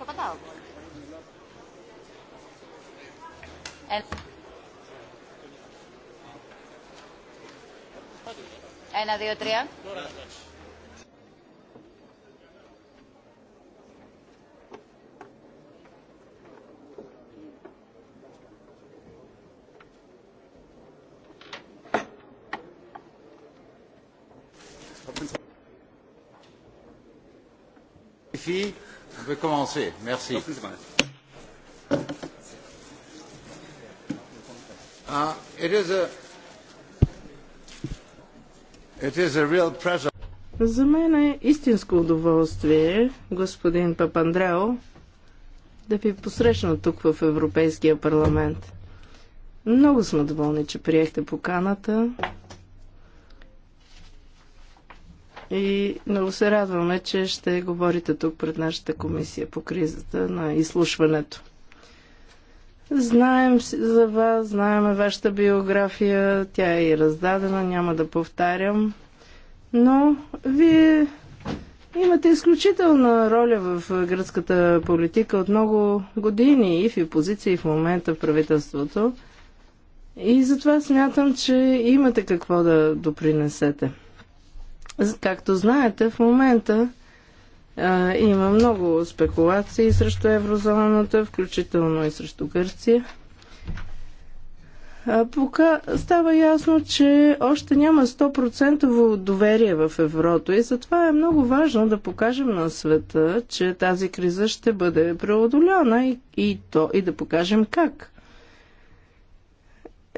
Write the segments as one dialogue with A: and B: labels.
A: crocodile.
B: Ένα, δύο, τρία.
C: Υπότιτλοι AUTHORWAVE commencer. Merci. Uh, it is a it is a real pleasure. За
D: мен е истинско удоволствие, господин Папандрео, да ви посрещна тук в Европейския парламент. Много сме доволни, че приехте поканата. И много се радваме, че ще говорите тук пред нашата комисия по кризата на изслушването. Знаем за вас, знаем вашата биография, тя е и раздадена, няма да повтарям. Но вие имате изключителна роля в гръцката политика от много години и в опозиция, и в момента в правителството. И затова смятам, че имате какво да допринесете. Както знаете, в момента а, има много спекулации срещу еврозоната, включително и срещу Гърция. А, пока става ясно, че още няма 100% доверие в еврото и затова е много важно да покажем на света, че тази криза ще бъде преодоляна и, и, то, и да покажем как.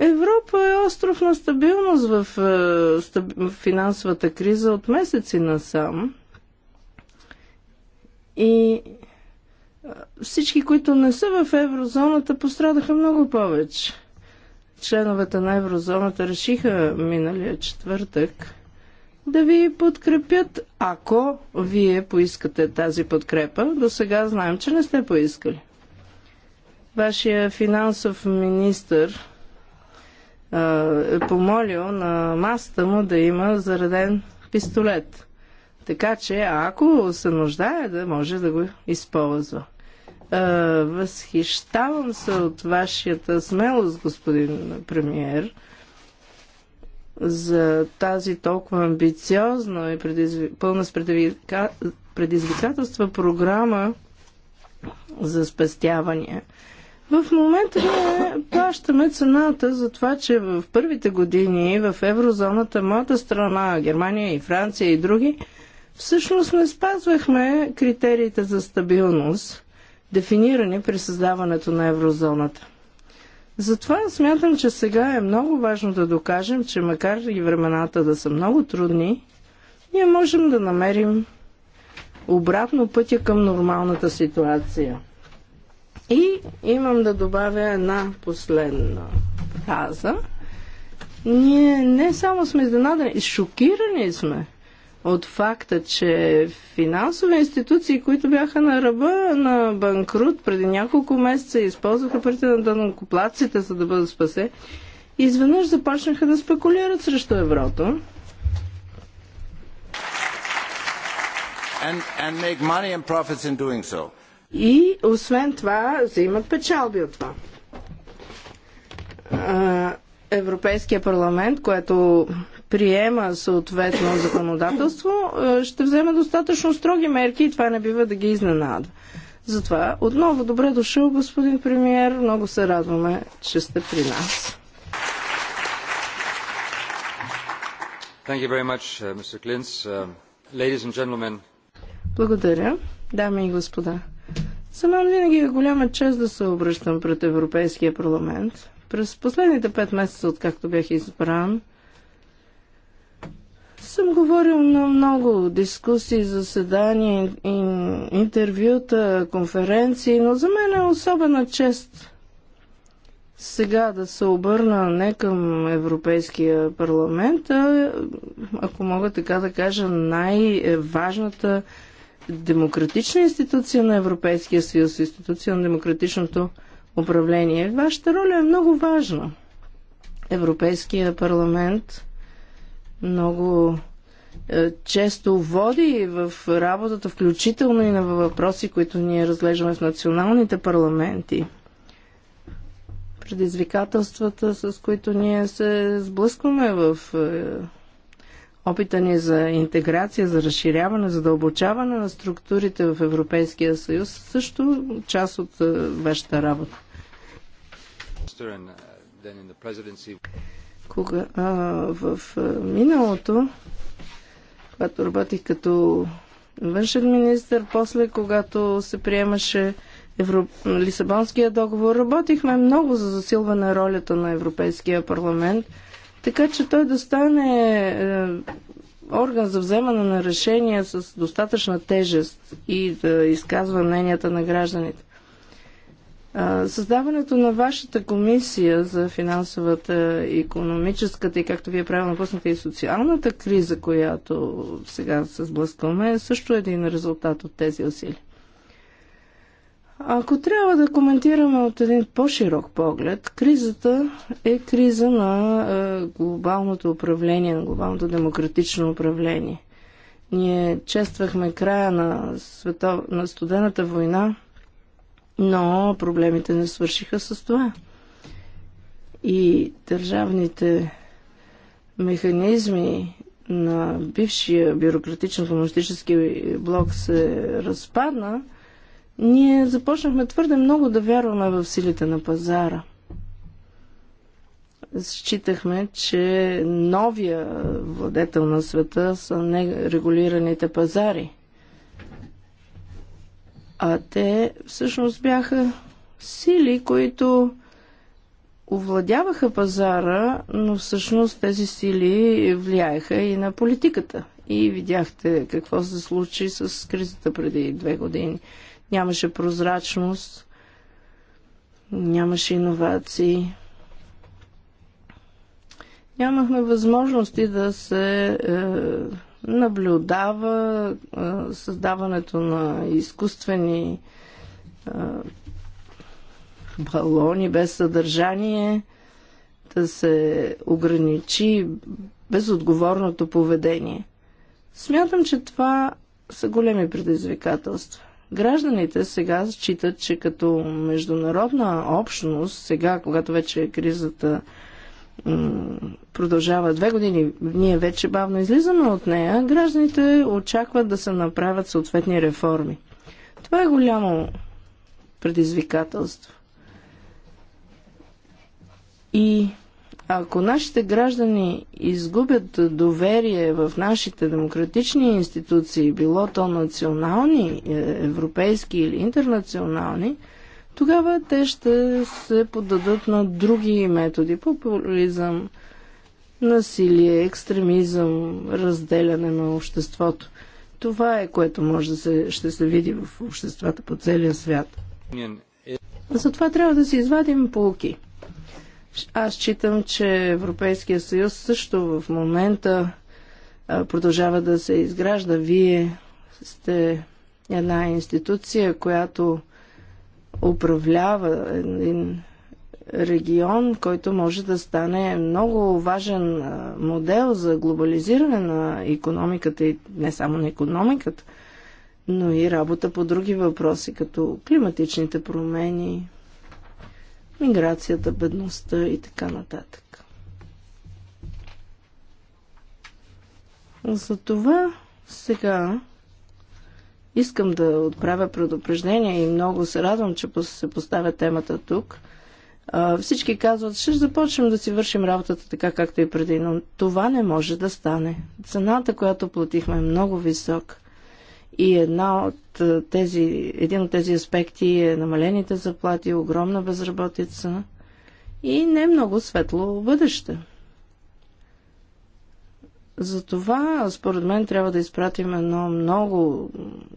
D: Европа е остров на стабилност в, в е, финансовата криза от месеци насам. И е, всички, които не са в еврозоната, пострадаха много повече. Членовете на еврозоната решиха миналия четвъртък да ви подкрепят, ако вие поискате тази подкрепа. До сега знаем, че не сте поискали. Вашия финансов министр е помолил на масата му да има зареден пистолет. Така че, ако се нуждае, да може да го използва. Е, възхищавам се от вашата смелост, господин премиер, за тази толкова амбициозна и предизв... пълна с предизвикателства програма за спестявания. В момента ние плащаме цената за това, че в първите години в еврозоната, моята страна, Германия и Франция и други, всъщност не спазвахме критериите за стабилност, дефинирани при създаването на еврозоната. Затова смятам, че сега е много важно да докажем, че макар и времената да са много трудни, ние можем да намерим обратно пътя към нормалната ситуация – и имам да добавя една последна фраза. Ние не само сме изненадани, шокирани сме от факта, че финансови институции, които бяха на ръба на банкрут преди няколко месеца и използваха парите на данокоплаците, за да бъдат спасе, изведнъж започнаха да спекулират срещу еврото.
C: And, and make money and profits in doing so и
D: освен това взимат печалби от това. Европейския парламент, което приема съответно законодателство, ще вземе достатъчно строги мерки и това не бива да ги изненадва. Затова отново добре дошъл, господин премиер. Много се радваме, че сте при нас.
C: Much, uh, uh,
D: Благодаря, дами и господа. За мен винаги е голяма чест да се обръщам пред Европейския парламент. През последните пет месеца, откакто бях избран, съм говорил на много дискусии, заседания, интервюта, конференции, но за мен е особена чест сега да се обърна не към Европейския парламент, а, ако мога така да кажа, най-важната демократична институция на Европейския съюз, институция на демократичното управление. Вашата роля е много важна. Европейския парламент много е, често води в работата, включително и на въпроси, които ние разглеждаме в националните парламенти. Предизвикателствата, с които ние се сблъскваме в е, опита ни за интеграция, за разширяване, за дълбочаване на структурите в Европейския съюз също част от е, вашата работа. Кога, а, в миналото, когато работих като външен министр, после когато се приемаше Евро... Лисабонския договор, работихме много за засилване ролята на Европейския парламент – така че той да стане е, орган за вземане на решения с достатъчна тежест и да изказва мненията на гражданите. Създаването на вашата комисия за финансовата, економическата и, както вие правилно пуснате, и социалната криза, която сега се сблъскваме, е също един резултат от тези усилия. Ако трябва да коментираме от един по-широк поглед, кризата е криза на е, глобалното управление, на глобалното демократично управление. Ние чествахме края на, свето, на студената война, но проблемите не свършиха с това. И държавните механизми на бившия бюрократично-комунистически блок се разпадна – ние започнахме твърде много да вярваме в силите на пазара. Считахме, че новия владетел на света са нерегулираните пазари. А те всъщност бяха сили, които овладяваха пазара, но всъщност тези сили влияеха и на политиката. И видяхте какво се случи с кризата преди две години. Нямаше прозрачност, нямаше иновации. Нямахме възможности да се е, наблюдава е, създаването на изкуствени е, балони без съдържание, да се ограничи безотговорното поведение. Смятам, че това са големи предизвикателства. Гражданите сега считат, че като международна общност, сега, когато вече кризата продължава две години, ние вече бавно излизаме от нея, гражданите очакват да се направят съответни реформи. Това е голямо предизвикателство. И ако нашите граждани изгубят доверие в нашите демократични институции, било то национални, е, европейски или интернационални, тогава те ще се поддадат на други методи популизъм, насилие, екстремизъм, разделяне на обществото. Това е което може да се, ще се види в обществата по целия свят. Е- Затова трябва да си извадим полки. Аз считам, че Европейския съюз също в момента продължава да се изгражда. Вие сте една институция, която управлява един регион, който може да стане много важен модел за глобализиране на економиката и не само на економиката, но и работа по други въпроси, като климатичните промени, миграцията, бедността и така нататък. Затова сега искам да отправя предупреждение и много се радвам, че се поставя темата тук. Всички казват, ще започнем да си вършим работата така, както и преди, но това не може да стане. Цената, която платихме е много висока. И една от тези, един от тези аспекти е намалените заплати, огромна безработица и не много светло бъдеще. Затова, според мен, трябва да изпратим едно много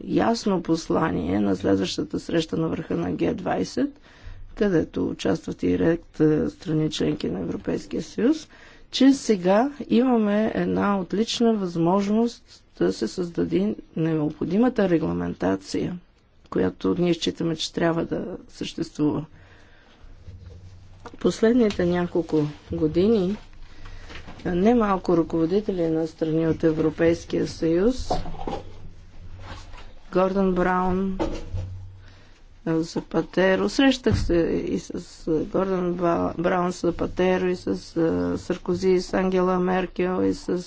D: ясно послание на следващата среща на върха на Г-20, където участват и ред страни членки на Европейския съюз, че сега имаме една отлична възможност да се създаде необходимата регламентация, която ние считаме, че трябва да съществува. Последните няколко години немалко ръководители на страни от Европейския съюз, Гордън Браун, за Патеро. Срещах се и с Гордон Браун за Патеро, и с Саркози, и с Ангела Меркел, и с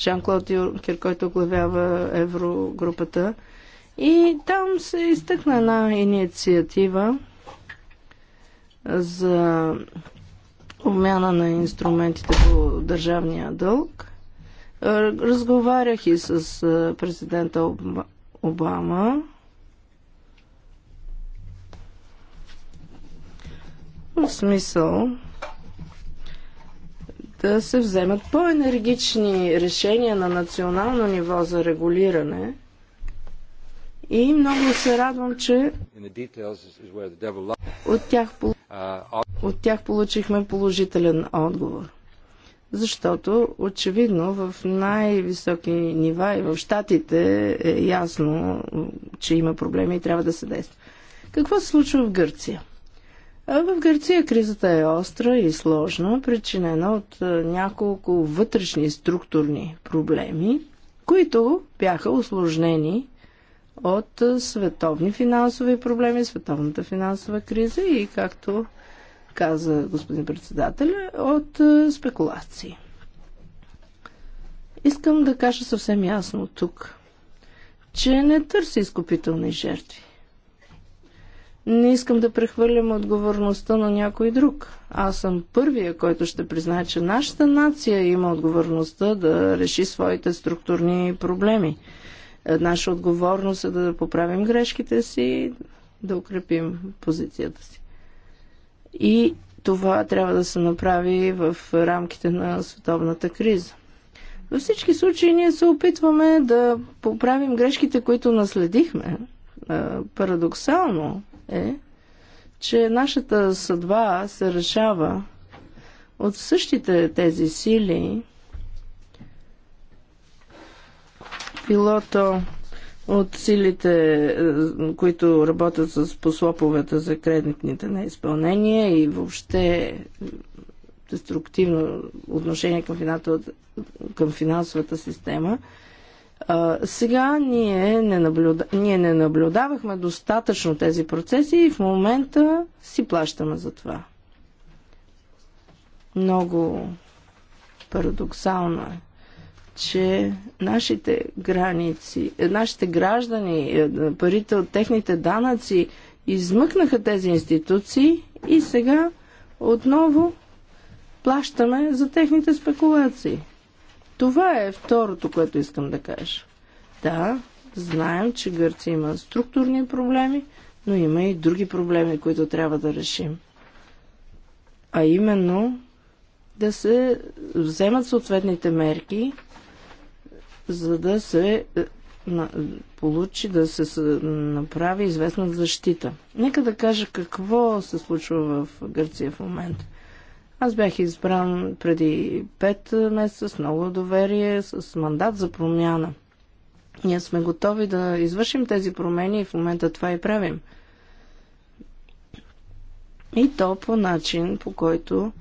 D: Жан-Клод Юнкер, който оглавява еврогрупата. И там се изтъкна една инициатива за обмяна на инструментите по държавния дълг. Разговарях и с президента Обама В смисъл да се вземат по-енергични решения на национално ниво за регулиране. И много се радвам, че от тях, uh, от тях получихме положителен отговор. Защото очевидно в най-високи нива и в щатите е ясно, че има проблеми и трябва да се действа. Какво се случва в Гърция? В Гърция кризата е остра и сложна, причинена от няколко вътрешни структурни проблеми, които бяха осложнени от световни финансови проблеми, световната финансова криза и, както каза господин председател, от спекулации. Искам да кажа съвсем ясно тук, че не търси изкупителни жертви не искам да прехвърлям отговорността на някой друг. Аз съм първия, който ще признае, че нашата нация има отговорността да реши своите структурни проблеми. Наша отговорност е да поправим грешките си, да укрепим позицията си. И това трябва да се направи в рамките на световната криза. Във всички случаи ние се опитваме да поправим грешките, които наследихме. Парадоксално, е, че нашата съдба се решава от същите тези сили, пилото от силите, е, които работят с послоповете за кредитните неизпълнения и въобще е, деструктивно отношение към финансовата система – сега ние не, наблюда... ние не наблюдавахме достатъчно тези процеси и в момента си плащаме за това. Много парадоксално е, че нашите граници, е, нашите граждани, е, парите от техните данъци измъкнаха тези институции и сега отново плащаме за техните спекулации. Това е второто, което искам да кажа. Да, знаем, че Гърция има структурни проблеми, но има и други проблеми, които трябва да решим. А именно да се вземат съответните мерки, за да се е, получи да се направи известна защита. Нека да кажа какво се случва в Гърция в момента. Аз бях избран преди 5 месеца с много доверие, с мандат за промяна. Ние сме готови да извършим тези промени и в момента това и правим. И то по начин, по който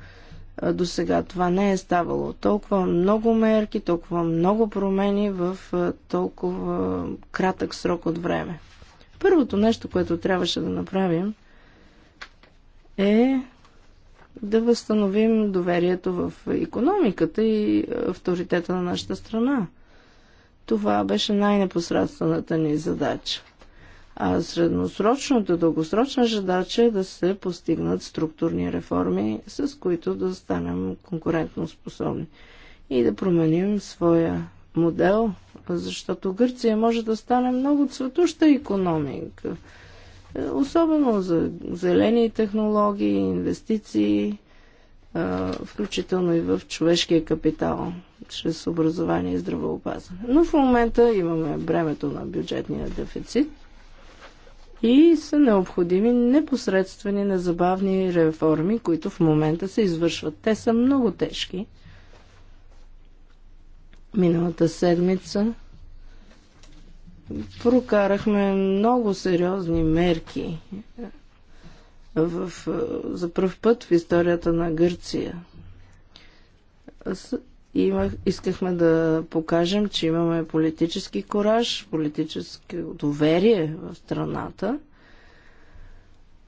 D: до сега това не е ставало. Толкова много мерки, толкова много промени в толкова кратък срок от време. Първото нещо, което трябваше да направим е да възстановим доверието в економиката и е, авторитета на нашата страна. Това беше най-непосредствената ни задача. А средносрочната, дългосрочна задача е да се постигнат структурни реформи, с които да станем конкурентно способни и да променим своя модел, защото Гърция може да стане много цветуща економика особено за зелени технологии, инвестиции, включително и в човешкия капитал, чрез образование и здравеопазване. Но в момента имаме бремето на бюджетния дефицит и са необходими непосредствени, незабавни реформи, които в момента се извършват. Те са много тежки. Миналата седмица прокарахме много сериозни мерки в, за пръв път в историята на Гърция. Имах, искахме да покажем, че имаме политически кораж, политическо доверие в страната.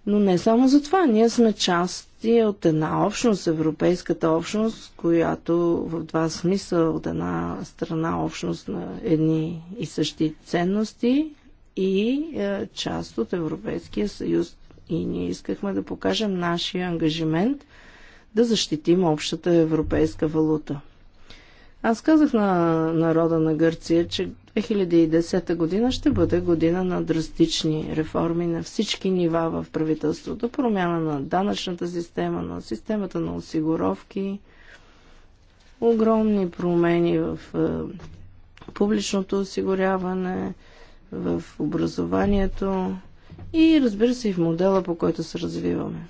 D: Но не само за това. Ние сме част участие от една общност, европейската общност, която в два смисъла от една страна общност на едни и същи ценности и е, част от Европейския съюз. И ние искахме да покажем нашия ангажимент да защитим общата европейска валута. Аз казах на народа на Гърция, че 2010 година ще бъде година на драстични реформи на всички нива в правителството. Промяна на данъчната система, на системата на осигуровки, огромни промени в е, публичното осигуряване, в образованието и разбира се и в модела, по който се развиваме.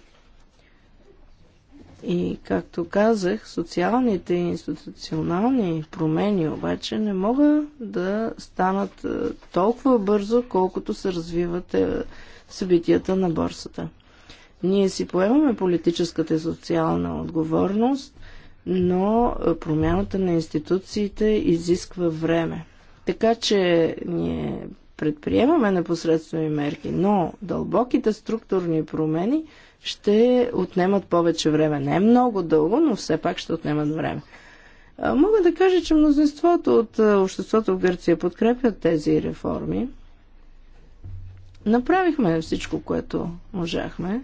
D: И както казах, социалните и институционални промени обаче не могат да станат е, толкова бързо, колкото се развиват е, събитията на борсата. Ние си поемаме политическата и социална отговорност, но е, промяната на институциите изисква време. Така че ние предприемаме непосредствени мерки, но дълбоките структурни промени – ще отнемат повече време. Не е много дълго, но все пак ще отнемат време. Мога да кажа, че мнозинството от обществото в Гърция подкрепят тези реформи. Направихме всичко, което можахме,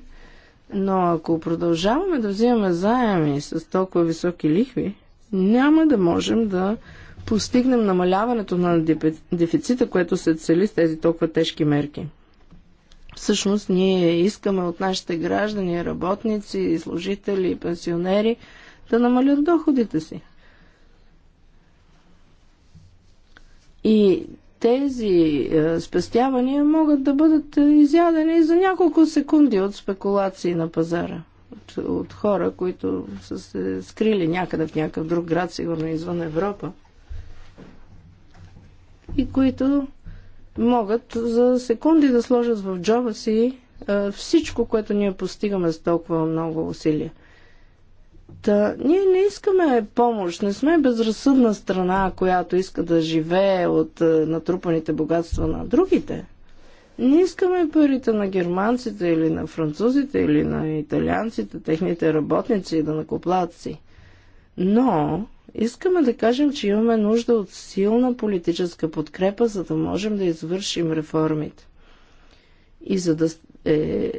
D: но ако продължаваме да взимаме заеми с толкова високи лихви, няма да можем да постигнем намаляването на дефицита, което се цели с тези толкова тежки мерки. Всъщност ние искаме от нашите граждани, работници, служители, пенсионери да намалят доходите си. И тези е, спестявания могат да бъдат изядени за няколко секунди от спекулации на пазара. От, от хора, които са се скрили някъде в някакъв друг град, сигурно извън Европа. И които могат за секунди да сложат в джоба си е, всичко, което ние постигаме с толкова много усилия. Та, ние не искаме помощ, не сме безразсъдна страна, която иска да живее от е, натрупаните богатства на другите. Не искаме парите на германците или на французите или на италианците, техните работници да накоплат си. Но Искаме да кажем, че имаме нужда от силна политическа подкрепа, за да можем да извършим реформите. И за да е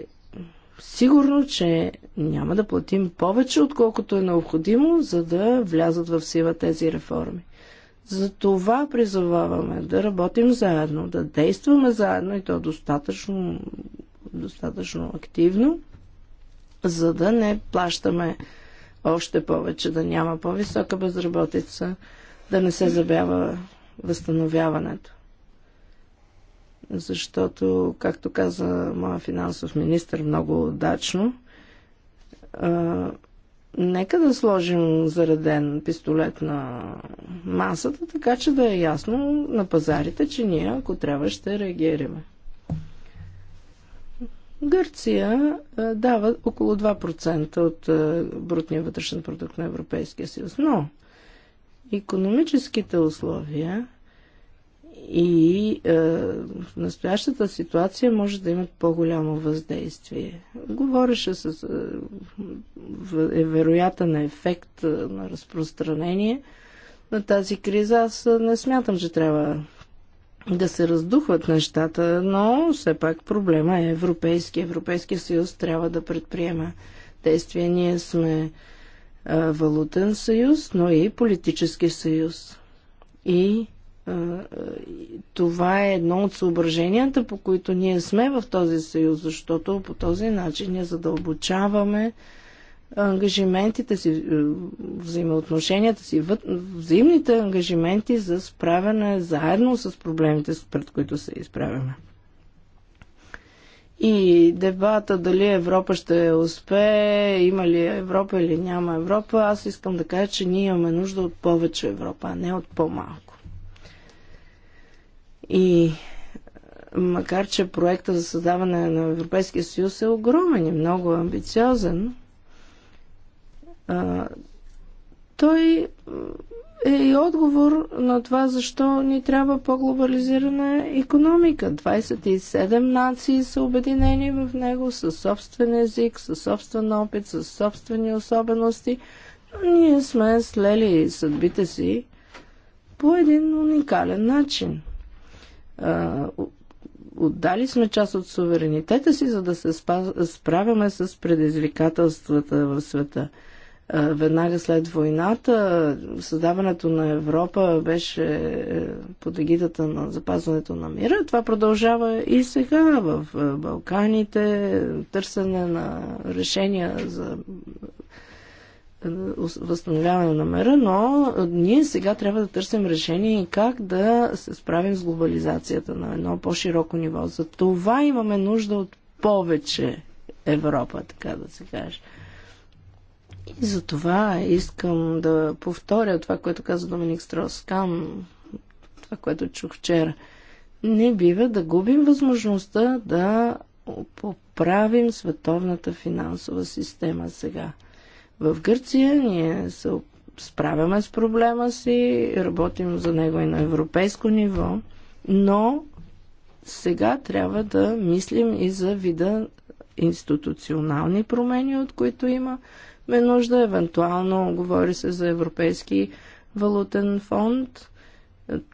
D: сигурно, че няма да платим повече, отколкото е необходимо, за да влязат в сила тези реформи. Затова призоваваме да работим заедно, да действаме заедно и то достатъчно, достатъчно активно, за да не плащаме още повече, да няма по-висока безработица, да не се забява възстановяването. Защото, както каза моя финансов министр много удачно, а, нека да сложим зареден пистолет на масата, така че да е ясно на пазарите, че ние, ако трябва, ще реагираме. Гърция дава около 2% от брутния вътрешен продукт на Европейския съюз, но економическите условия и е, настоящата ситуация може да имат по-голямо въздействие. Говореше с е, е, вероятен ефект на разпространение на тази криза. Аз не смятам, че трябва да се раздухват нещата, но все пак проблема е европейски. Европейския съюз трябва да предприема действия. Ние сме а, валутен съюз, но и политически съюз. И това е едно от съображенията, по които ние сме в този съюз, защото по този начин ние задълбочаваме ангажиментите си, е, взаимоотношенията си, взаимните ангажименти за справяне заедно с проблемите, пред които се изправяме. И дебата дали Европа ще успее, има ли Европа или няма Европа, аз искам да кажа, че ние имаме нужда от повече Европа, а не от по-малко. И макар, че проекта за създаване на Европейския съюз е огромен и много амбициозен, а, той е и отговор на това защо ни трябва по-глобализирана економика. 27 нации са обединени в него със собствен език, със собствен опит, със собствени особености. Но ние сме слели съдбите си по един уникален начин. Отдали сме част от суверенитета си, за да се справяме с предизвикателствата в света. Е, веднага след войната. Създаването на Европа беше е, под егидата на запазването на мира. Това продължава и сега в е, Балканите. Търсене на решения за възстановяване на мера, но ние сега трябва да търсим решение и как да се справим с глобализацията на едно по-широко ниво. За това имаме нужда от повече Европа, така да се каже. И затова искам да повторя това, което каза Доминик Строскан, това, което чух вчера. Не бива да губим възможността да поправим световната финансова система сега. В Гърция ние се справяме с проблема си, работим за него и на европейско ниво, но сега трябва да мислим и за вида институционални промени, от които има имаме нужда. Евентуално говори се за Европейски валутен фонд.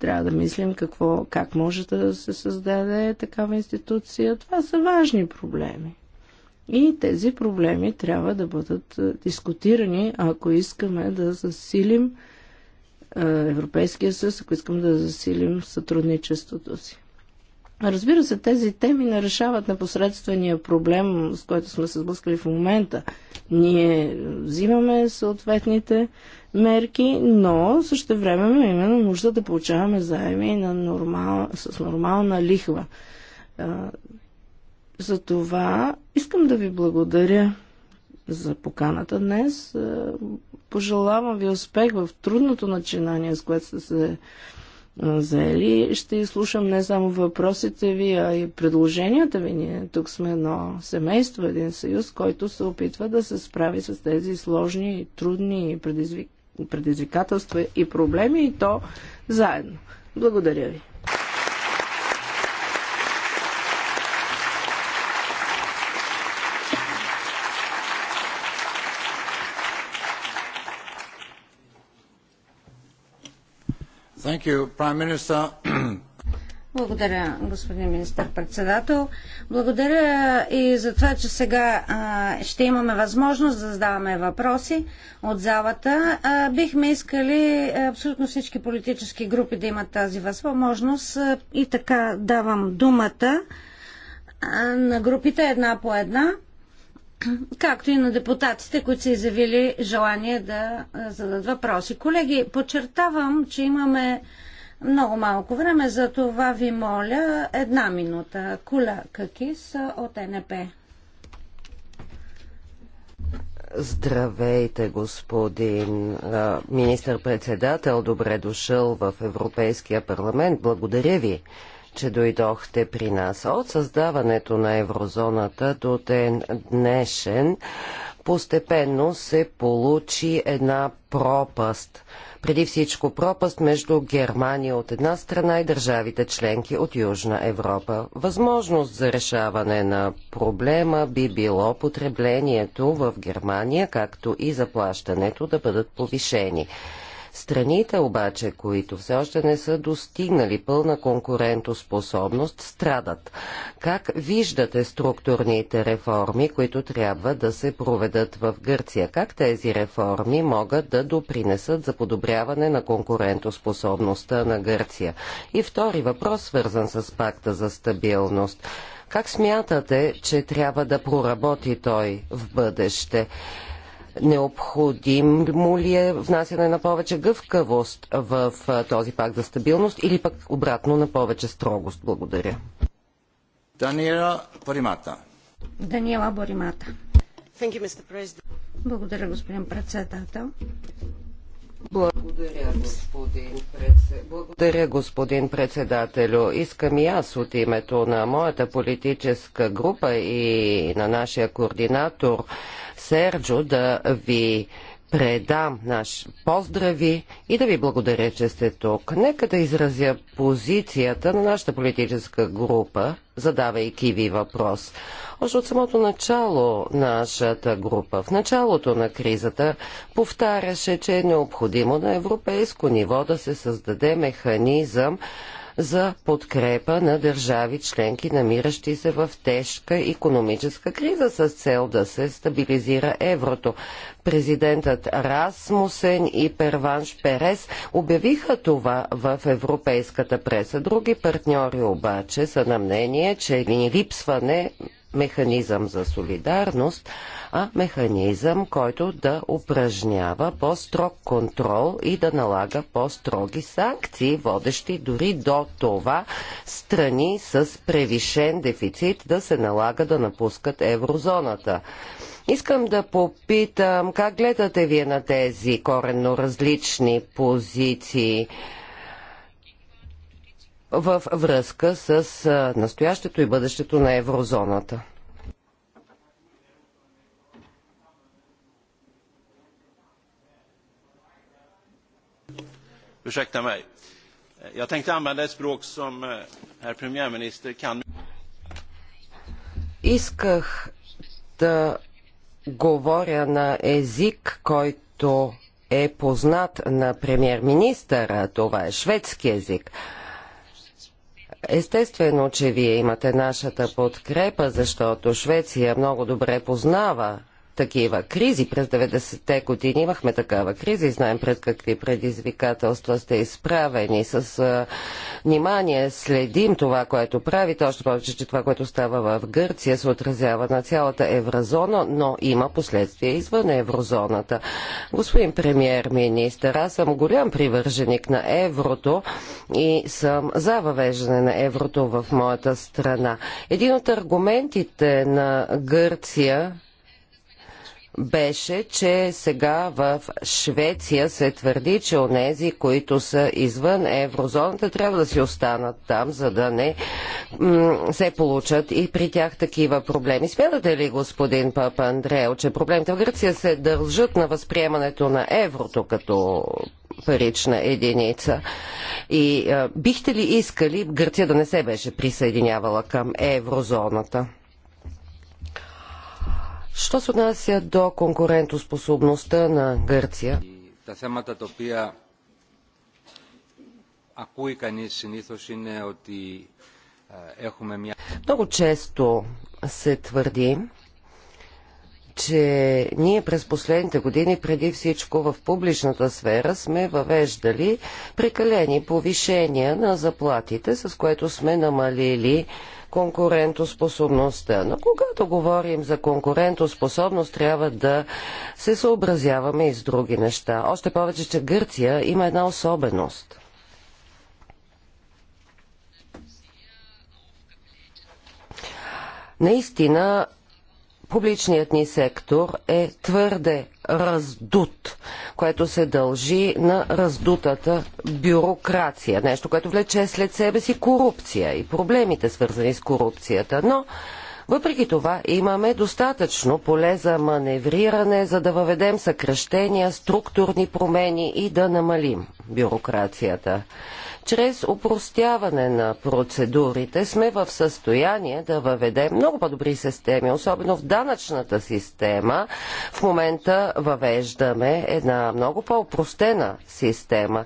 D: Трябва да мислим какво, как може да се създаде такава институция. Това са важни проблеми. И тези проблеми трябва да бъдат е, дискутирани, ако искаме да засилим е, Европейския съюз, ако искам да засилим сътрудничеството си. Разбира се, тези теми не решават непосредствения проблем, с който сме се сблъскали в момента. Ние взимаме съответните мерки, но също време именно нужда да получаваме заеми на нормал, с нормална лихва. За това искам да ви благодаря за поканата днес. Пожелавам ви успех в трудното начинание, с което сте се заели. Ще изслушам не само въпросите ви, а и предложенията ви. Ние тук сме едно семейство, един съюз, който се опитва да се справи с тези сложни, трудни предизвик... предизвикателства и проблеми и то заедно. Благодаря ви.
A: Благодаря, господин министър-председател. Благодаря и за това, че сега ще имаме възможност да задаваме въпроси от залата. бихме искали абсолютно всички политически групи да имат тази възможност. и така давам думата на групите една по една както и на депутатите, които са изявили желание да зададат въпроси. Колеги, подчертавам, че имаме много малко време, за това ви моля една минута. Кула Какис от НП.
B: Здравейте, господин министър-председател. Добре дошъл в Европейския парламент. Благодаря ви че дойдохте при нас. От създаването на еврозоната до ден днешен постепенно се получи една пропаст. Преди всичко пропаст между Германия от една страна и държавите членки от Южна Европа. Възможност за решаване на проблема би било потреблението в Германия, както и заплащането да бъдат повишени. Страните обаче, които все още не са достигнали пълна конкурентоспособност, страдат. Как виждате структурните реформи, които трябва да се проведат в Гърция? Как тези реформи могат да допринесат за подобряване на конкурентоспособността на Гърция? И втори въпрос, свързан с пакта за стабилност. Как смятате, че трябва да проработи той в бъдеще? Необходимо ли е внасяне на повече гъвкавост в този пакт за стабилност или пък обратно на повече строгост?
C: Благодаря. Даниела Боримата.
A: Даниела Боримата. Благодаря, господин председател.
B: Благодаря господин, председ... Благодаря, господин председателю. Искам и аз от името на моята политическа група и на нашия координатор Серджо да ви предам наш поздрави и да ви благодаря, че сте тук. Нека да изразя позицията на нашата политическа група, задавайки ви въпрос. Още от самото начало нашата група, в началото на кризата, повтаряше, че е необходимо на европейско ниво да се създаде механизъм, за подкрепа на държави членки, намиращи се в тежка економическа криза с цел да се стабилизира еврото. Президентът Расмусен и Перванш Перес обявиха това в европейската преса. Други партньори обаче са на мнение, че ни липсване механизъм за солидарност, а механизъм, който да упражнява по-строг контрол и да налага по-строги санкции, водещи дори до това страни с превишен дефицит да се налага да напускат еврозоната. Искам да попитам как гледате вие на тези коренно различни позиции? в връзка с настоящето и бъдещето на еврозоната. Eh, Исках да говоря на език, който е познат на премьер-министъра. Това е шведски език. Естествено, че вие имате нашата подкрепа, защото Швеция много добре познава такива кризи. През 90-те години имахме такава криза и знаем пред какви предизвикателства сте изправени. С а, внимание следим това, което правите, още повече, че това, което става в Гърция, се отразява на цялата еврозона, но има последствия извън еврозоната. Господин премьер-министър, аз съм голям привърженик на еврото и съм за въвеждане на еврото в моята страна. Един от аргументите на Гърция беше, че сега в Швеция се твърди, че онези, които са извън еврозоната, трябва да си останат там, за да не се получат и при тях такива проблеми. Смятате ли, господин Папа Андрео, че проблемите в Гърция се държат на възприемането на еврото като парична единица? И а, бихте ли искали Гърция да не се беше присъединявала към еврозоната? Що се отнася до конкурентоспособността на Гърция?
C: ακούει κανείς συνήθως είναι ότι έχουμε μια...
B: Много често се твърди, че ние през последните години, преди всичко в публичната сфера, сме въвеждали прекалени повишения на заплатите, с което сме намалили конкурентоспособността. Но когато говорим за конкурентоспособност, трябва да се съобразяваме и с други неща. Още повече, че Гърция има една особеност. Наистина публичният ни сектор е твърде раздут, което се дължи на раздутата бюрокрация. Нещо, което влече след себе си корупция и проблемите свързани с корупцията. Но въпреки това имаме достатъчно поле за маневриране, за да въведем съкръщения, структурни промени и да намалим бюрокрацията чрез упростяване на процедурите сме в състояние да въведем много по-добри системи, особено в данъчната система. В момента въвеждаме една много по-упростена система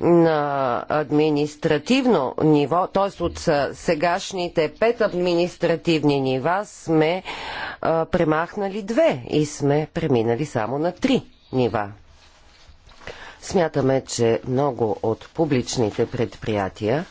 B: на административно ниво, т.е. от сегашните пет административни нива сме а, премахнали две и сме преминали само на три нива. Смятаме, че много от публичните предприятия,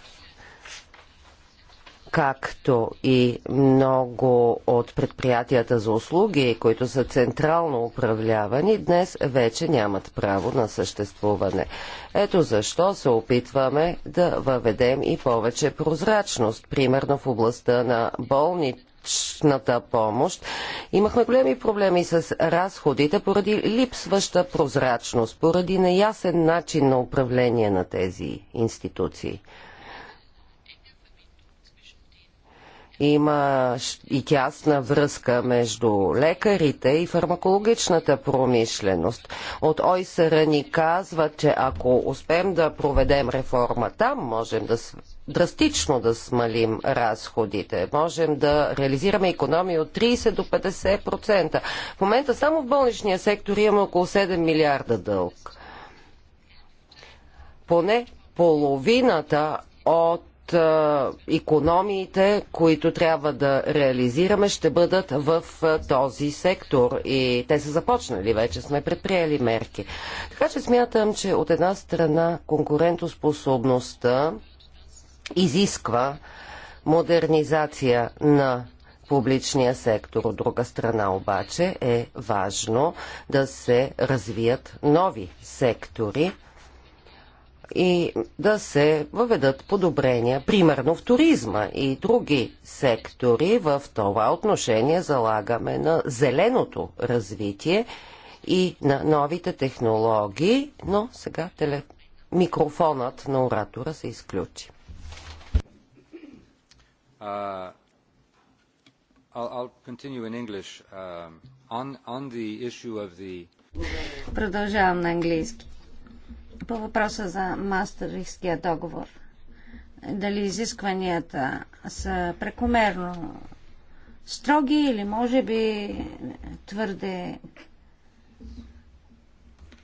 B: както и много от предприятията за услуги, които са централно управлявани, днес вече нямат право на съществуване. Ето защо се опитваме да въведем и повече прозрачност, примерно в областта на болните спешната помощ, имахме големи проблеми с разходите поради липсваща прозрачност, поради неясен начин на управление на тези институции. Има и тясна връзка между лекарите и фармакологичната промишленост. От ОИСР ни казват, че ако успеем да проведем реформа там, можем да драстично да смалим разходите. Можем да реализираме економии от 30 до 50%. В момента само в болничния сектор имаме около 7 милиарда дълг. Поне половината от економиите, които трябва да реализираме, ще бъдат в този сектор. И те са започнали, вече сме предприели мерки. Така че смятам, че от една страна конкурентоспособността изисква модернизация на публичния сектор. От друга страна обаче е важно да се развият нови сектори и да се въведат подобрения, примерно в туризма и други сектори. В това отношение залагаме на зеленото развитие и на новите технологии, но сега теле... микрофонът на оратора се изключи.
C: Uh, um,
A: Продължавам на английски. По въпроса за мастерския договор. Дали изискванията са прекомерно строги или може би твърде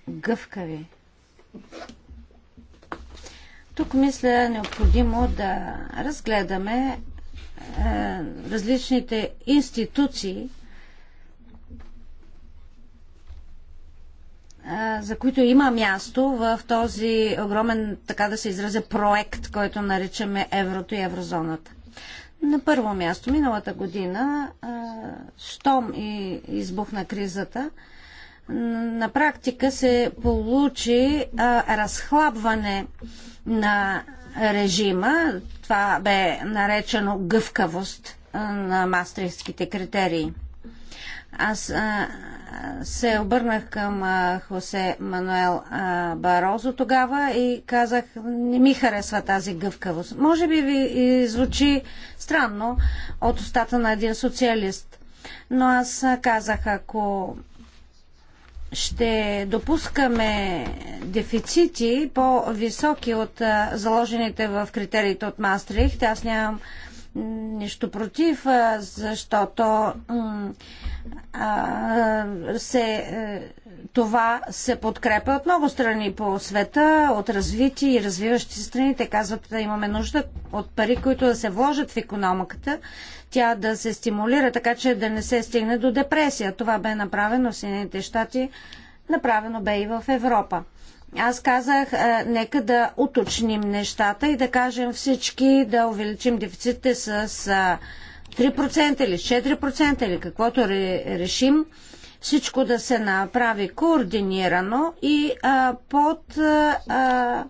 A: гъвкави. Тук мисля необходимо да разгледаме е, различните институции, е, за които има място в този огромен, така да се изразя, проект, който наричаме еврото и еврозоната. На първо място, миналата година, е, щом и избухна кризата, на практика се получи разхлабване на режима. Това бе наречено гъвкавост на мастрихските критерии. Аз а, се обърнах към а, Хосе Мануел а, Барозо тогава и казах, не ми харесва тази гъвкавост. Може би ви звучи странно от устата на един социалист, но аз казах, ако ще допускаме дефицити по-високи от заложените в критериите от Мастрихт. Аз нямам нищо против, защото се, е, това се подкрепа от много страни по света, от развити и развиващи страни. Те казват, да имаме нужда от пари, които да се вложат в економиката, тя да се стимулира, така че да не се стигне до депресия. Това бе направено в Съединените щати, направено бе и в Европа. Аз казах, е, нека да уточним нещата и да кажем всички да увеличим дефицитите с 3% или 4% или каквото решим. Всичко да се направи координирано и а, под а,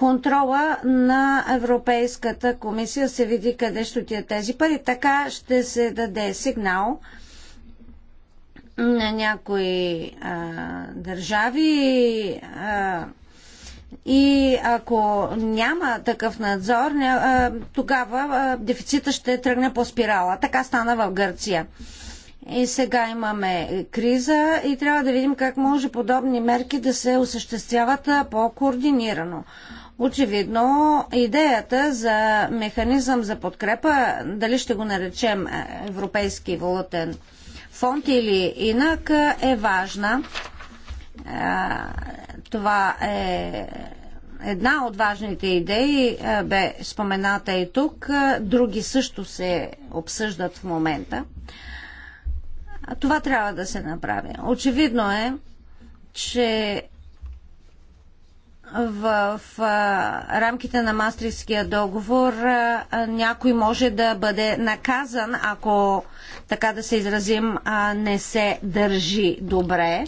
A: контрола на Европейската комисия се види къде ще отидат тези пари. Така ще се даде сигнал на някои а, държави. А, и ако няма такъв надзор, тогава дефицита ще тръгне по спирала. Така стана в Гърция. И сега имаме криза и трябва да видим как може подобни мерки да се осъществяват по-координирано. Очевидно, идеята за механизъм за подкрепа, дали ще го наречем е, Европейски валутен фонд или инак, е важна. Е, това е една от важните идеи, е, бе спомената и тук. Други също се обсъждат в момента. Това трябва да се направи. Очевидно е, че в, в рамките на Мастрихския договор някой може да бъде наказан, ако така да се изразим, не се държи добре.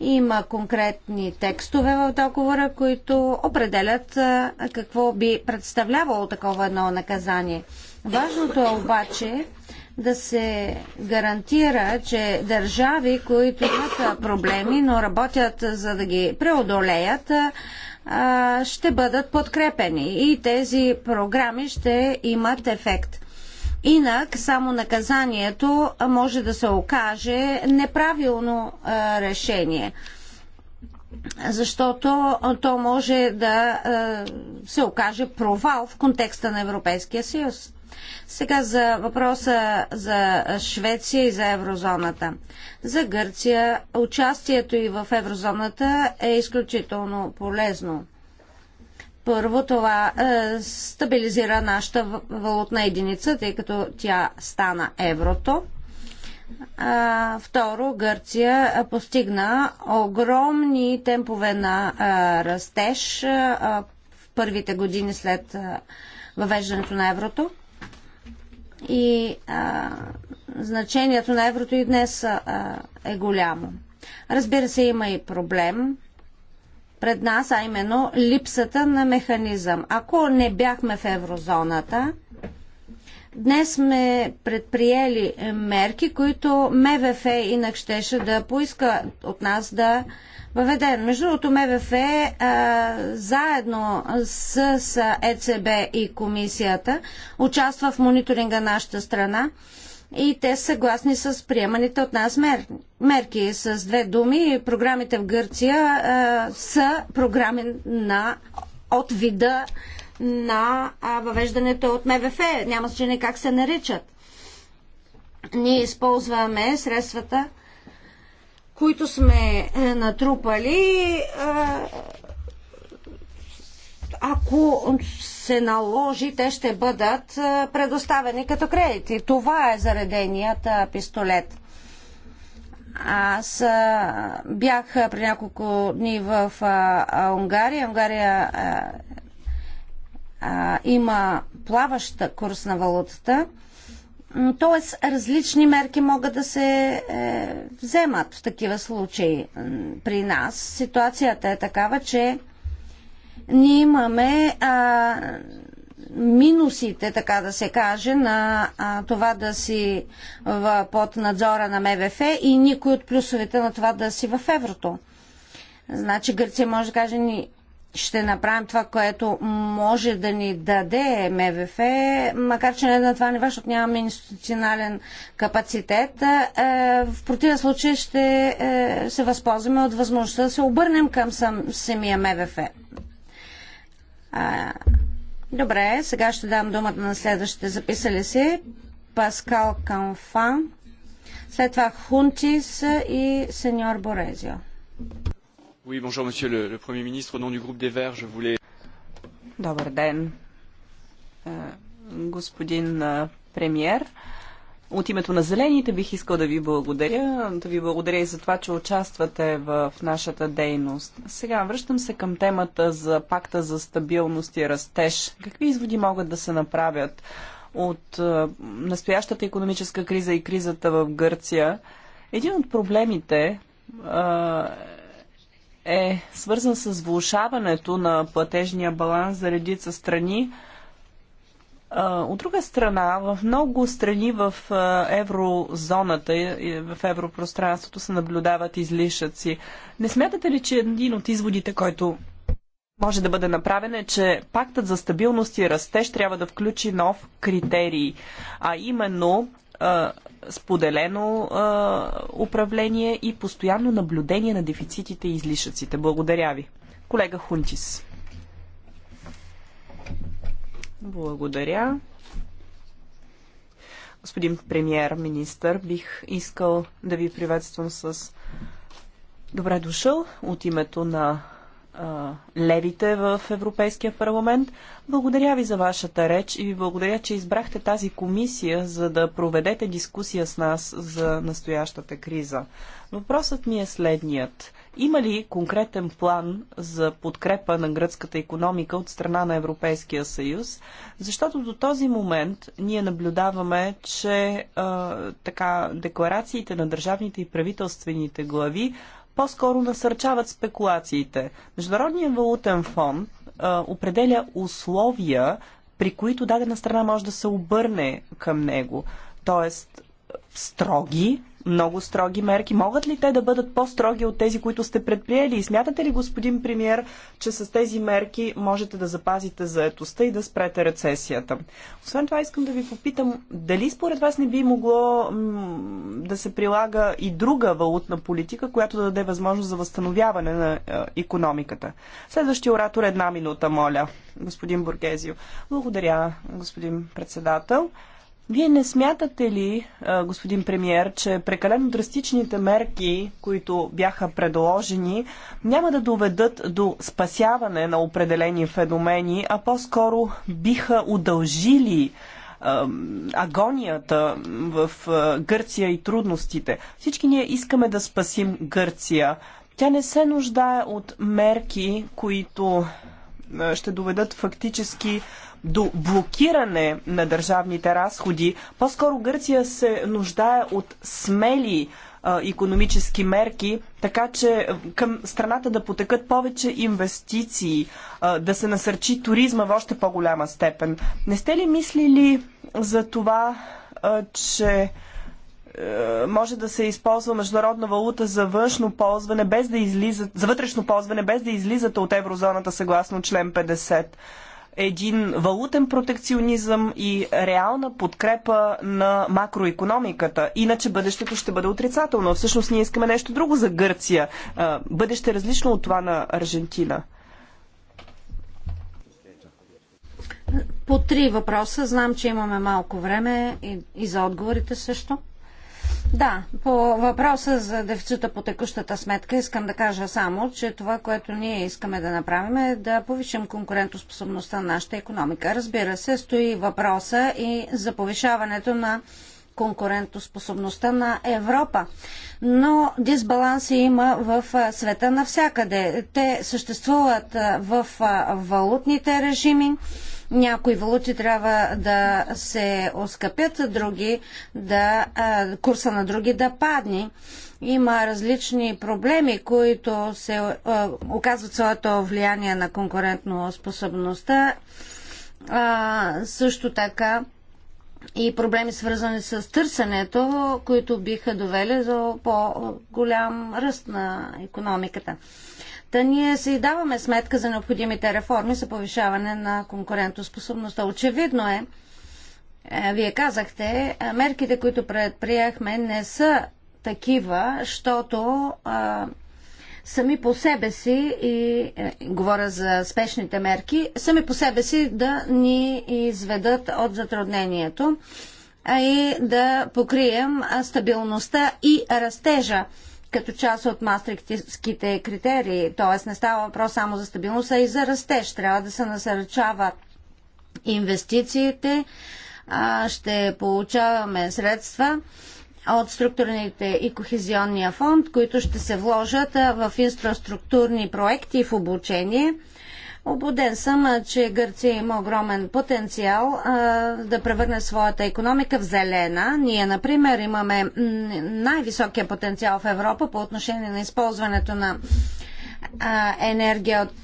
A: Има конкретни текстове в договора, които определят какво би представлявало такова едно наказание. Важното е обаче да се гарантира, че държави, които имат проблеми, но работят за да ги преодолеят, ще бъдат подкрепени и тези програми ще имат ефект. Инак само наказанието може да се окаже неправилно решение защото то може да се окаже провал в контекста на Европейския съюз. Сега за въпроса за Швеция и за еврозоната. За Гърция участието и в еврозоната е изключително полезно. Първо, това е, стабилизира нашата валутна единица, тъй като тя стана еврото. А, второ, Гърция е, постигна огромни темпове на а, е, растеж а, е, в първите години след въвеждането на еврото и а, значението на еврото и днес а, е голямо. Разбира се, има и проблем пред нас, а именно липсата на механизъм. Ако не бяхме в еврозоната, Днес сме предприели е, мерки, които МВФ инак щеше да поиска от нас да въведе. Между другото, МВФ а, е, заедно с, с ЕЦБ и комисията участва в мониторинга на нашата страна и те са съгласни с приеманите от нас мер... мерки. С две думи, програмите в Гърция а, е, са програми на от вида на въвеждането от МВФ. Няма значение как се наричат. Ние използваме средствата, които сме е, натрупали е, ако се наложи, те ще бъдат е, предоставени като кредити. Това е зареденият пистолет. Аз бях при няколко дни в Унгария. Унгария а, има плаваща курс на валутата, Тоест, различни мерки могат да се е, вземат в такива случаи. При нас ситуацията е такава, че ние имаме а, минусите, така да се каже, на а, това да си в, под надзора на МВФ и никой от плюсовете на това да си в еврото. Значи Гърция може да каже, ни, ще направим това, което може да ни даде МВФ, макар че не на това ниво, защото нямаме институционален капацитет. Е, в противен случай ще е, се възползваме от възможността да се обърнем към сам, самия МВФ. Е, добре, сега ще дам думата на следващите записали се. Паскал Камфан, след това Хунтис и сеньор Борезио.
E: Oui, bonjour monsieur le, le Premier ministre. Au nom du groupe des Verts, je voulais... Добър ден, е, господин е, премьер. От името на Зелените бих искал да ви благодаря. Да ви благодаря и за това, че участвате в нашата дейност. Сега връщам се към темата за пакта за стабилност и растеж. Какви изводи могат да се направят от е, настоящата економическа криза и кризата в Гърция? Един от проблемите е свързан с влушаването на платежния баланс за редица страни. От друга страна, в много страни в еврозоната и в европространството се наблюдават излишъци. Не смятате ли, че един от изводите, който може да бъде направен е, че пактът за стабилност и растеж трябва да включи нов критерий, а именно споделено управление и постоянно наблюдение на дефицитите и излишъците. Благодаря ви. Колега Хунтис. Благодаря. Господин премьер, министър, бих искал да ви приветствам с добре дошъл от името на левите в Европейския парламент. Благодаря ви за вашата реч и ви благодаря, че избрахте тази комисия, за да проведете дискусия с нас за настоящата криза. Въпросът ми е следният. Има ли конкретен план за подкрепа на гръцката економика от страна на Европейския съюз? Защото до този момент ние наблюдаваме, че а, така, декларациите на държавните и правителствените глави по-скоро насърчават спекулациите. Международният валутен фонд а, определя условия, при които дадена страна може да се обърне към него. Тоест, строги, много строги мерки. Могат ли те да бъдат по-строги от тези, които сте предприели? И смятате ли, господин премьер, че с тези мерки можете да запазите заетостта и да спрете рецесията? Освен това, искам да ви попитам, дали според вас не би могло да се прилага и друга валутна политика, която да даде възможност за възстановяване на економиката? Следващия оратор една минута, моля, господин Бургезио. Благодаря, господин председател. Вие не смятате ли, господин премьер, че прекалено драстичните мерки, които бяха предложени, няма да доведат до спасяване на определени феномени, а по-скоро биха удължили агонията в Гърция и трудностите. Всички ние искаме да спасим Гърция. Тя не се нуждае от мерки, които ще доведат фактически до блокиране на държавните разходи. По-скоро Гърция се нуждае от смели економически мерки, така че към страната да потекат повече инвестиции, да се насърчи туризма в още по-голяма степен. Не сте ли мислили за това, че е, може да се използва международна валута за външно ползване, без да излизат, за вътрешно ползване, без да излизате от еврозоната съгласно член 50. Един валутен протекционизъм и реална подкрепа на макроекономиката. Иначе бъдещето ще бъде отрицателно. Всъщност ние искаме нещо друго за Гърция. Е, бъдеще различно от това на Аржентина.
A: По три въпроса. Знам, че имаме малко време и, и за отговорите също. Да, по въпроса за дефицита по текущата сметка искам да кажа само, че това, което ние искаме да направим е да повишим конкурентоспособността на нашата економика. Разбира се, стои въпроса и за повишаването на конкурентоспособността на Европа. Но дисбаланси има в света навсякъде. Те съществуват в валутните режими. Някои валути трябва да се оскъпят, други да, курса на други да падне. Има различни проблеми, които се оказват своето влияние на конкурентно способността. А, също така и проблеми свързани с търсенето, които биха довели до по-голям ръст на економиката. Та ние си даваме сметка за необходимите реформи за повишаване на конкурентоспособността. Очевидно е, е вие казахте, е, мерките, които предприехме, не са такива, защото сами по себе си, и е, говоря за спешните мерки, сами по себе си да ни изведат от затруднението а и да покрием стабилността и растежа като част от мастрихтските критерии. Тоест не става въпрос само за стабилност, а и за растеж. Трябва да се насърчават инвестициите, ще получаваме средства от структурните и кохезионния фонд, които ще се вложат в инфраструктурни проекти и в обучение. Обуден съм, че Гърция има огромен потенциал а, да превърне своята економика в зелена. Ние, например, имаме най-високия потенциал в Европа по отношение на използването на енергия от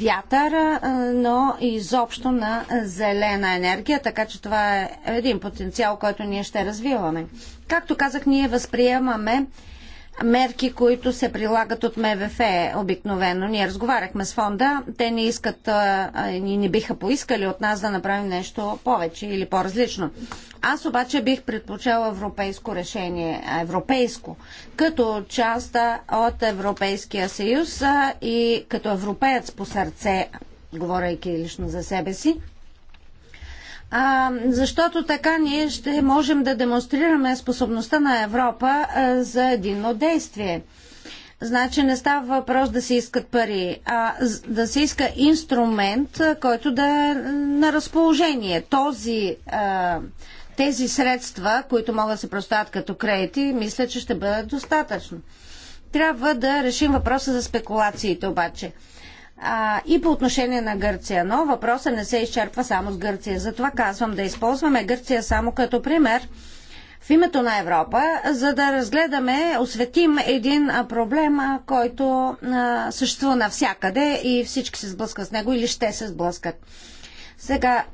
A: вятър, но изобщо на зелена енергия, така че това е един потенциал, който ние ще развиваме. Както казах, ние възприемаме мерки, които се прилагат от МВФ обикновено. Ние разговаряхме с фонда, те не искат и не биха поискали от нас да направим нещо повече или по-различно. Аз обаче бих предпочела европейско решение, европейско, като част от Европейския съюз и като европеец по сърце, говорейки лично за себе си а, защото така ние ще можем да демонстрираме способността на Европа а, за единно действие. Значи не става въпрос да се искат пари, а да се иска инструмент, който да е на разположение. Този, тези средства, които могат да се проставят като кредити, мисля, че ще бъдат достатъчно. Трябва да решим въпроса за спекулациите обаче а, и по отношение на Гърция. Но въпросът не се изчерпва само с Гърция. Затова казвам да използваме Гърция само като пример в името на Европа, за да разгледаме, осветим един проблем, който а, съществува навсякъде и всички се сблъскат с него или ще се сблъскат. Сега,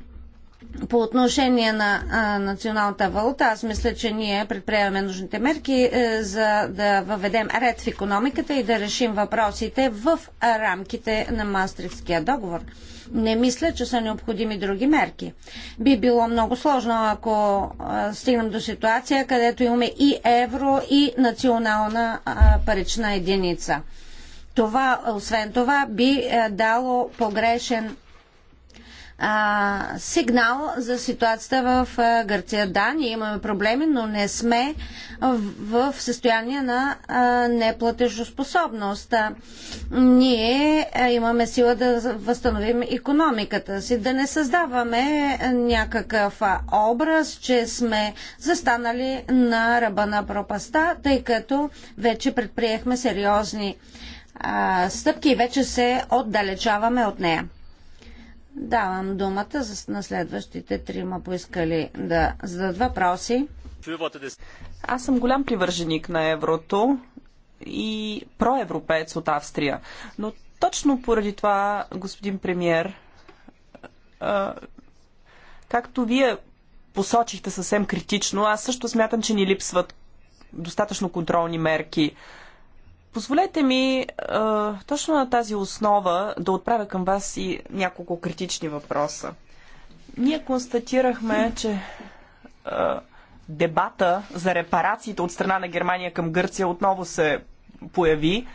A: по отношение на а, националната валута, аз мисля, че ние предприемаме нужните мерки е, за да въведем ред в економиката и да решим въпросите в рамките на Мастрихския договор. Не мисля, че са необходими други мерки. Би било много сложно, ако а, стигнем до ситуация, където имаме и евро, и национална а, парична единица. Това, освен това, би е, дало погрешен а, сигнал за ситуацията в а, Гърция. Да, ние имаме проблеми, но не сме в, в състояние на а, неплатежоспособност. А, ние а, имаме сила да възстановим економиката си, да не създаваме някакъв а, образ, че сме застанали на ръба на пропаста, тъй като вече предприехме сериозни а, стъпки и вече се отдалечаваме от нея. Давам думата на следващите трима поискали да зададат въпроси.
E: Аз съм голям привърженик на еврото и проевропеец от Австрия. Но точно поради това, господин премьер, както вие посочихте съвсем критично, аз също смятам, че ни липсват достатъчно контролни мерки. Позволете ми а, точно на тази основа да отправя към вас и няколко критични въпроса. Ние констатирахме, че а, дебата за репарациите от страна на Германия към Гърция отново се появи.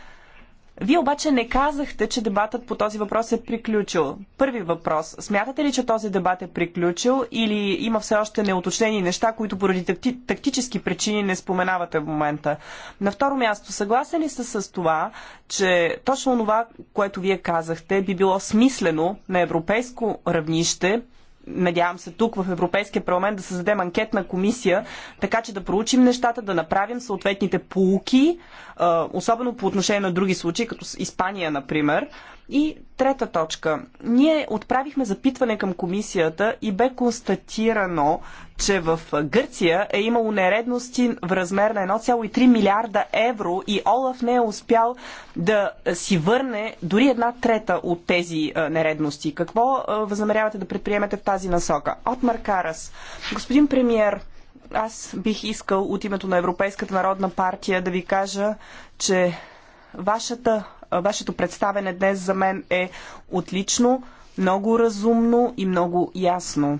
E: Вие обаче не казахте, че дебатът по този въпрос е приключил. Първи въпрос. Смятате ли, че този дебат е приключил или има все още неуточнени неща, които поради такти, тактически причини не споменавате в момента? На второ място, съгласен ли сте с това, че точно това, което вие казахте, би било смислено на европейско равнище надявам се тук в Европейския парламент да създадем анкетна комисия, така че да проучим нещата, да направим съответните полуки, особено по отношение на други случаи, като Испания, например, и трета точка. Ние отправихме запитване към комисията и бе констатирано, че в Гърция е имало нередности в размер на 1,3 милиарда евро и Олаф не е успял да си върне дори една трета от тези нередности. Какво възнамерявате да предприемете в тази насока? От Маркарас. Господин премьер, аз бих искал от името на Европейската народна партия да ви кажа, че вашата вашето представене днес за мен е отлично, много разумно и много ясно.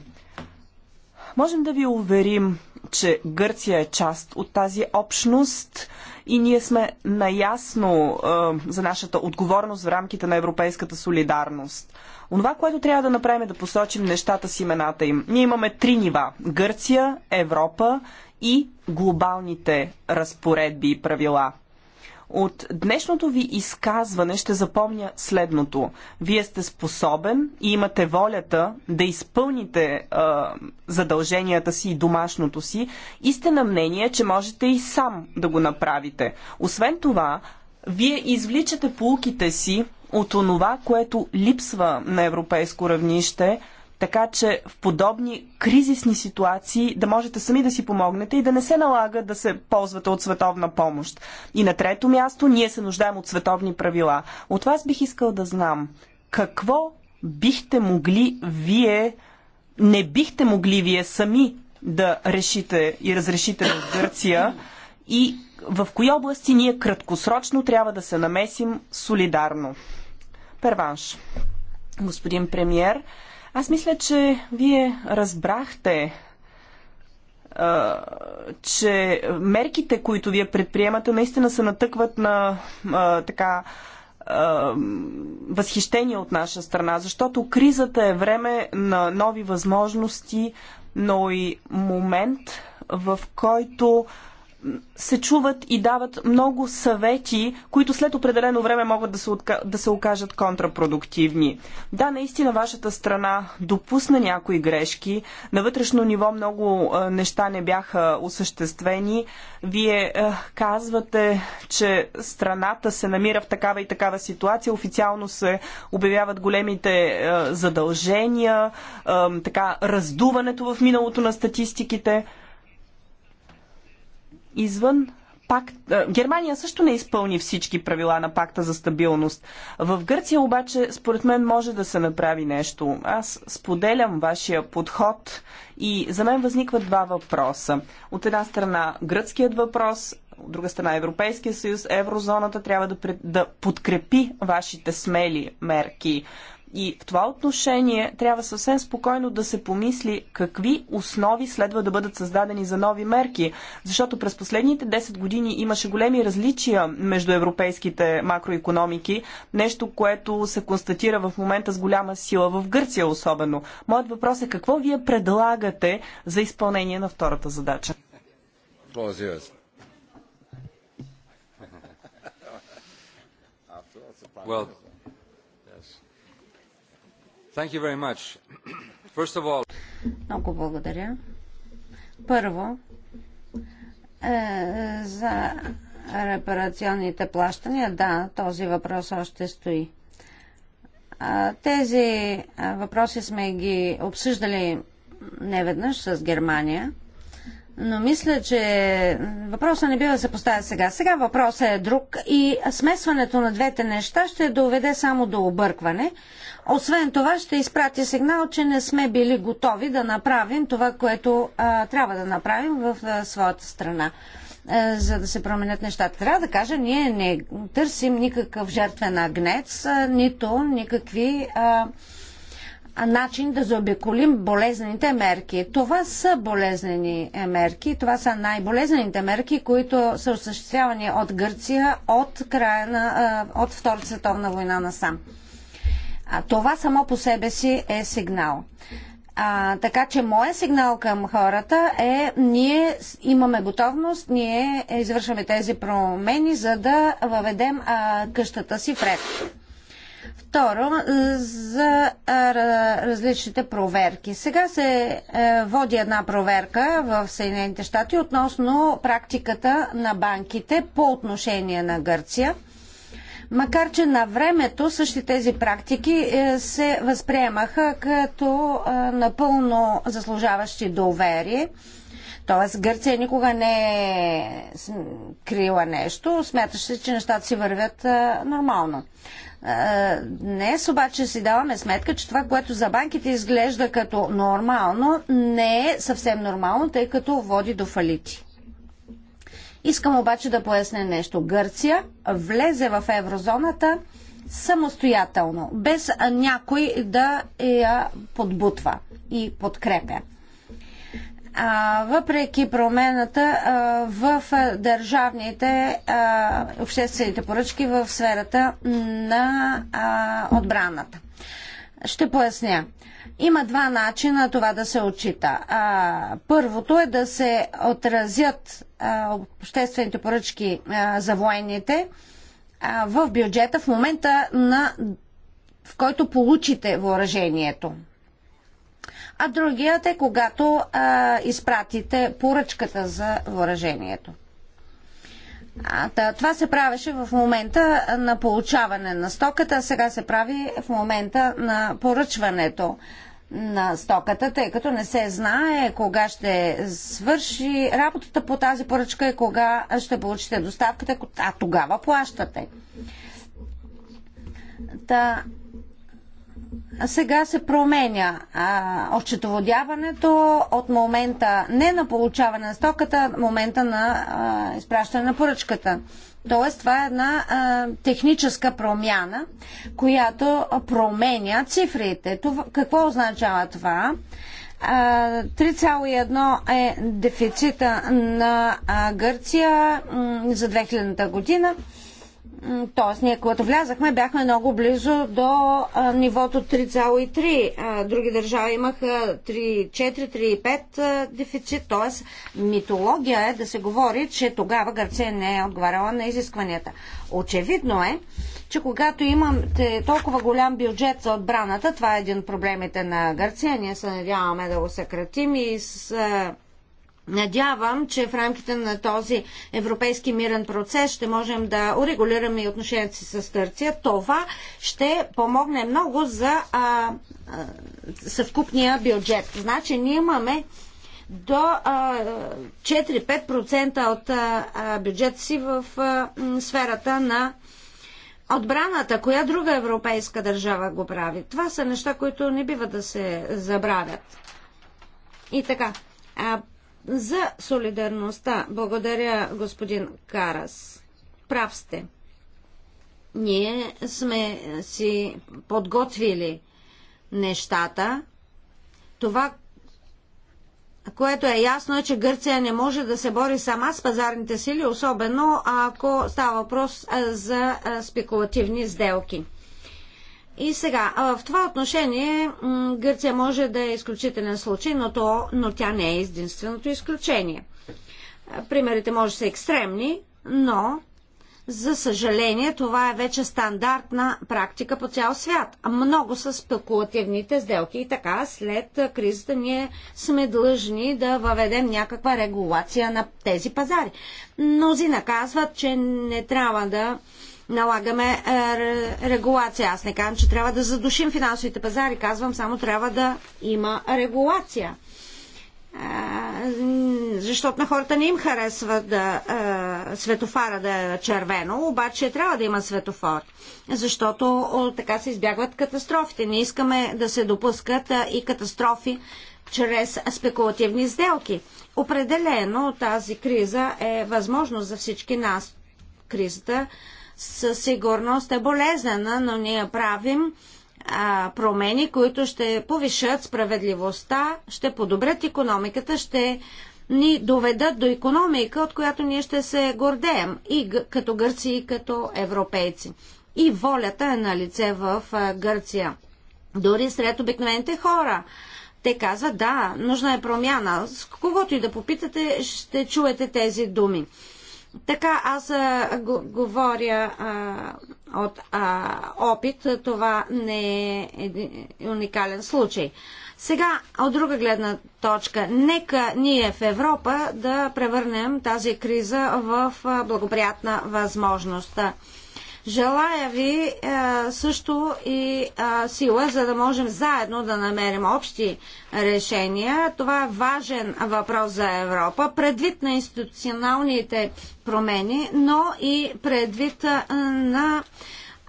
E: Можем да ви уверим, че Гърция е част от тази общност и ние сме наясно е, за нашата отговорност в рамките на европейската солидарност. Онова, което трябва да направим е да посочим нещата с имената им. Ние имаме три нива Гърция, Европа и глобалните разпоредби и правила. От днешното ви изказване ще запомня следното. Вие сте способен и имате волята да изпълните а, задълженията си и домашното си и сте на мнение, че можете и сам да го направите. Освен това, вие извличате полуките си от онова, което липсва на европейско равнище – така че в подобни кризисни ситуации да можете сами да си помогнете и да не се налага да се ползвате от световна помощ. И на трето място, ние се нуждаем от световни правила. От вас бих искал да знам какво бихте могли вие, не бихте могли вие сами да решите и разрешите в Гърция и в кои области ние краткосрочно трябва да се намесим солидарно. Перванш. Господин премьер, аз мисля, че вие разбрахте че мерките, които вие предприемате, наистина се натъкват на а, така а, възхищение от наша страна, защото кризата е време на нови възможности, но и момент, в който се чуват и дават много съвети, които след определено време могат да се, отка... да се окажат контрапродуктивни. Да, наистина вашата страна допусна някои грешки. На вътрешно ниво много е, неща не бяха осъществени. Вие е, казвате, че страната се намира в такава и такава ситуация. Официално се обявяват големите е, задължения, е, така раздуването в миналото на статистиките извън пакт. Германия също не изпълни всички правила на пакта за стабилност. В Гърция обаче, според мен, може да се направи нещо. Аз споделям вашия подход и за мен възникват два въпроса. От една страна гръцкият въпрос, от друга страна Европейския съюз, еврозоната трябва да, да подкрепи вашите смели мерки. И в това отношение трябва съвсем спокойно да се помисли какви основи следва да бъдат създадени за нови мерки, защото през последните 10 години имаше големи различия между европейските макроекономики, нещо, което се констатира в момента с голяма сила в Гърция особено. Моят въпрос е какво вие предлагате за изпълнение на втората задача?
C: Well, много благодаря.
A: Първо, е, за репарационните плащания, да, този въпрос още стои. Тези въпроси сме ги обсъждали неведнъж с Германия, но мисля, че въпросът не бива да се поставя сега. Сега въпросът е друг и смесването на двете неща ще доведе само до объркване, освен това ще изпратя сигнал, че не сме били готови да направим това, което а, трябва да направим в а, своята страна, а, за да се променят нещата. Трябва да кажа, ние не търсим никакъв жертвен агнец, а, нито никакви. А, начин да заобиколим болезнените мерки. Това са болезнени мерки, това са най-болезнените мерки, които са осъществявани от Гърция от края на, от Втората световна война насам. А, това само по себе си е сигнал. А, така че моят сигнал към хората е, ние имаме готовност, ние извършваме тези промени, за да въведем а, къщата си в Второ, за различните проверки. Сега се е, води една проверка в Съединените щати относно практиката на банките по отношение на Гърция. Макар, че на времето същите тези практики е, се възприемаха като е, напълно заслужаващи доверие. Тоест Гърция никога не е крила нещо, смяташе, че нещата си вървят а, е, нормално. А, днес обаче си даваме сметка, че това, което за банките изглежда като нормално, не е съвсем нормално, тъй като води до фалити. Искам обаче да поясня нещо. Гърция влезе в еврозоната самостоятелно, без някой да я подбутва и подкрепя. А, въпреки промената а, в държавните а, обществените поръчки в сферата на а, отбраната. Ще поясня. Има два начина това да се отчита. А, първото е да се отразят а, обществените поръчки а, за военните а, в бюджета в момента, на, в който получите въоръжението. А другият е когато а, изпратите поръчката за въоръжението. А, това се правеше в момента на получаване на стоката, а сега се прави в момента на поръчването на стоката, тъй като не се знае кога ще свърши работата по тази поръчка и кога ще получите доставката, а тогава плащате. Та, сега се променя отчетоводяването от момента не на получаване на стоката, момента на а, изпращане на поръчката. Тоест, това е една а, техническа промяна, която променя цифрите. Това, какво означава това? 3,1 е дефицита на Гърция за 2000 година. Т.е. ние когато влязахме, бяхме много близо до а, нивото 3,3. други държави имаха 3,4-3,5 дефицит. Т.е. митология е да се говори, че тогава Гърция не е отговаряла на изискванията. Очевидно е, че когато имате толкова голям бюджет за отбраната, това е един от проблемите на Гърция. Ние се надяваме да го съкратим и с. А, Надявам, че в рамките на този европейски мирен процес ще можем да урегулираме и отношенията си с Търция. Това ще помогне много за а, а, съвкупния бюджет. Значи ние имаме до 4-5% от а, бюджет си в а, сферата на отбраната. Коя друга европейска държава го прави? Това са неща, които не бива да се забравят. И така. А, за солидарността. Благодаря, господин Карас. Прав сте. Ние сме си подготвили нещата. Това, което е ясно е, че Гърция не може да се бори сама с пазарните сили, особено ако става въпрос за спекулативни сделки. И сега, в това отношение Гърция може да е изключителен случай, но, то, но тя не е единственото изключение. Примерите може да са екстремни, но за съжаление това е вече стандартна практика по цял свят. Много са спекулативните сделки и така след кризата ние сме длъжни да въведем някаква регулация на тези пазари. Мнози наказват, че не трябва да налагаме е, регулация. Аз не казвам, че трябва да задушим финансовите пазари, казвам само трябва да има регулация. Е, защото на хората не им харесва да, е, светофара да е червено, обаче трябва да има светофар. Защото така се избягват катастрофите. Не искаме да се допускат и катастрофи чрез спекулативни сделки. Определено тази криза е възможност за всички нас. Кризата със сигурност е болезнена, но ние правим а, промени, които ще повишат справедливостта, ще подобрят економиката, ще ни доведат до економика, от която ние ще се гордеем и като гърци, и като европейци. И волята е на лице в Гърция. Дори сред обикновените хора. Те казват, да, нужна е промяна. С когото и да попитате, ще чуете тези думи. Така, аз а, говоря а, от а, опит. Това не е уникален случай. Сега, от друга гледна точка, нека ние в Европа да превърнем тази криза в благоприятна възможност. Желая ви е, също и е, сила, за да можем заедно да намерим общи решения. Това е важен въпрос за Европа, предвид на институционалните промени, но и предвид е, на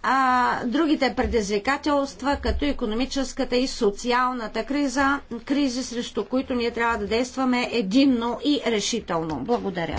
A: а, другите предизвикателства, като економическата и социалната криза, кризи, срещу които ние трябва да действаме единно и решително. Благодаря.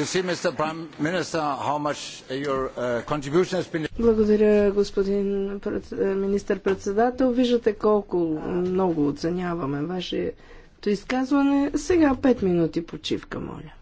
C: Uh,
D: Благодаря, господин е, министър-председател. Виждате колко много оценяваме вашето изказване. Сега пет минути почивка, моля.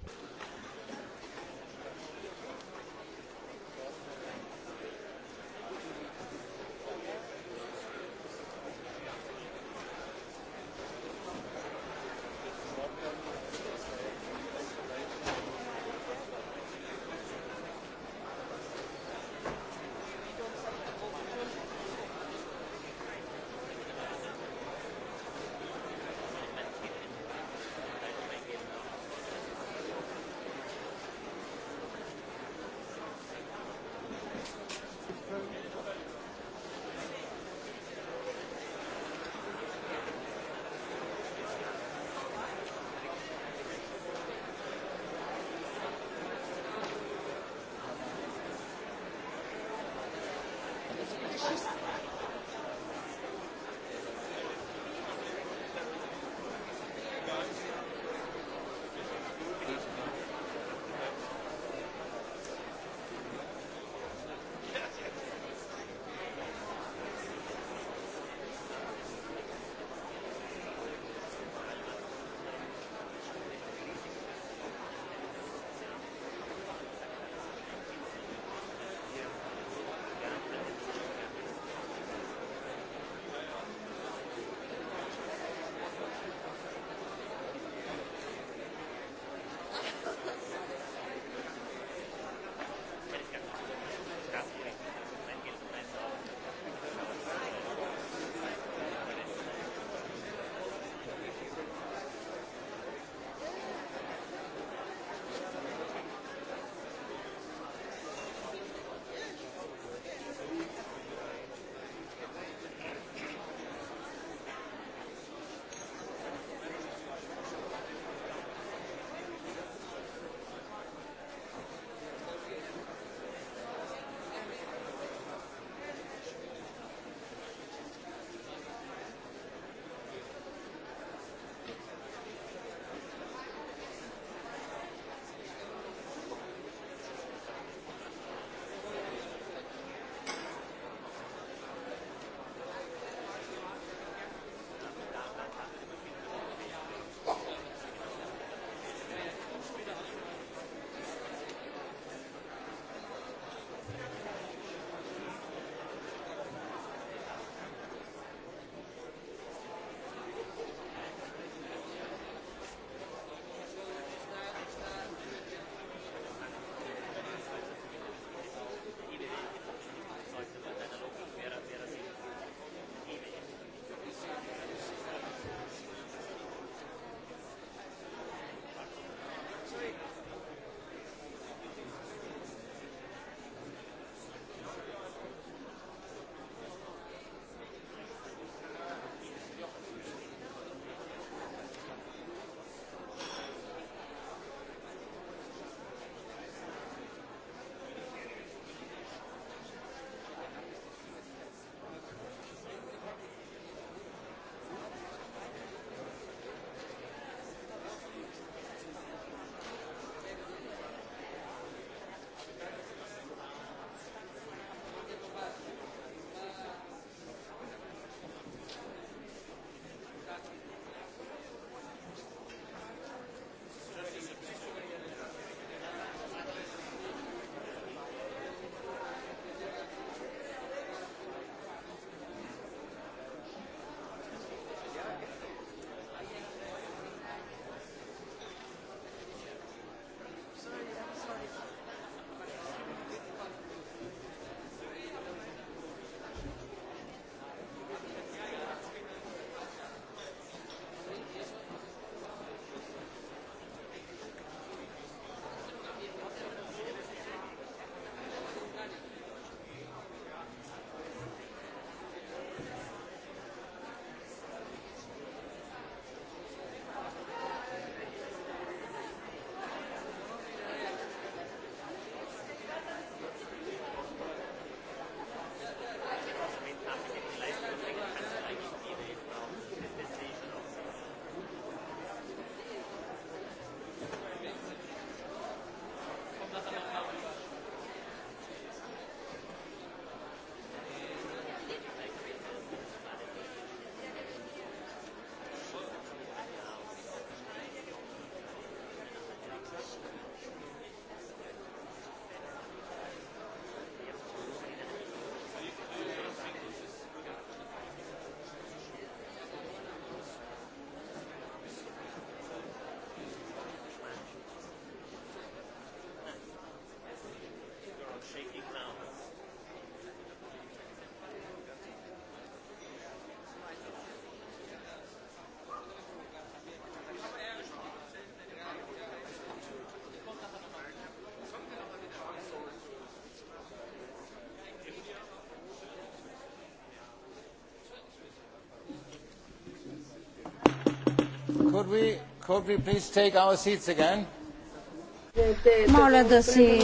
A: Моля да си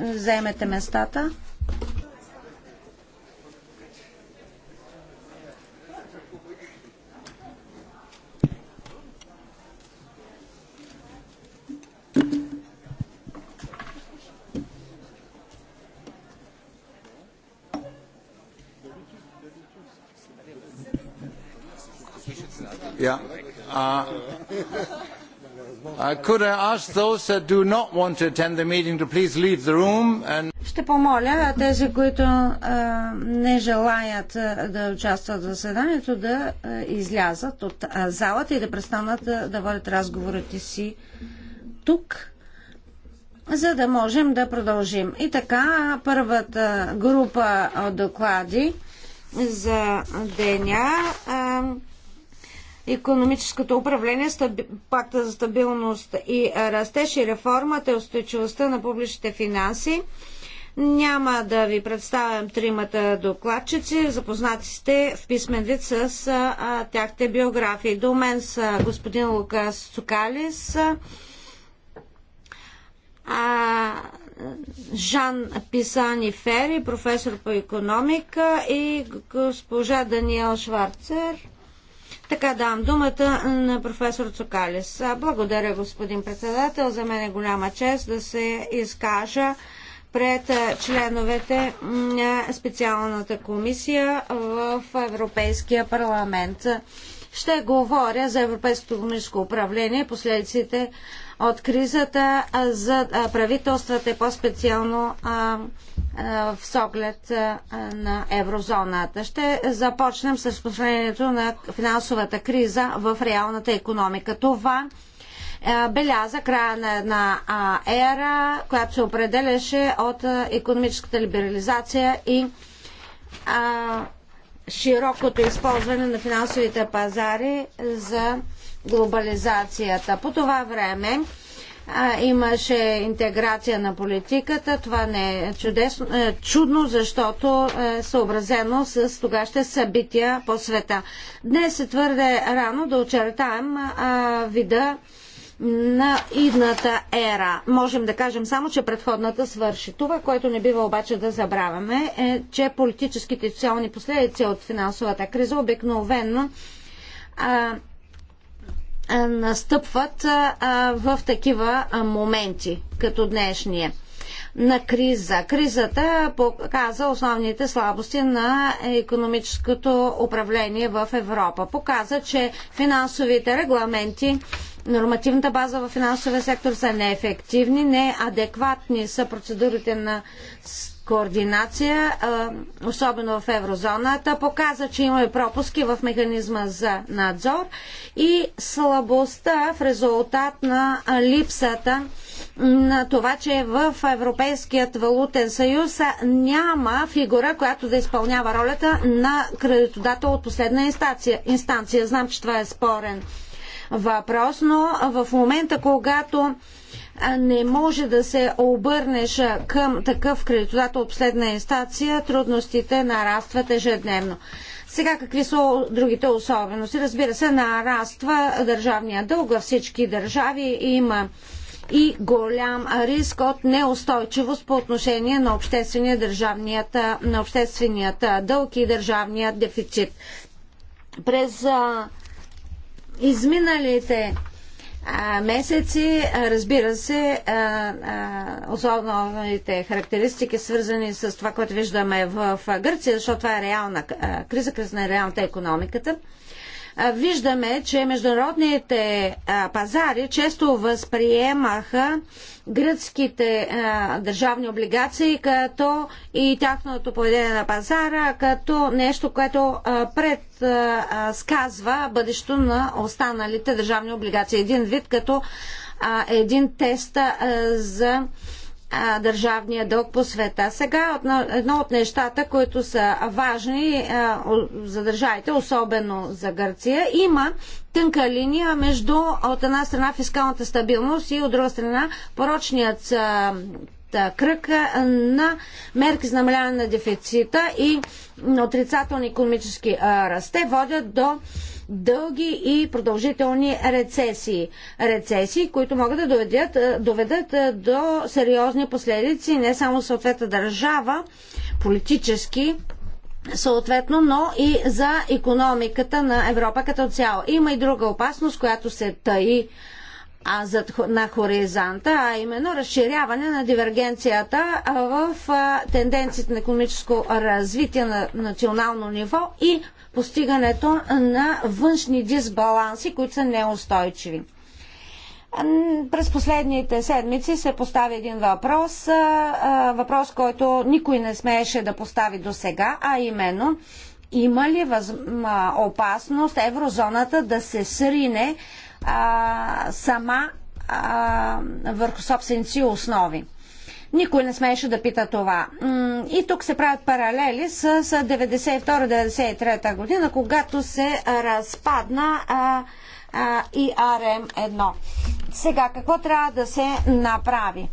A: заемете местата. Ще помоля тези, които а, не желаят да участват в заседанието, да а, излязат от залата и да престанат да водят разговорите си тук, за да можем да продължим. И така, първата група от доклади за деня економическото управление, стаби пакта за стабилност и растеж и реформата и устойчивостта на публичните финанси. Няма да ви представям тримата докладчици. Запознати сте в писмен вид с а, тяхте биографии. До мен са господин Лукас Цукалис, а, Жан Писани Фери, професор по економика и госпожа Даниел Шварцер, така давам думата на професор Цокалис. Благодаря, господин председател. За мен е голяма чест да се изкажа пред членовете на специалната комисия в Европейския парламент. Ще говоря за Европейското комисско управление, последиците от кризата за правителствата и по-специално в соглед на еврозоната. Ще започнем с разпространението на финансовата криза в реалната економика. Това беляза края на една ера, която се определяше от економическата либерализация и широкото използване на финансовите пазари за глобализацията. По това време а, имаше интеграция на политиката. Това не е чудесно, е, чудно, защото е съобразено с тогаща събития по света. Днес е твърде рано да очертаем а, вида на идната ера. Можем да кажем само, че предходната свърши. Това, което не бива обаче да забравяме, е, че политическите и социални последици от финансовата криза обикновено а, настъпват в такива моменти, като днешния на криза. Кризата показа основните слабости на економическото управление в Европа. Показа, че финансовите регламенти нормативната база в финансовия сектор са неефективни, неадекватни са процедурите на координация, особено в еврозоната, показа, че има и пропуски в механизма за надзор и слабостта в резултат на липсата на това, че в Европейският валутен съюз няма фигура, която да изпълнява ролята на кредитодател от последна инстанция. инстанция. Знам, че това е спорен въпрос, но в момента, когато не може да се обърнеш към такъв кредитодател от последна инстанция, трудностите нарастват ежедневно. Сега какви са другите особености? Разбира се, нараства държавния дълг във всички държави. Има и голям риск от неустойчивост по отношение на обществения, държавният, на общественият дълг и държавният дефицит. През а, изминалите месеци. Разбира се, основните характеристики, свързани с това, което виждаме в Гърция, защото това е реална криза, криза на реалната економиката виждаме, че международните пазари често възприемаха гръцките държавни облигации като и тяхното поведение на пазара като нещо, което предсказва бъдещето на останалите държавни облигации. Един вид като един тест за а, държавния дълг по света. Сега едно от нещата, които са важни а, за държавите, особено за Гърция, има тънка линия между от една страна фискалната стабилност и от друга страна порочният а, кръг на мерки за намаляване на дефицита и отрицателни економически расте водят до дълги и продължителни рецесии. Рецесии, които могат да доведят, доведат до сериозни последици не само съответна държава, политически, съответно, но и за економиката на Европа като цяло. Има и друга опасност, която се таи а зад, на хоризонта, а именно разширяване на дивергенцията в тенденциите на економическо развитие на национално ниво и постигането на външни дисбаланси, които са неустойчиви. През последните седмици се постави един въпрос, въпрос, който никой не смееше да постави до сега, а именно има ли въз... опасност еврозоната да се срине а, сама а, върху си основи? Никой не смееше да пита това. И тук се правят паралели с 92-93 година, когато се разпадна ИРМ 1 Сега, какво трябва да се направи?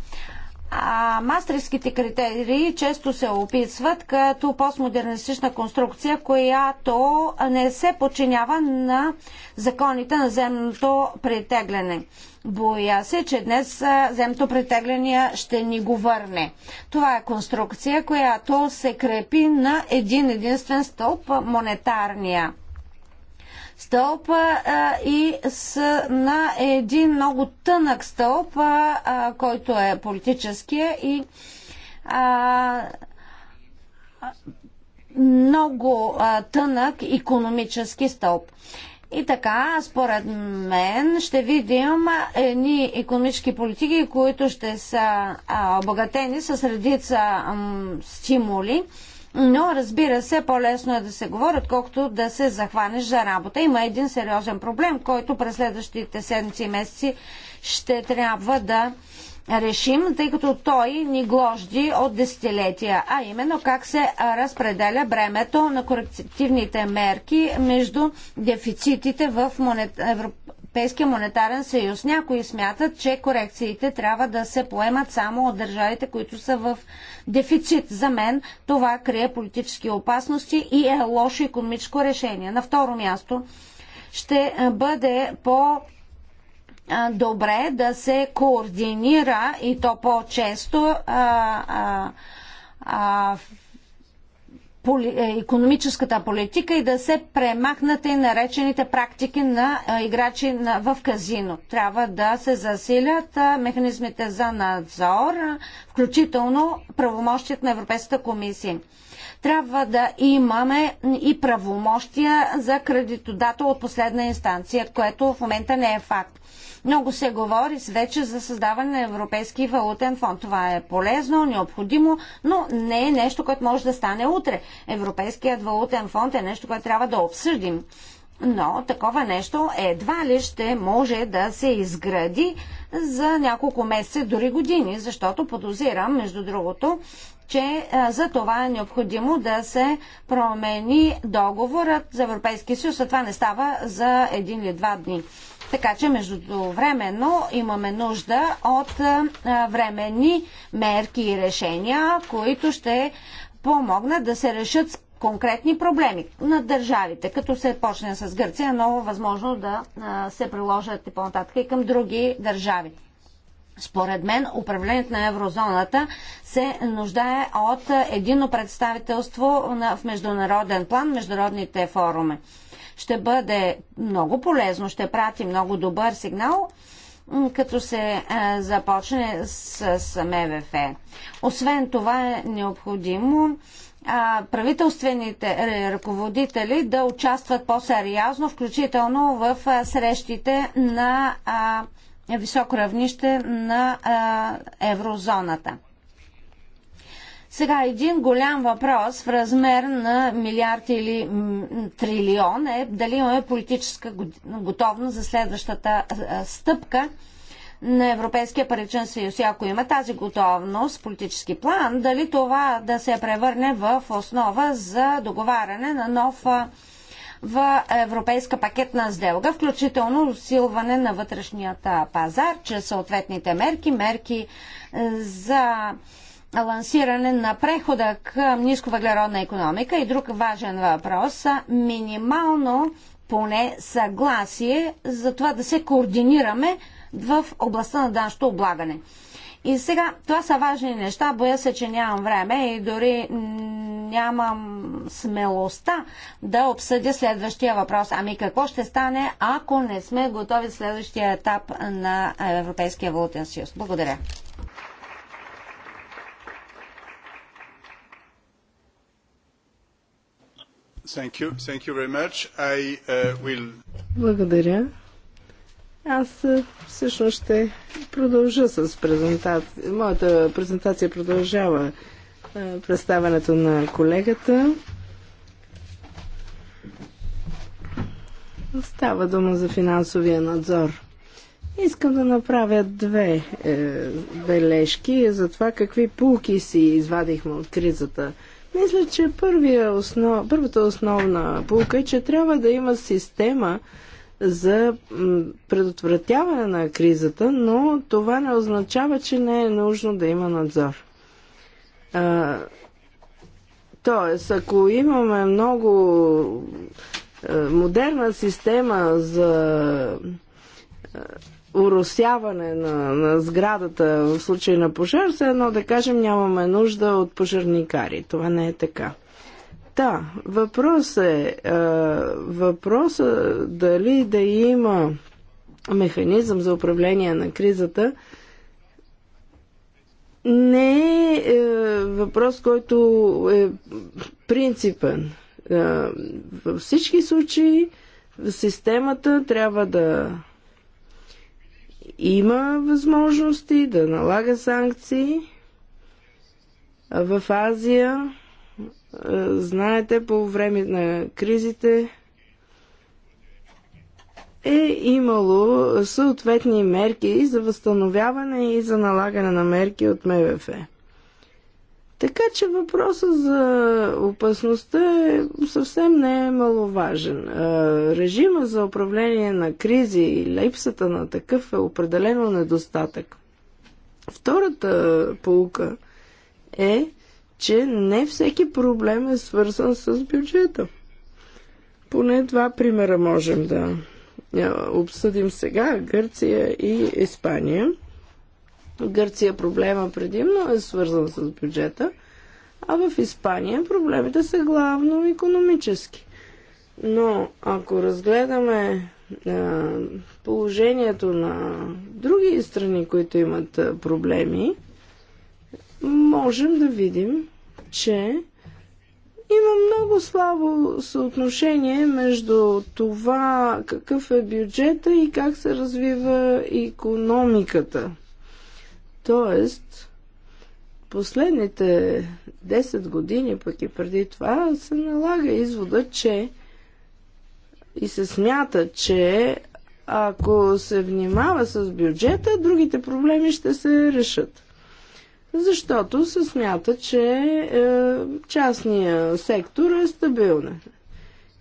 A: а, мастерските критерии често се описват като постмодернистична конструкция, която не се подчинява на законите на земното притегляне. Боя се, че днес земното притегляне ще ни го върне. Това е конструкция, която се крепи на един единствен стълб монетарния стълб и с, на един много тънък стълб, а, който е политическия и а, много а, тънък економически стълб. И така, според мен, ще видим едни економически политики, които ще са обогатени с редица стимули но, разбира се, по-лесно е да се говори, отколкото да се захванеш за работа. Има един сериозен проблем, който през следващите седмици и месеци ще трябва да решим, тъй като той ни гложди от десетилетия, а именно как се разпределя бремето на корективните мерки между дефицитите в монет... Европейския монетарен съюз. Някои смятат, че корекциите трябва да се поемат само от държавите, които са в дефицит. За мен това крие политически опасности и е лошо економическо решение. На второ място ще бъде по добре да се координира и то по-често економическата политика и да се премахнат и наречените практики на е, играчи в казино. Трябва да се засилят е, механизмите за надзор, е, включително правомощият на Европейската комисия. Трябва да имаме и правомощия за кредитодател от последна инстанция, което в момента не е факт. Много се говори вече за създаване на Европейски валутен фонд. Това е полезно, необходимо, но не е нещо, което може да стане утре. Европейският валутен фонд е нещо, което трябва да обсъдим. Но такова нещо едва ли ще може да се изгради за няколко месеца, дори години, защото подозирам, между другото, че за това е необходимо да се промени договорът за Европейския съюз, а това не става за един или два дни. Така че междувременно имаме нужда от временни мерки и решения, които ще помогнат да се решат конкретни проблеми на държавите, като се почне с Гърция, но възможно да се приложат и по-нататък и към други държави. Според мен, управлението на еврозоната се нуждае от едино представителство в международен план, международните форуми ще бъде много полезно, ще прати много добър сигнал, като се е, започне с, МВФ. Освен това е необходимо правителствените е, ръководители да участват по-сериозно, включително в е, срещите на високо равнище на еврозоната. Сега един голям въпрос в размер на милиард или трилион е дали имаме политическа готовност за следващата стъпка на Европейския паричен съюз. И ако има тази готовност, политически план, дали това да се превърне в основа за договаряне на нов в европейска пакетна сделка, включително усилване на вътрешният пазар чрез съответните мерки, мерки за лансиране на прехода към нисковъглеродна економика и друг важен въпрос – минимално поне съгласие за това да се координираме в областта на данъчното облагане. И сега, това са важни неща, боя се, че нямам време и дори нямам смелостта да обсъдя следващия въпрос. Ами какво ще стане, ако не сме готови следващия етап на Европейския валутен съюз? Благодаря.
C: Thank you. Thank you very much. I, uh, will...
D: Благодаря. Аз е, всъщност ще продължа с презентация. Моята презентация продължава е, представането на колегата. Става дума за финансовия надзор. Искам да направя две е, бележки за това какви пулки си извадихме от кризата – мисля, че първия основ, първата основна полука е, че трябва да има система за предотвратяване на кризата, но това не означава, че не е нужно да има надзор. А, тоест, ако имаме много модерна система за уросяване на, на сградата в случай на пожар, все едно да кажем нямаме нужда от пожарникари. Това не е така. Да, въпрос е, е въпроса дали да има механизъм за управление на кризата не е, е въпрос, който е принципен. Е, във всички случаи системата трябва да има възможности да налага санкции. В Азия, знаете, по време на кризите е имало съответни мерки за възстановяване и за налагане на мерки от МВФ. Така че въпросът за опасността е, съвсем не е маловажен. Режима за управление на кризи и липсата на такъв е определено недостатък. Втората полука е, че не всеки проблем е свързан с бюджета. Поне два примера можем да обсъдим сега Гърция и Испания – Гърция проблема предимно е свързан с бюджета, а в Испания проблемите са главно економически. Но ако разгледаме а, е, положението на други страни, които имат а, е, проблеми, можем да видим, че има много слабо съотношение между това какъв е бюджета и как се развива економиката. Тоест, последните 10 години, пък и преди това, се налага извода, че и се смята, че ако се внимава с бюджета, другите проблеми ще се решат. Защото се смята, че е, частния сектор е стабилен.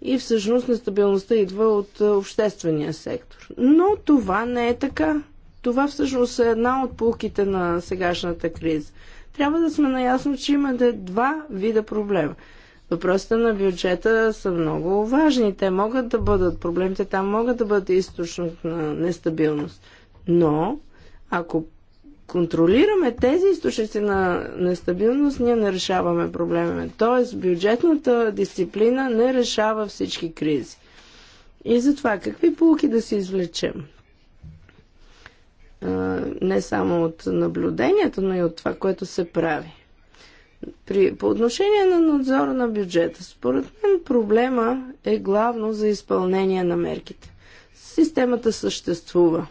D: И всъщност нестабилността идва от е, обществения сектор. Но това не е така. Това всъщност е една от полките на сегашната криза. Трябва да сме наясно, че имате два вида проблема. Въпросите на бюджета са много важни. Те могат да бъдат, проблемите там могат да бъдат източник на нестабилност. Но, ако контролираме тези източници на нестабилност, ние не решаваме проблемите. Тоест, бюджетната дисциплина не решава всички кризи. И затова, какви полки да си извлечем? не само от наблюдението, но и от това, което се прави. При, по отношение на надзора на бюджета, според мен проблема е главно за изпълнение на мерките. Системата съществува.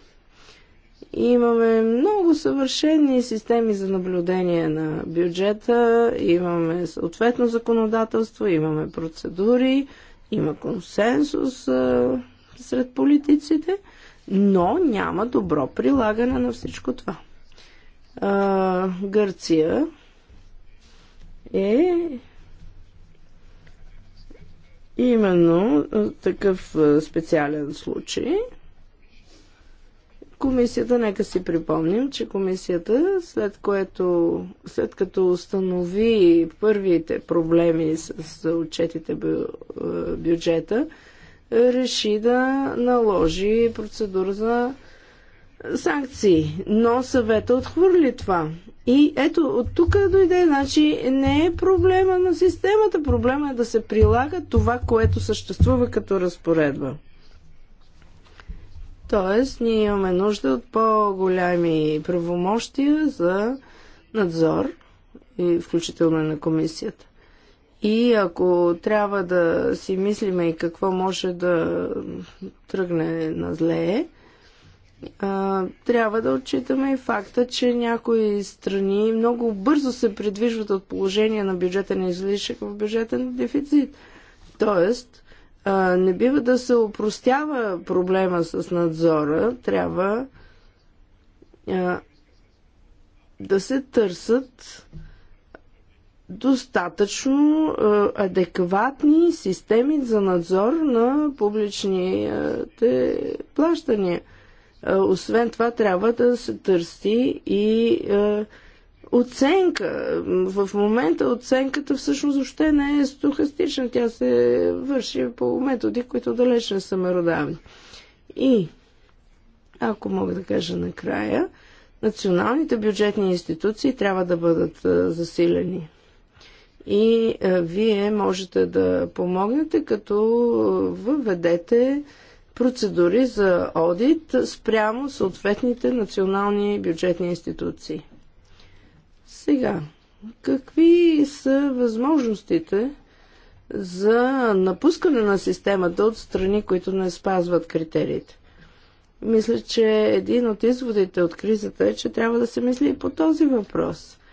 D: Имаме много съвършени системи за наблюдение на бюджета, имаме съответно законодателство, имаме процедури, има консенсус а, сред политиците – но няма добро прилагане на всичко това. А, Гърция е именно такъв специален случай. Комисията, нека си припомним, че комисията, след, което, след като установи първите проблеми с отчетите бю, бюджета, реши да наложи процедура за санкции, но съвета отхвърли това. И ето, от тук дойде, значи не е проблема на системата, проблема е да се прилага това, което съществува като разпоредба. Тоест, ние имаме нужда от по-голями правомощия за надзор, включително и на комисията. И ако трябва да си мислиме и какво може да тръгне на зле, трябва да отчитаме и факта, че някои страни много бързо се придвижват от положение на бюджетен излишък в бюджетен дефицит. Тоест, не бива да се опростява проблема с надзора, трябва да се търсят достатъчно е, адекватни системи за надзор на публичните плащания. Е, освен това, трябва да се търси и е, оценка. В момента оценката всъщност въобще не е стохастична. Тя се върши по методи, които далеч не са меродавни. И, ако мога да кажа накрая, националните бюджетни институции трябва да бъдат засилени и е, вие можете да помогнете, като въведете процедури за одит спрямо съответните национални бюджетни институции. Сега, какви са възможностите за напускане на системата от страни, които не спазват критериите? Мисля, че един от изводите от кризата е, че трябва да се мисли и по този въпрос –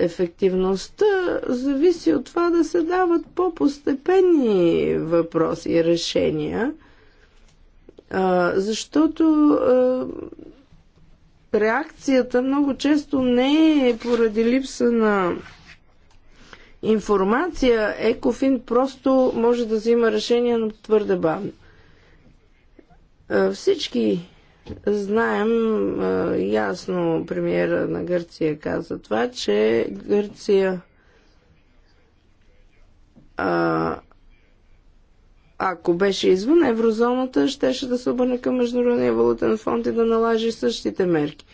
D: ефективността зависи от това да се дават по-постепенни въпроси и решения, защото реакцията много често не е поради липса на информация. Екофин просто може да взима решения, но твърде бавно. Всички Знаем ясно, премиера на Гърция каза това, че Гърция а, ако беше извън еврозоната, щеше да се обърне към Международния валутен фонд и да налажи същите мерки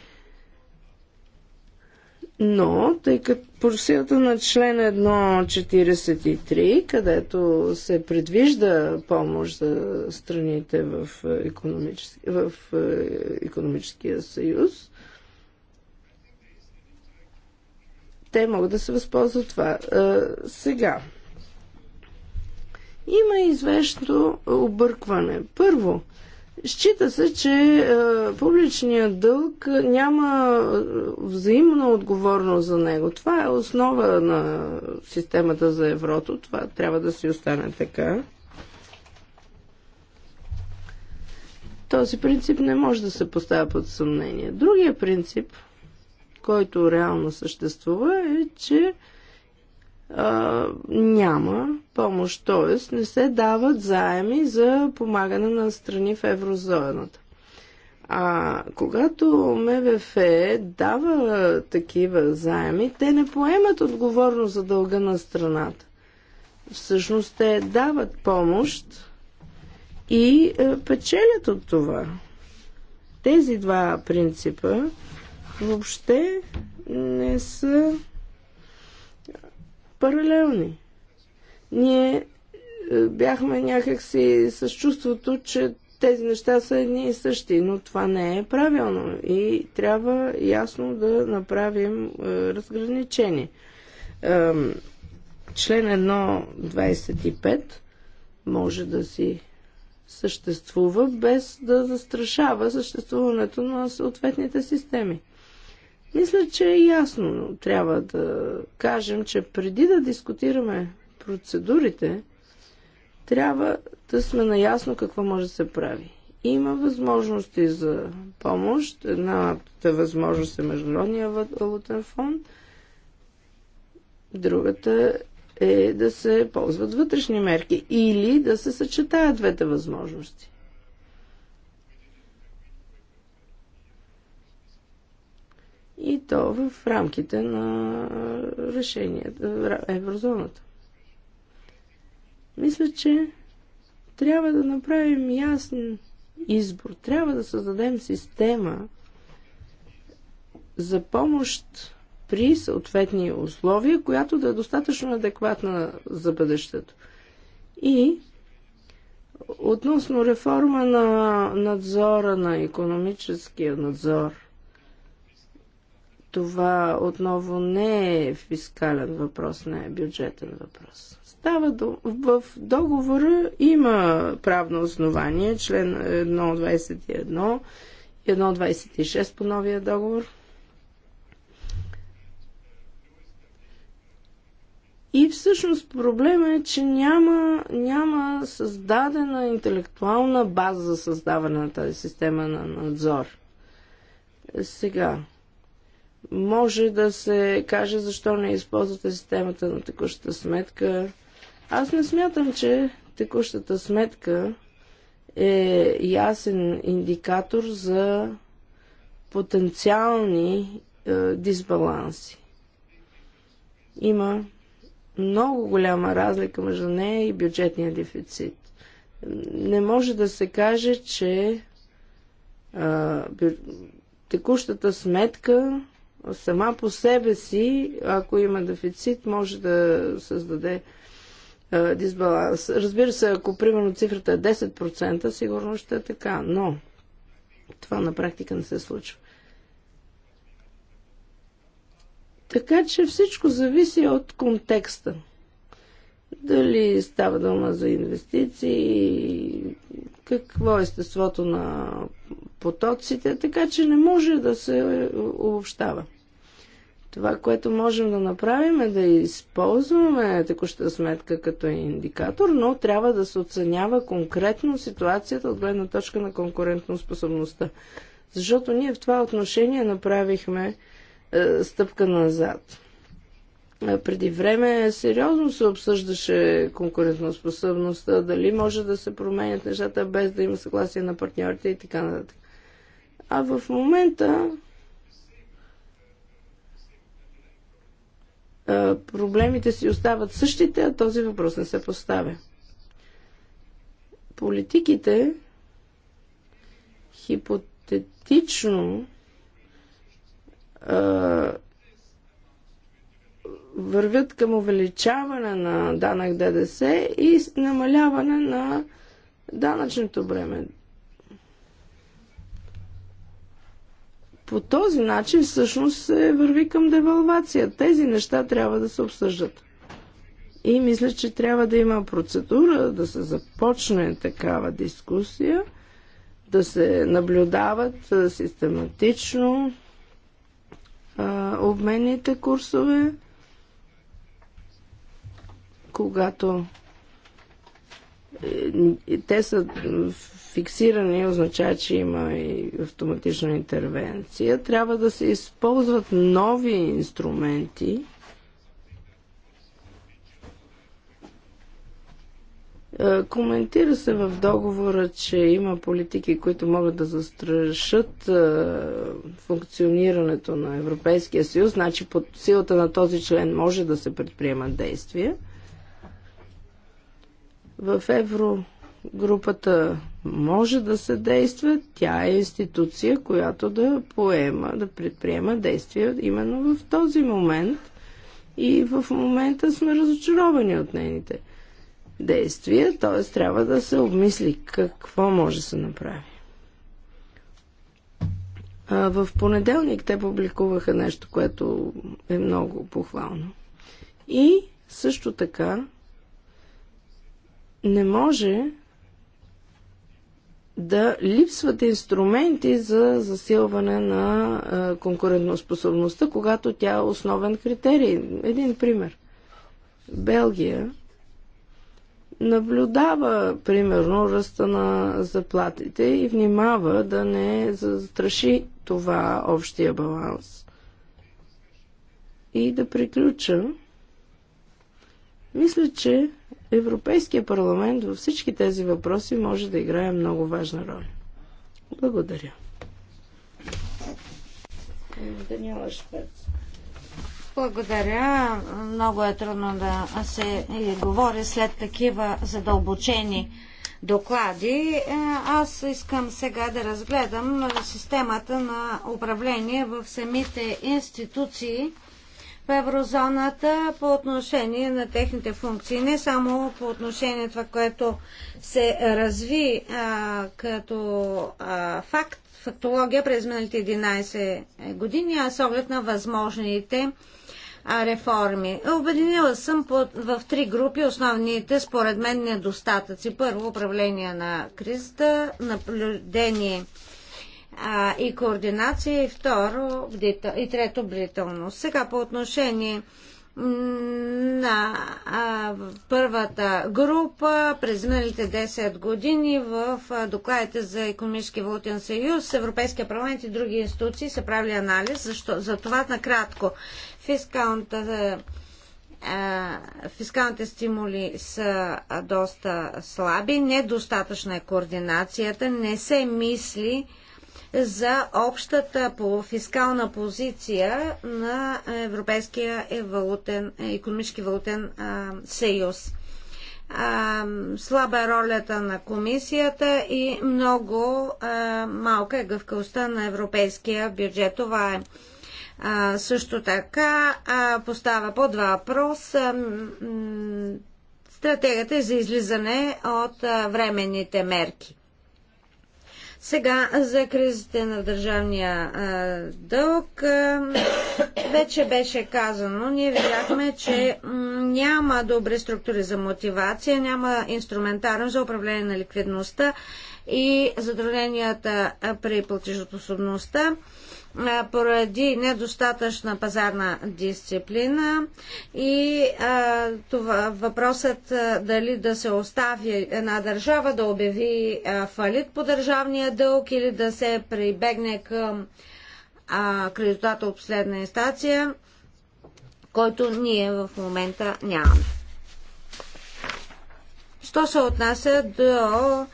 D: но тъй като по силата на член 1.43, където се предвижда помощ за страните в, економически, в е, економическия съюз, те могат да се възползват това. Е, сега, има известно объркване. Първо, Счита се, че е, публичният дълг няма взаимна отговорност за него. Това е основа на системата за еврото. Това трябва да си остане така. Този принцип не може да се поставя под съмнение. Другия принцип, който реално съществува, е, че а, няма помощ, т.е. не се дават заеми за помагане на страни в еврозоната. А когато МВФ дава такива заеми, те не поемат отговорност за дълга на страната. Всъщност те дават помощ и е, печелят от това. Тези два принципа въобще не са паралелни. Ние е, бяхме някакси с чувството, че тези неща са едни и същи, но това не е правилно и трябва ясно да направим е, разграничение. член 1.25 може да си съществува без да застрашава съществуването на съответните системи. Мисля, че е ясно, трябва да кажем, че преди да дискутираме процедурите, трябва да сме наясно какво може да се прави. Има възможности за помощ. Едната възможност е Международния валутен фонд, другата е да се ползват вътрешни мерки или да се съчетаят двете възможности. и то в рамките на решението еврозоната. Мисля, че трябва да направим ясен избор. Трябва да създадем система за помощ при съответни условия, която да е достатъчно адекватна за бъдещето. И относно реформа на надзора, на економическия надзор, това отново не е фискален въпрос, не е бюджетен въпрос. Става до... В договора има правно основание, член 1.21 и 1.26 по новия договор. И всъщност проблема е, че няма, няма създадена интелектуална база за създаване на тази система на надзор. Сега, може да се каже защо не използвате системата на текущата сметка. Аз не смятам, че текущата сметка е ясен индикатор за потенциални е, дисбаланси. Има много голяма разлика между нея и бюджетния дефицит. Не може да се каже, че е, бю... текущата сметка сама по себе си, ако има дефицит, може да създаде е, дисбаланс. Разбира се, ако примерно цифрата е 10%, сигурно ще е така, но това на практика не се случва. Така че всичко зависи от контекста. Дали става дума за инвестиции, какво е естеството на потоците, така че не може да се обобщава. Това, което можем да направим е да използваме текущата сметка като индикатор, но трябва да се оценява конкретно ситуацията от гледна точка на конкурентоспособността. Защото ние в това отношение направихме е, стъпка назад. Е, преди време сериозно се обсъждаше конкурентоспособността, дали може да се променят нещата без да има съгласие на партньорите и така нататък. А в момента е, проблемите си остават същите, а този въпрос не се поставя. Политиките хипотетично
C: е,
D: вървят към увеличаване на данък ДДС и намаляване на данъчното бреме. По този начин всъщност се върви към девалвация. Тези неща трябва да се обсъждат. И мисля, че трябва да има процедура, да се започне такава дискусия, да се наблюдават систематично а, обменните курсове когато е, те са фиксирани, означава, че има и автоматична интервенция. Трябва да се използват нови инструменти, е, Коментира се в договора, че има политики, които могат да застрашат е, функционирането на Европейския съюз, значи под силата на този член може да се предприемат действия. В еврогрупата може да се действа, тя е институция, която да поема, да предприема действия именно в този момент и в момента сме разочаровани от нейните действия, т.е. трябва да се обмисли какво може да се направи. В понеделник те публикуваха нещо, което е много похвално. И също така не може да липсват инструменти за засилване на конкурентоспособността, когато тя е основен критерий. Един пример. Белгия наблюдава, примерно, ръста на заплатите и внимава да не застраши това общия баланс. И да приключа. Мисля, че Европейския парламент във всички тези въпроси може да играе много важна роля.
A: Благодаря. Даниела Шпец. Благодаря. Много е трудно да се говори след такива задълбочени доклади. Е, аз искам сега да разгледам системата на управление в самите институции в еврозоната по отношение на техните функции. Не само по отношение на това, което се разви а, като а, факт, фактология през миналите 11 години, а с оглед на възможните реформи. Обединила съм по, в три групи основните, според мен, недостатъци. Първо, управление на кризата, наблюдение а, и координация и второ и трето бдителност. Сега по отношение на а, първата група през миналите 10 години в а, докладите за економически валутен съюз, Европейския парламент и други институции са правили анализ. Защо, за това накратко фискалната фискалните стимули са доста слаби, недостатъчна е координацията, не се мисли за общата по фискална позиция на Европейския валутен, економически валутен съюз. Слаба е ролята на комисията и много малка е гъвкавостта на европейския бюджет. Това е а, също така а, поставя два въпрос а, стратегията е за излизане от а, временните мерки. Сега за кризите на държавния а, дълг а, вече беше казано. Ние видяхме, че няма добри структури за мотивация, няма инструментарно за управление на ликвидността и затрудненията при платежоспособността поради недостатъчна пазарна дисциплина и а, това, въпросът а, дали да се остави една държава да обяви а, фалит по държавния дълг или да се прибегне към кредитата от последна инстанция, който ние в момента нямаме. Що се отнася до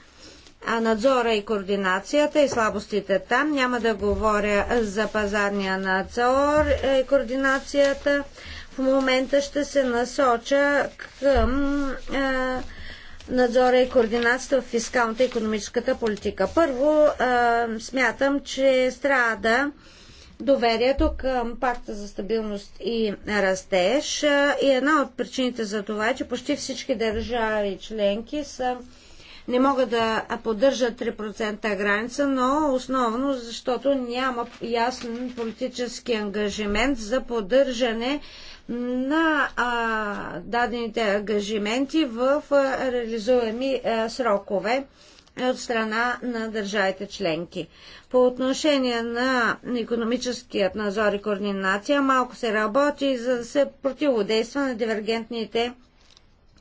A: а надзора и координацията и слабостите там. Няма да говоря за пазарния надзор и координацията. В момента ще се насоча към надзора и координацията в фискалната и економическата политика. Първо, смятам, че страда доверието към пакта за стабилност и растеж. И една от причините за това е, че почти всички държави членки са не могат да поддържат 3% граница, но основно защото няма ясен политически ангажимент за поддържане на а, дадените ангажименти в а, реализуеми а, срокове от страна на държавите членки. По отношение на економическият надзор и координация, малко се работи за да се противодейства на дивергентните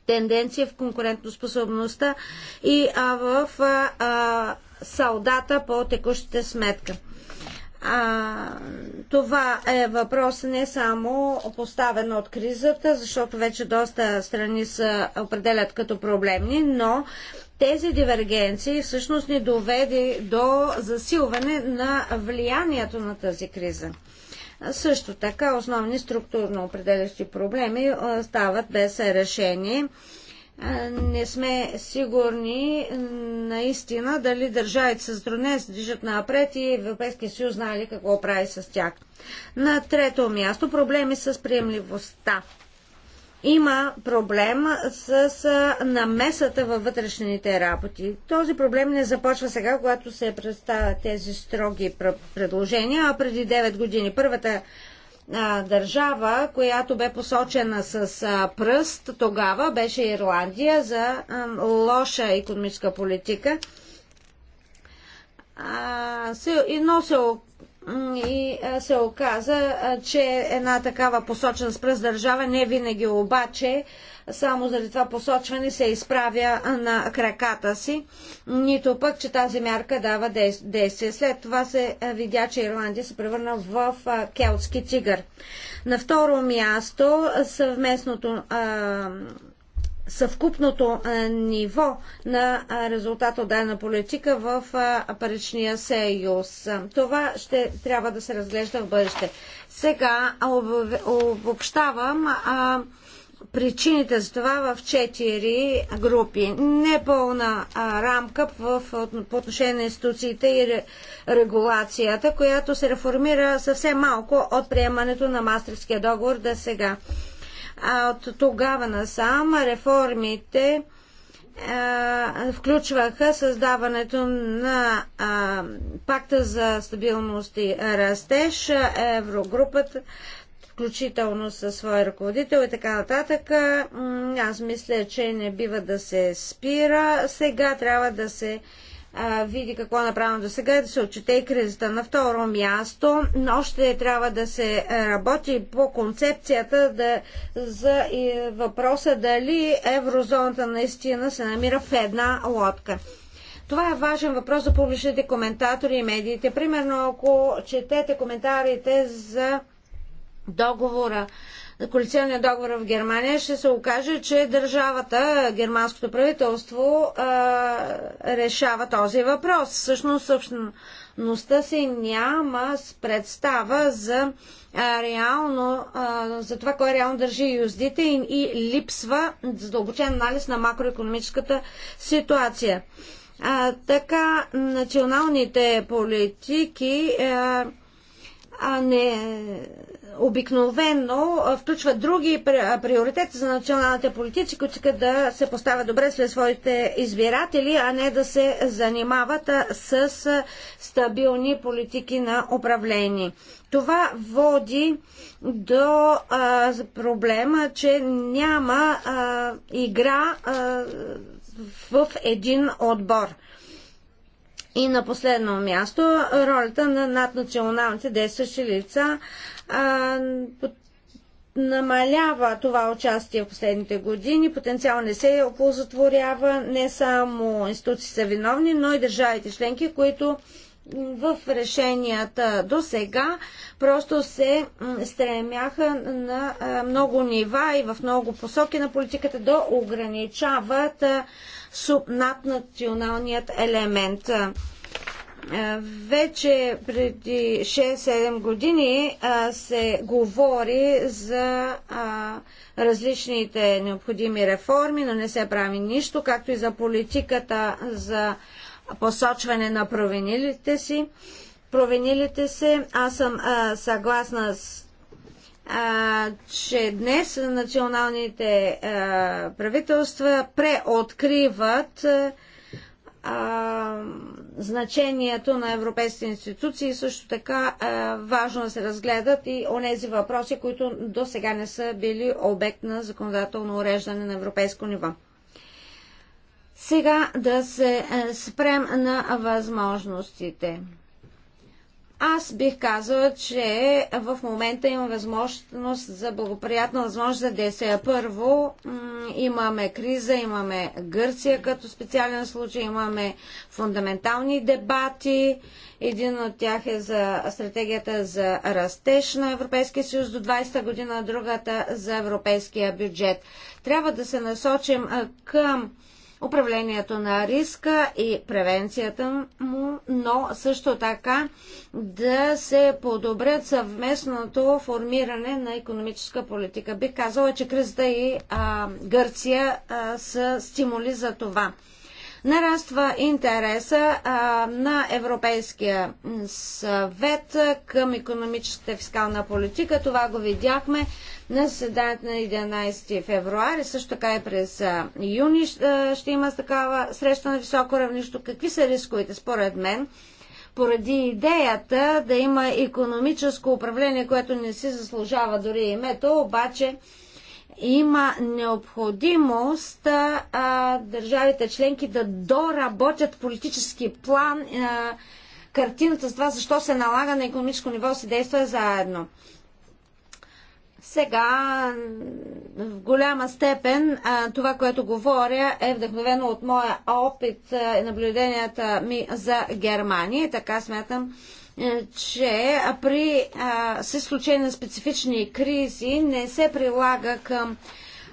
A: тенденция в конкурентоспособността и а, в а, а, салдата по текущата сметка. А, това е въпрос не само поставен от кризата, защото вече доста страни се определят като проблемни, но тези дивергенции всъщност ни доведе до засилване на влиянието на тази криза. Също така основни структурно определящи проблеми стават без решение. Не сме сигурни наистина дали държавите с Дроне се движат напред и Европейския съюз знае ли какво прави с тях. На трето място проблеми с приемливостта има проблем с намесата във вътрешните работи. Този проблем не започва сега, когато се представят тези строги предложения, а преди 9 години. Първата а, държава, която бе посочена с а, пръст тогава, беше Ирландия за а, лоша економическа политика. А, се, но се и се оказа, че една такава посочена с пръст държава не винаги обаче само заради това посочване се изправя на краката си, нито пък, че тази мярка дава действие. След това се видя, че Ирландия се превърна в келтски тигър. На второ място съвместното а, съвкупното ниво на резултат от дадена политика в паричния съюз. Това ще трябва да се разглежда в бъдеще. Сега обобщавам причините за това в четири групи. Непълна рамка в, по отношение на институциите и регулацията, която се реформира съвсем малко от приемането на Мастерския договор до сега. А от тогава насам реформите а, включваха създаването на а, пакта за стабилност и растеж, еврогрупата, включително със своя ръководител и така нататък. Аз мисля, че не бива да се спира. Сега трябва да се види какво е направено до сега и да се отчете и кризата. На второ място, още трябва да се работи по концепцията да, за и въпроса дали еврозоната наистина се намира в една лодка. Това е важен въпрос за публичните коментатори и медиите. Примерно, ако четете коментарите за договора коалиционния договор в Германия, ще се окаже, че държавата, германското правителство решава този въпрос. Всъщност, същността си няма представа за реално, за това, кой реално държи юздите и, и липсва задълбочен анализ на макроекономическата ситуация. А, така, националните политики а, а не обикновено включват други приоритети за националните политици, които искат да се поставят добре след своите избиратели, а не да се занимават с стабилни политики на управление. Това води до а, проблема, че няма а, игра а, в един отбор. И на последно място, ролята на наднационалните действащи лица а, намалява това участие в последните години. Потенциално не се оползотворява. Не само институции са виновни, но и държавите членки, които в решенията до сега просто се стремяха на много нива и в много посоки на политиката да ограничават наднационалният елемент. Вече преди 6-7 години се говори за различните необходими реформи, но не се прави нищо, както и за политиката за посочване на провинилите си. Провинилите се, аз съм а, съгласна с а, че днес националните а, правителства преоткриват а, значението на европейските институции. Също така а, важно да се разгледат и онези въпроси, които до сега не са били обект на законодателно уреждане на европейско ниво. Сега да се е, спрем на възможностите. Аз бих казала, че в момента има възможност за благоприятна възможност за действие. Първо, имаме криза, имаме Гърция като специален случай, имаме фундаментални дебати. Един от тях е за стратегията за растеж на Европейския съюз до 20 та година, другата за европейския бюджет. Трябва да се насочим е, към управлението на риска и превенцията му, но също така да се подобрят съвместното формиране на економическа политика. Бих казала, че кризата и а, Гърция а, са стимули за това. Нараства интереса а, на Европейския съвет към економическата фискална политика. Това го видяхме на заседанието на 11 февруари, също така и през юни ще има такава среща на високо равнище. Какви са рисковете според мен? Поради идеята да има економическо управление, което не си заслужава дори името, обаче има необходимост а, държавите членки да доработят политически план а, картината с това, защо се налага на економическо ниво се действа заедно. Сега в голяма степен а, това, което говоря е вдъхновено от моя опит и наблюденията ми за Германия. Така смятам, е, че при с изключение на специфични кризи не се прилага към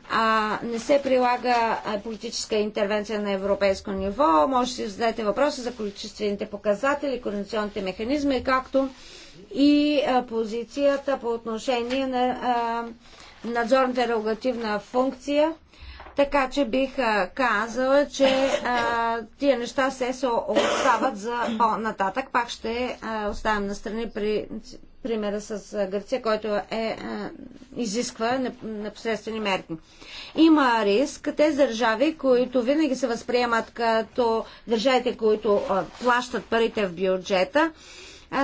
A: а, не се прилага политическа интервенция на европейско ниво. Може да си зададете въпроса за количествените показатели, координационните механизми, както и а, позицията по отношение на а, надзорната регулативна функция така че бих казала, че а, тия неща се остават за по-нататък. Пак ще а, оставим настрани при примера с Гърция, който е, изисква непосредствени мерки. Има риск тези държави, които винаги се възприемат като държавите, които плащат парите в бюджета,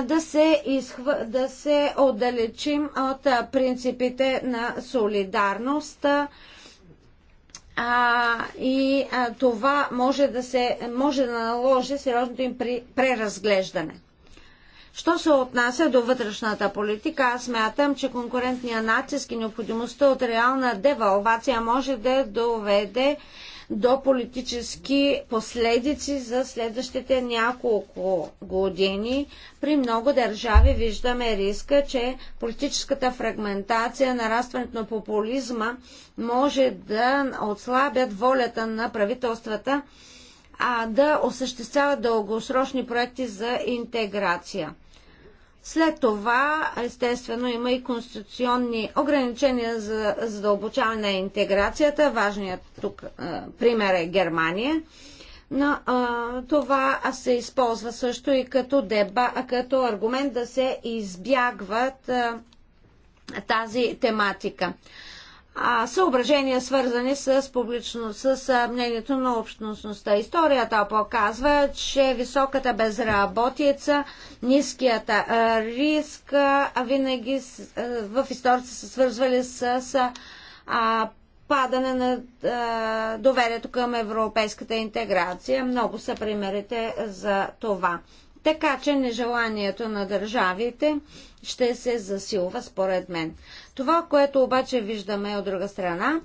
A: да се, изхва, да се отдалечим от принципите на солидарност а, и а, това може да, се, може да наложи сериозното им при, преразглеждане. Що се отнася до вътрешната политика, аз мятам, че конкурентния натиск и необходимостта от реална девалвация може да доведе до политически последици за следващите няколко години. При много държави виждаме риска, че политическата фрагментация, нарастването на популизма може да отслабят волята на правителствата а да осъществяват дългосрочни проекти за интеграция. След това, естествено, има и конституционни ограничения за задълбочаване на интеграцията. Важният тук а, пример е Германия. Но а, това се използва също и като, деба, като аргумент да се избягват а, тази тематика а, съображения, свързани с, публично, с мнението на общностността. Историята показва, че високата безработица, ниският риск винаги в историята се свързвали с падане на доверието към европейската интеграция. Много са примерите за това. Така че нежеланието на държавите ще се засилва, според мен. Това, което обаче виждаме от друга страна,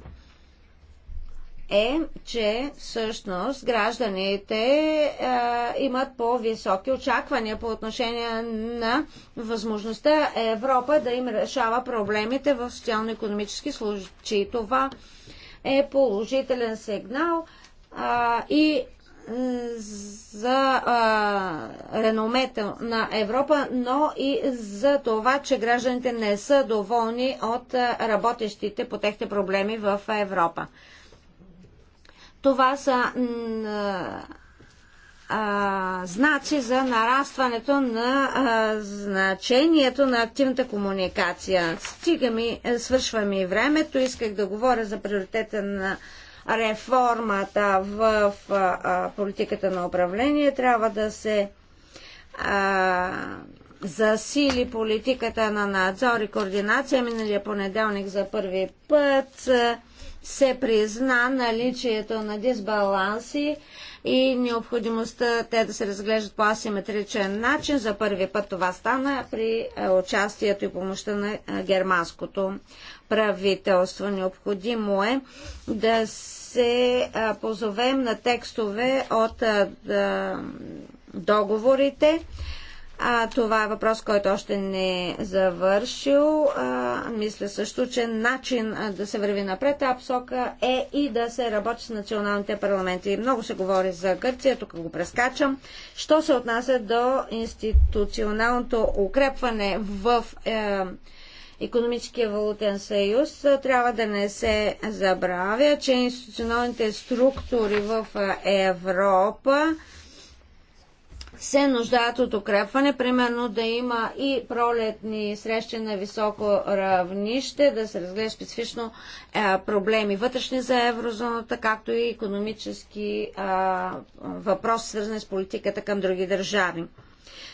A: е, че всъщност гражданите е, имат по-високи очаквания по отношение на възможността Европа да им решава проблемите в социално-економически случаи. Това е положителен сигнал а, и за а, реномета на Европа, но и за това, че гражданите не са доволни от работещите по техните проблеми в Европа. Това са а, значи за нарастването на а, значението на активната комуникация. Стига ми, е, свършва ми времето, исках да говоря за приоритета на реформата в политиката на управление. Трябва да се засили политиката на надзор и координация. Миналия понеделник за първи път се призна наличието на дисбаланси и необходимостта те да се разглеждат по асиметричен начин. За първи път това стана при участието и помощта на германското правителство. Необходимо е да се позовем на текстове от договорите. А, това е въпрос, който още не е завършил. А, мисля също, че начин да се върви напред Апсока е, е и да се работи с националните парламенти. Много се говори за Гърция, тук го прескачам. Що се отнася до институционалното укрепване в е, економическия валутен съюз, трябва да не се забравя, че институционалните структури в Европа се нуждаят от укрепване, примерно да има и пролетни срещи на високо равнище, да се разгледа специфично проблеми вътрешни за еврозоната, както и економически въпроси, свързани с политиката към други държави.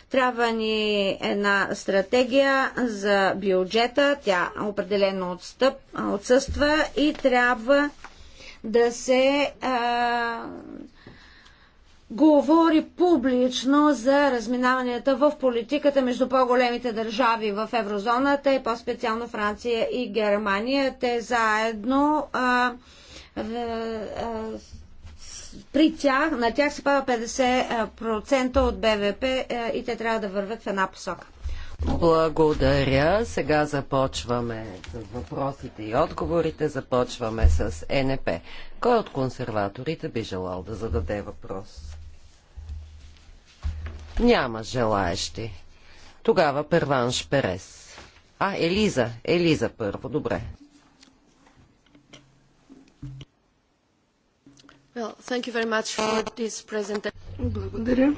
A: Трябва ни една стратегия за бюджета, тя определено отстъп, отсъства и трябва да се а, говори публично за разминаванията в политиката между по-големите държави в еврозоната и по-специално Франция и Германия. Те заедно а, а, а, при тях, на тях се пада 50% от БВП е, и те трябва да вървят в една посока.
B: Благодаря. Сега започваме с въпросите и отговорите. Започваме с НП. Кой от консерваторите би желал да зададе въпрос? Няма желаещи. Тогава Перванш Перес. А, Елиза. Елиза първо. Добре.
D: Благодаря.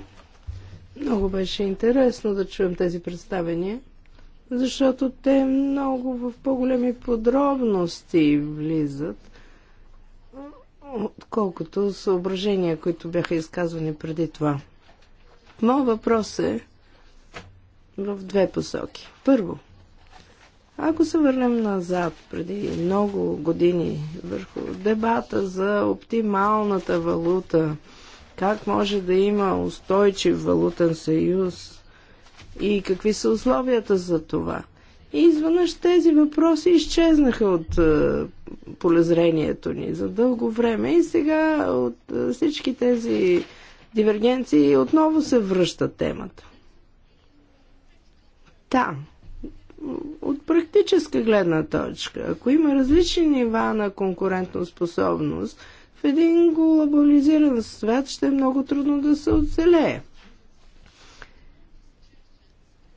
D: Много беше интересно да чуем тези представения, защото те много в по-големи подробности влизат, отколкото съображения, които бяха изказвани преди това. Моят въпрос е в две посоки. Първо, ако се върнем назад, преди много години, върху дебата за оптималната валута, как може да има устойчив валутен съюз и какви са условията за това. И изведнъж тези въпроси изчезнаха от е, полезрението ни за дълго време и сега от е, всички тези дивергенции отново се връща темата. Та, да от практическа гледна точка, ако има различни нива на конкурентоспособност, в един глобализиран свят ще е много трудно да се оцелее.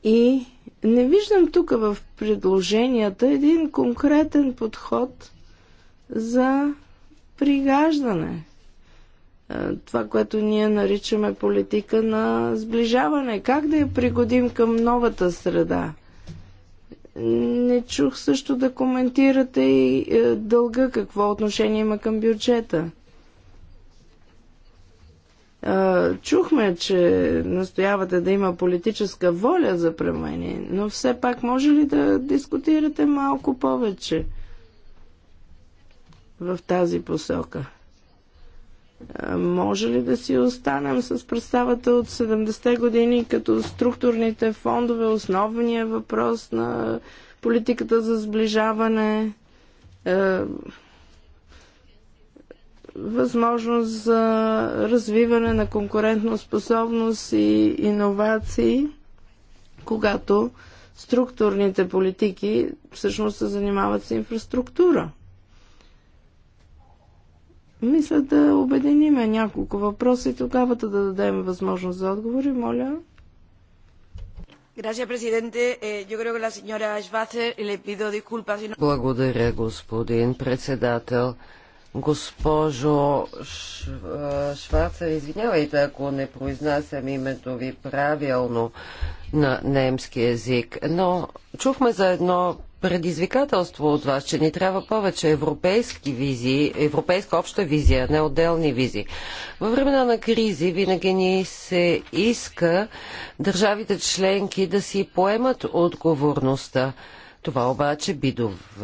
D: И не виждам тук в предложенията един конкретен подход за пригаждане. Това, което ние наричаме политика на сближаване. Как да я пригодим към новата среда? Не чух също да коментирате и е, дълга, какво отношение има към бюджета. Е, чухме, че настоявате да има политическа воля за промени, но все пак може ли да дискутирате малко повече в тази посока? Може ли да си останем с представата от 70-те години като структурните фондове, основния въпрос на политиката за сближаване, възможност за развиване на способност и иновации, когато структурните политики всъщност се занимават с инфраструктура? Мисля да обединиме няколко въпроса и тогава да дадем възможност за отговори. Моля. Eh,
B: Благодаря, господин председател. Госпожо Шварца, извинявайте, ако не произнасям името ви правилно на немски язик, но чухме за едно предизвикателство от вас, че ни трябва повече европейски визии, европейска обща визия, не отделни визии. Във времена на кризи винаги ни се иска държавите членки да си поемат отговорността. Това обаче би, дов...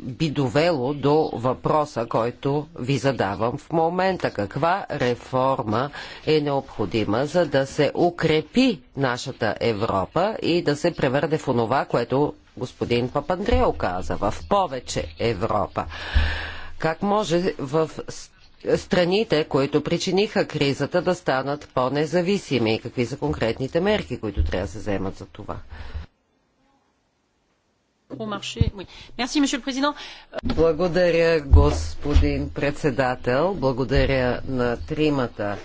B: би довело до въпроса, който ви задавам в момента. Каква реформа е необходима, за да се укрепи нашата Европа и да се превърне в онова, което господин Папандрео каза, в повече Европа. Как може в страните, които причиниха кризата, да станат по-независими и какви са конкретните мерки, които трябва да се вземат за това? Благодаря, господин председател. Благодаря на тримата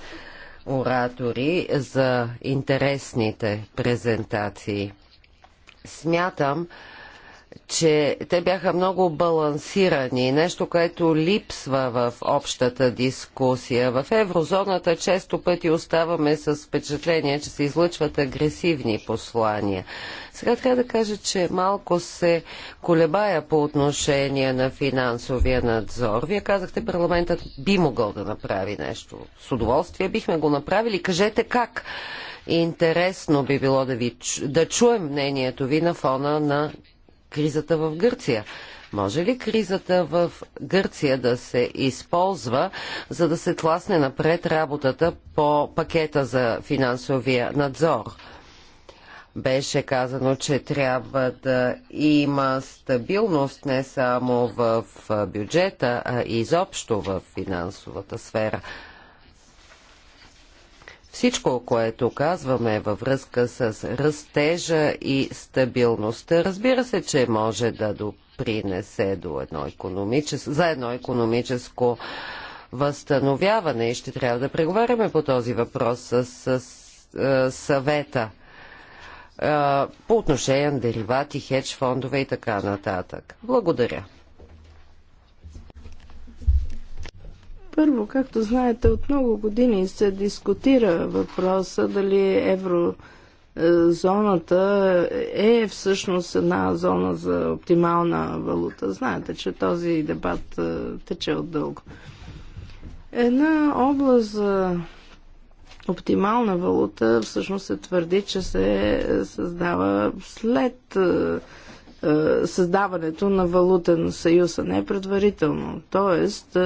B: оратори за интересните презентации смятам, че те бяха много балансирани. Нещо, което липсва в общата дискусия. В еврозоната често пъти оставаме с впечатление, че се излъчват агресивни послания. Сега трябва да кажа, че малко се колебая по отношение на финансовия надзор. Вие казахте, парламентът би могъл да направи нещо. С удоволствие бихме го направили. Кажете как. Интересно би било да, ви, да чуем мнението ви на фона на кризата в Гърция. Може ли кризата в Гърция да се използва, за да се тласне напред работата по пакета за финансовия надзор? Беше казано, че трябва да има стабилност не само в бюджета, а и изобщо в финансовата сфера. Всичко, което казваме във връзка с растежа и стабилността, разбира се, че може да допринесе до едно економическо, за едно економическо възстановяване и ще трябва да преговаряме по този въпрос с, с, с е, съвета е, по отношение на деривати, хедж фондове и така нататък. Благодаря.
D: Първо, както знаете, от много години се дискутира въпроса дали еврозоната е, е всъщност една зона за оптимална валута. Знаете, че този дебат е, тече от дълго. Една област за оптимална валута всъщност се твърди, че се създава след е, създаването на валутен съюз, а не предварително. Тоест,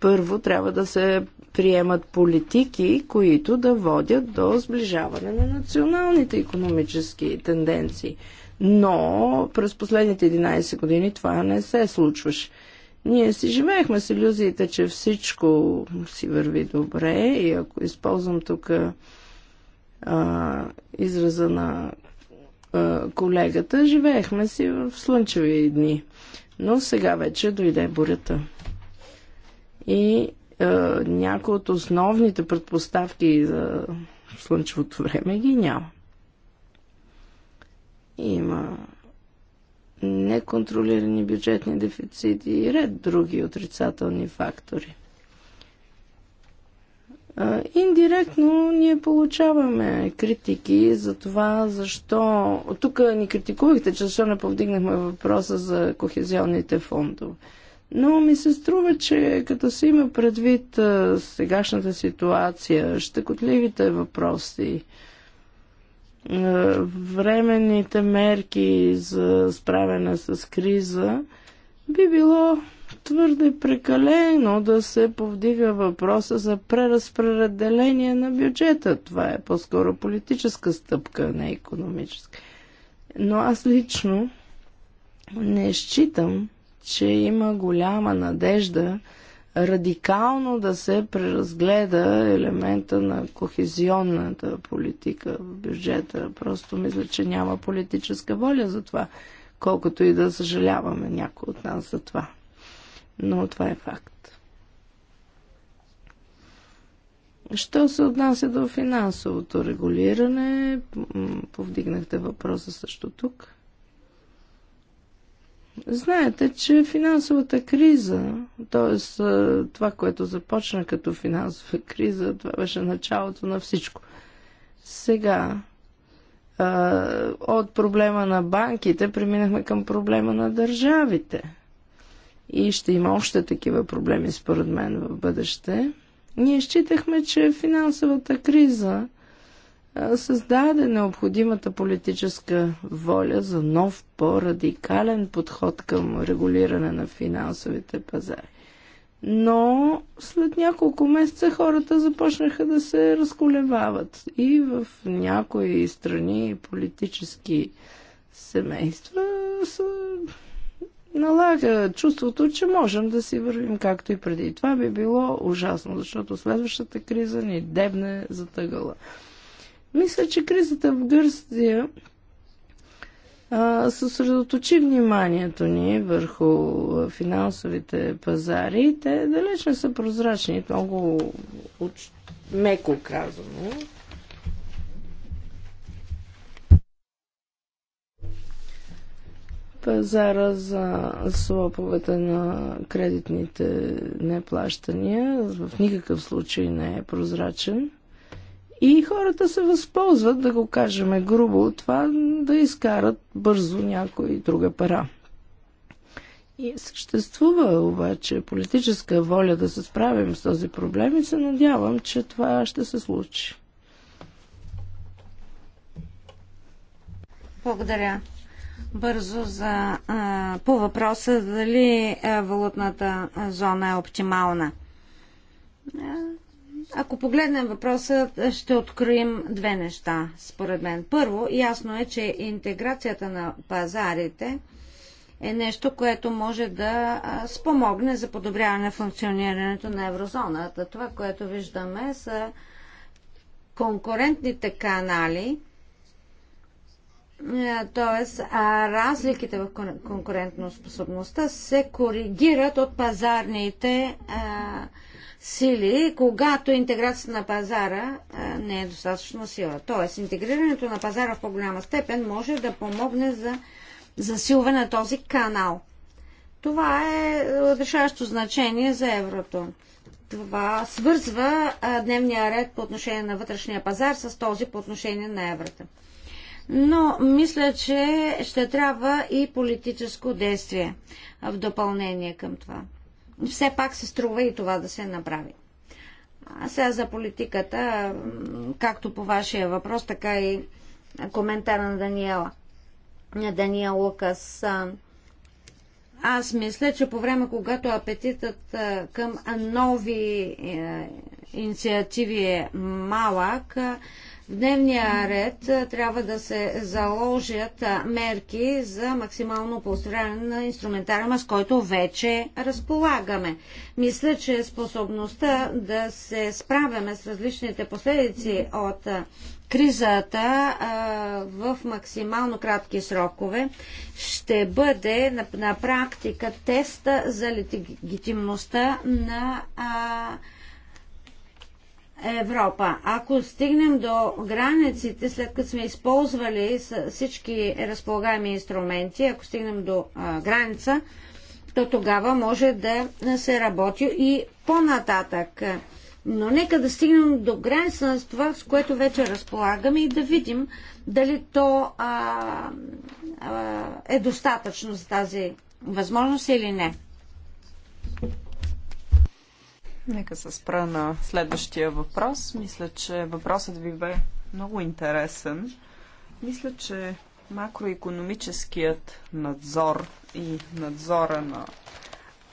D: първо трябва да се приемат политики, които да водят до сближаване на националните економически тенденции. Но през последните 11 години това не се случваше. Ние си живеехме с иллюзиите, че всичко си върви добре и ако използвам тук а, израза на а, колегата, живеехме си в слънчеви дни. Но сега вече дойде бурята и е, някои от основните предпоставки за слънчевото време ги няма. Има неконтролирани бюджетни дефицити и ред други отрицателни фактори. Е, индиректно ние получаваме критики за това, защо... Тук ни критикувахте, че защо не повдигнахме въпроса за кохезионните фондове. Но ми се струва, че като се има предвид сегашната ситуация, щекотливите въпроси, временните мерки за справяне с криза, би било твърде прекалено да се повдига въпроса за преразпределение на бюджета. Това е по-скоро политическа стъпка, не економическа. Но аз лично не считам, че има голяма надежда радикално да се преразгледа елемента на кохезионната политика в бюджета. Просто мисля, че няма политическа воля за това, колкото и да съжаляваме някой от нас за това. Но това е факт. Що се отнася до финансовото регулиране, повдигнахте въпроса също тук – Знаете, че финансовата криза, т.е. това, което започна като финансова криза, това беше началото на всичко. Сега от проблема на банките преминахме към проблема на държавите. И ще има още такива проблеми, според мен, в бъдеще. Ние считахме, че финансовата криза създаде необходимата политическа воля за нов, по-радикален подход към регулиране на финансовите пазари. Но след няколко месеца хората започнаха да се разколевават и в някои страни политически семейства са налага чувството, че можем да си вървим както и преди. Това би било ужасно, защото следващата криза ни дебне за мисля, че кризата в Гърция съсредоточи вниманието ни върху финансовите пазари. Те далеч не са прозрачни, много уч... меко казано. Пазара за слоповете на кредитните неплащания в никакъв случай не е прозрачен. И хората се възползват, да го кажем грубо, от това да изкарат бързо някой друга пара. И съществува обаче политическа воля да се справим с този проблем и се надявам, че това ще се случи.
A: Благодаря. Бързо за, а, по въпроса дали валутната зона е оптимална. Ако погледнем въпроса, ще откроим две неща, според мен. Първо, ясно е, че интеграцията на пазарите е нещо, което може да спомогне за подобряване на функционирането на еврозоната. Това, което виждаме, са конкурентните канали, т.е. разликите в конкурентно способността се коригират от пазарните сили, когато интеграцията на пазара не е достатъчно сила. Тоест, интегрирането на пазара в по-голяма степен може да помогне за засилване на този канал. Това е решаващо значение за еврото. Това свързва дневния ред по отношение на вътрешния пазар с този по отношение на еврото. Но мисля, че ще трябва и политическо действие в допълнение към това все пак се струва и това да се направи. А сега за политиката, както по вашия въпрос, така и коментара на Даниела. На Даниел Лукас. Аз мисля, че по време, когато апетитът към нови е, инициативи е малък, в дневния ред трябва да се заложат мерки за максимално поощряване на инструментариума, с който вече разполагаме. Мисля, че способността да се справяме с различните последици от кризата в максимално кратки срокове ще бъде на, на практика теста за легитимността на а, Европа. Ако стигнем до границите, след като сме използвали всички разполагаеми инструменти, ако стигнем до граница, то тогава може да се работи и по-нататък. Но нека да стигнем до граница на това, с което вече разполагаме и да видим дали то а, а, е достатъчно за тази възможност или не.
E: Нека се спра на следващия въпрос. Мисля, че въпросът ви бе много интересен. Мисля, че макроекономическият надзор и надзора на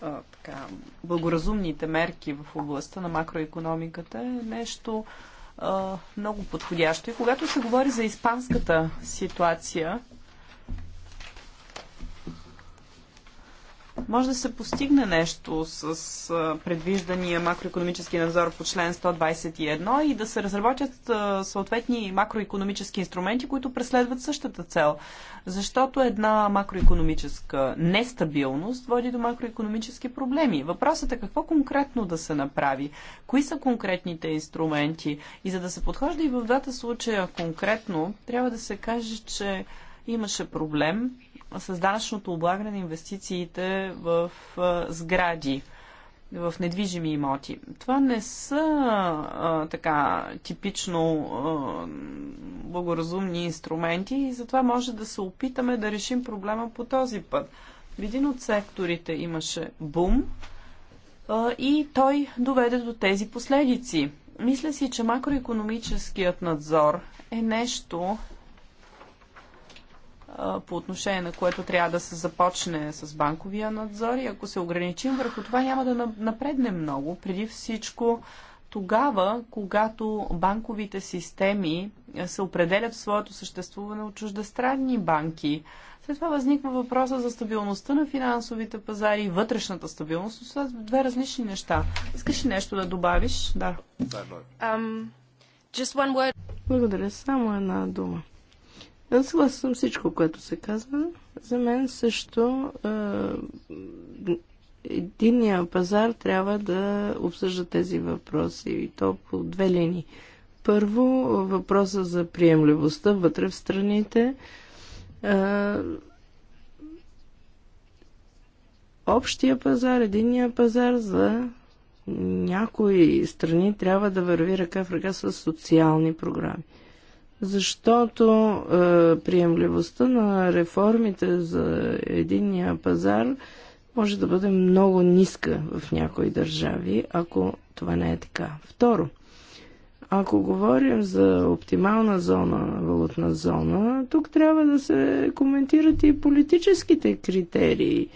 E: а, така, благоразумните мерки в областта на макроекономиката е нещо а, много подходящо. И когато се говори за испанската ситуация, може да се постигне нещо с предвиждания макроекономически надзор по член 121 и да се разработят съответни макроекономически инструменти, които преследват същата цел. Защото една макроекономическа нестабилност води до макроекономически проблеми. Въпросът е какво конкретно да се направи, кои са конкретните инструменти и за да се подхожда и в двата случая конкретно, трябва да се каже, че имаше проблем с данъчното облагане на инвестициите в сгради, в недвижими имоти. Това не са а, така типично а, благоразумни инструменти и затова може да се опитаме да решим проблема по този път. В един от секторите имаше бум а, и той доведе до тези последици. Мисля си, че макроекономическият надзор е нещо, по отношение на което трябва да се започне с банковия надзор и ако се ограничим върху това, няма да напредне много. Преди всичко тогава, когато банковите системи се определят в своето съществуване от чуждестранни банки. След това възниква въпроса за стабилността на финансовите пазари и вътрешната стабилност. Това са две различни неща. Искаш ли нещо да добавиш? Да.
D: Um, Благодаря. Само една дума. Съгласна съм всичко, което се казва. За мен също единния пазар трябва да обсъжда тези въпроси и то по две линии. Първо, въпроса за приемливостта вътре в страните. Общия пазар, единния пазар за някои страни трябва да върви ръка в ръка с социални програми защото е, приемливостта на реформите за единния пазар може да бъде много ниска в някои държави, ако това не е така. Второ, ако говорим за оптимална зона, валутна зона, тук трябва да се коментират и политическите критерии.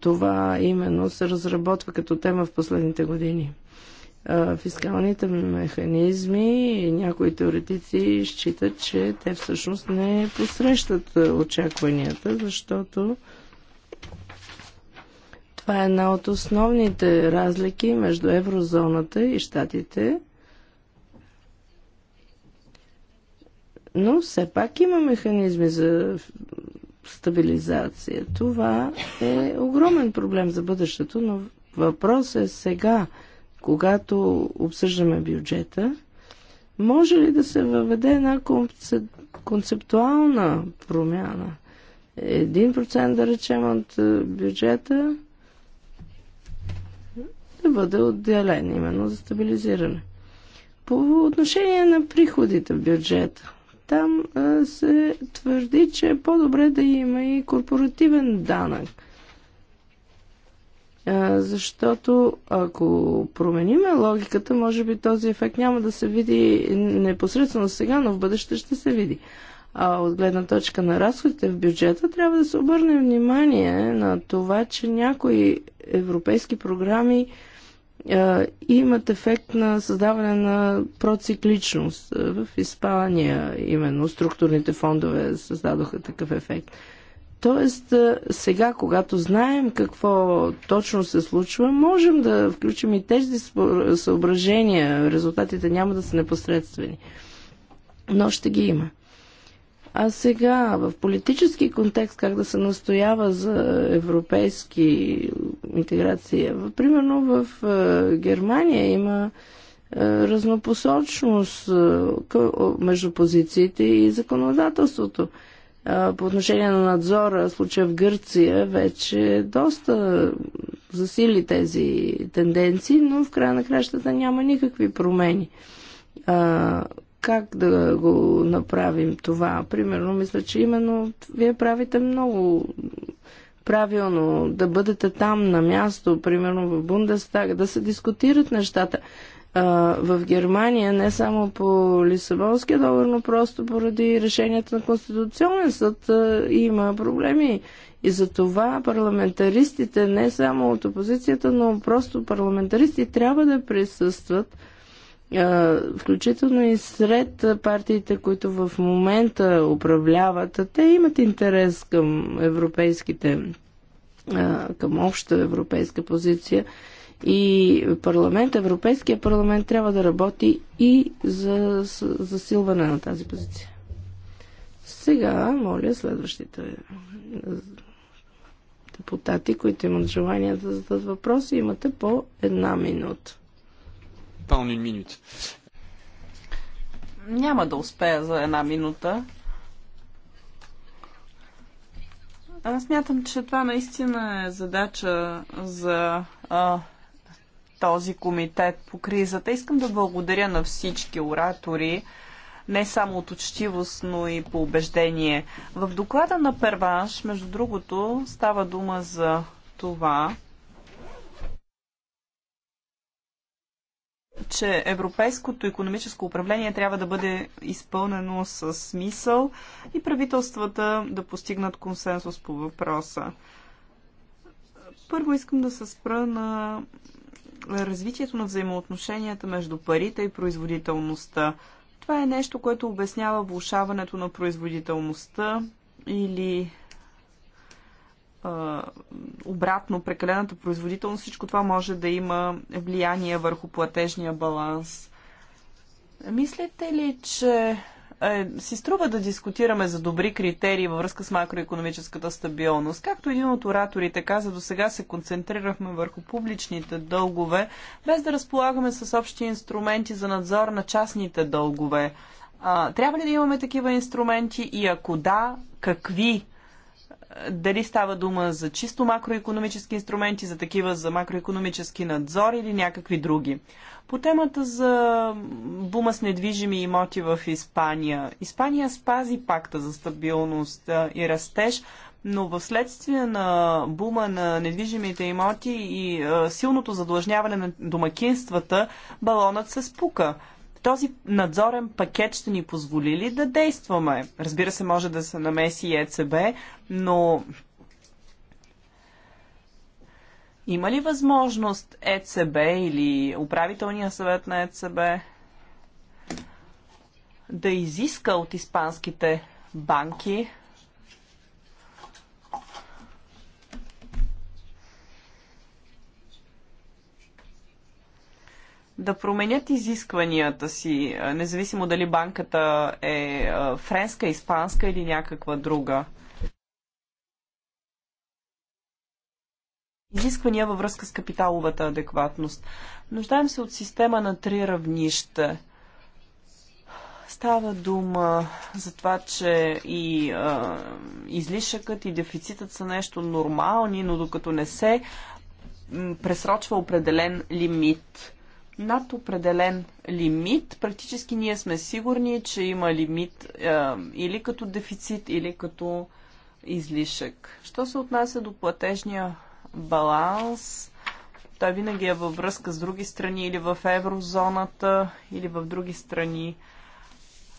D: Това именно се разработва като тема в последните години фискалните механизми, и някои теоретици считат, че те всъщност не посрещат очакванията, защото това е една от основните разлики между еврозоната и щатите. Но все пак има механизми за стабилизация. Това е огромен проблем за бъдещето, но въпросът е сега – когато обсъждаме бюджета, може ли да се въведе една концептуална промяна? Един процент, да речем, от е, бюджета да бъде отделен именно за стабилизиране. По отношение на приходите в бюджета, там е, се твърди, че е по-добре да има и корпоративен данък – защото ако промениме логиката, може би този ефект няма да се види непосредствено сега, но в бъдеще ще се види. А от гледна точка на разходите в бюджета трябва да се обърне внимание на това, че някои европейски програми а, имат ефект на създаване на процикличност. В Испания именно структурните фондове създадоха такъв ефект. Тоест, сега, когато знаем какво точно се случва, можем да включим и тези съображения. Резултатите няма да са непосредствени. Но ще ги има. А сега, в политически контекст, как да се настоява за европейски интеграция? Примерно в Германия има разнопосочност между позициите и законодателството. По отношение на надзора, случая в Гърция, вече доста засили тези тенденции, но в края на кращата няма никакви промени. А, как да го направим това? Примерно, мисля, че именно вие правите много правилно, да бъдете там на място, примерно в Бундестаг, да се дискутират нещата в Германия, не само по Лисабонския договор, но просто поради решенията на Конституционен съд има проблеми. И за това парламентаристите, не само от опозицията, но просто парламентаристи трябва да присъстват, включително и сред партиите, които в момента управляват. Те имат интерес към европейските, към обща европейска позиция. И парламент, Европейския парламент трябва да работи и за засилване на тази позиция. Сега, моля, следващите е, депутати, които имат желание да зададат въпроси, имате по една минута.
E: Пълни минути. Няма да успея за една минута. Аз мятам, че това наистина е задача за а, този комитет по кризата. Искам да благодаря на всички оратори, не само от учтивост, но и по убеждение. В доклада на Перванш, между другото, става дума за това, че европейското економическо управление трябва да бъде изпълнено с смисъл и правителствата да постигнат консенсус по въпроса. Първо искам да се спра на развитието на взаимоотношенията между парите и производителността. Това е нещо, което обяснява влушаването на производителността или обратно прекалената производителност. Всичко това може да има влияние върху платежния баланс. Мислите ли, че е, си струва да дискутираме за добри критерии във връзка с макроекономическата стабилност. Както един от ораторите каза, до сега се концентрирахме върху публичните дългове, без да разполагаме с общи инструменти за надзор на частните дългове. А, трябва ли да имаме такива инструменти и ако да, какви? дали става дума за чисто макроекономически инструменти, за такива за макроекономически надзор или някакви други. По темата за бума с недвижими имоти в Испания. Испания спази пакта за стабилност и растеж, но в следствие на бума на недвижимите имоти и силното задлъжняване на домакинствата, балонът се спука този надзорен пакет ще ни позволи ли да действаме? Разбира се, може да се намеси ЕЦБ, но има ли възможност ЕЦБ или управителния съвет на ЕЦБ да изиска от испанските банки да променят изискванията си, независимо дали банката е френска, испанска или някаква друга. Изисквания във връзка с капиталовата адекватност. Нуждаем се от система на три равнища. Става дума за това, че и а, излишъкът и дефицитът са нещо нормални, но докато не се пресрочва определен лимит над определен лимит, практически ние сме сигурни, че има лимит е, или като дефицит, или като излишък. Що се отнася до платежния баланс, той винаги е във връзка с други страни или в еврозоната, или в други страни.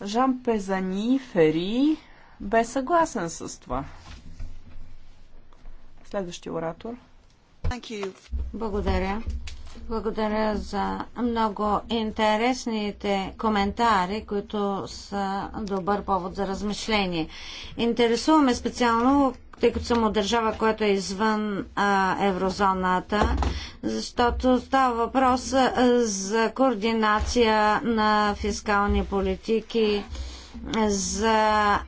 E: Жан Пезани Фери бе съгласен с това. Следващия оратор.
A: Благодаря. Благодаря за много интересните коментари, които са добър повод за размишление. Интересуваме специално, тъй като съм от държава, която е извън а, еврозоната, защото става въпрос а, за координация на фискални политики, а, за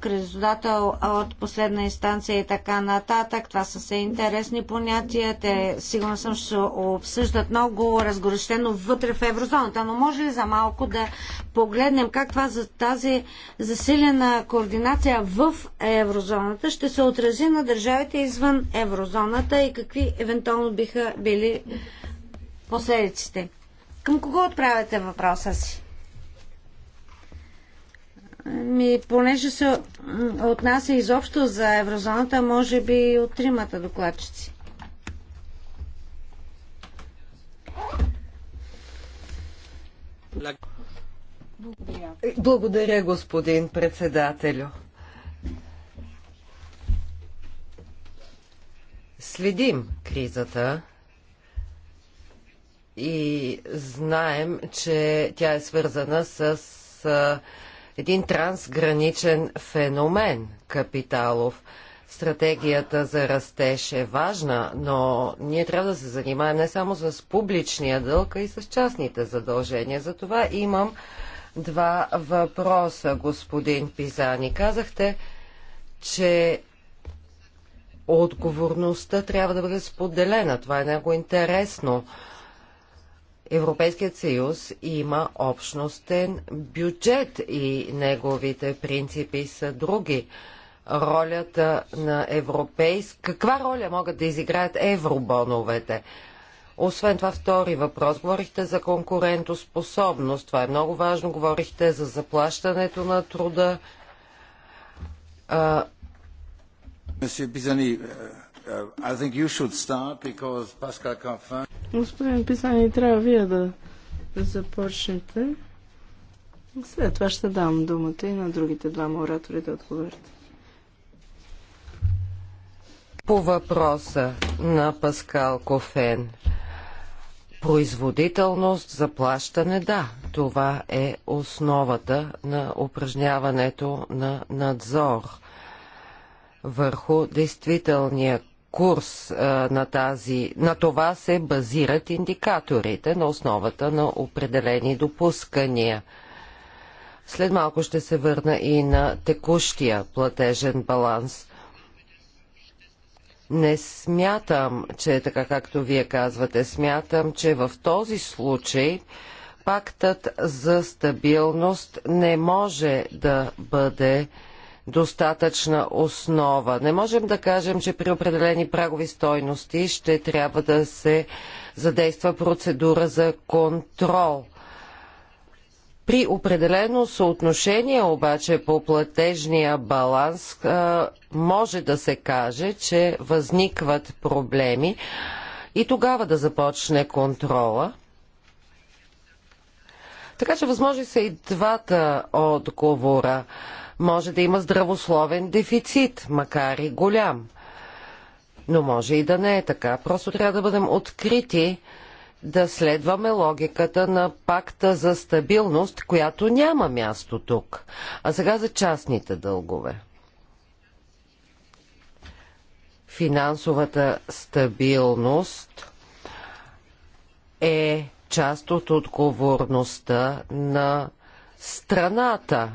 A: кредитодател от последна инстанция и така нататък. Това са все интересни понятия. Те сигурно съм ще обсъждат много разгорещено вътре в еврозоната. Но може ли за малко да погледнем как това за тази засилена координация в еврозоната ще се отрази на държавите извън еврозоната и какви евентуално биха били последиците? Към кого отправяте въпроса си? Ми, понеже се отнася изобщо за еврозоната, може би от тримата докладчици.
C: Благодаря.
B: Благодаря, господин председателю. Следим кризата и знаем, че тя е свързана с един трансграничен феномен капиталов. Стратегията за растеж е важна, но ние трябва да се занимаем не само с публичния дълг, а и с частните задължения. Затова имам два въпроса, господин Пизани. Казахте, че отговорността трябва да бъде споделена. Това е много интересно. Европейският съюз има общностен бюджет и неговите принципи са други. Ролята на европейс... Каква роля могат да изиграят евробоновете? Освен това, втори въпрос. Говорихте за конкурентоспособност. Това е много важно. Говорихте за заплащането на труда.
C: Uh, I think you should start because Pascal Canfin...
D: Господин Писани, трябва вие да започнете. След това ще дам думата и на другите двама оратори да отговорят.
B: По въпроса на Паскал Кофен, производителност, заплащане, да, това е основата на упражняването на надзор върху действителния курс на, тази, на това се базират индикаторите на основата на определени допускания. След малко ще се върна и на текущия платежен баланс. Не смятам, че е така както вие казвате. Смятам, че в този случай пактът за стабилност не може да бъде достатъчна основа. Не можем да кажем, че при определени прагови стойности ще трябва да се задейства процедура за контрол. При определено съотношение обаче по платежния баланс може да се каже, че възникват проблеми и тогава да започне контрола. Така че възможни са и двата отговора. Може да има здравословен дефицит, макар и голям. Но може и да не е така. Просто трябва да бъдем открити да следваме логиката на пакта за стабилност, която няма място тук. А сега за частните дългове. Финансовата стабилност е част от отговорността на страната,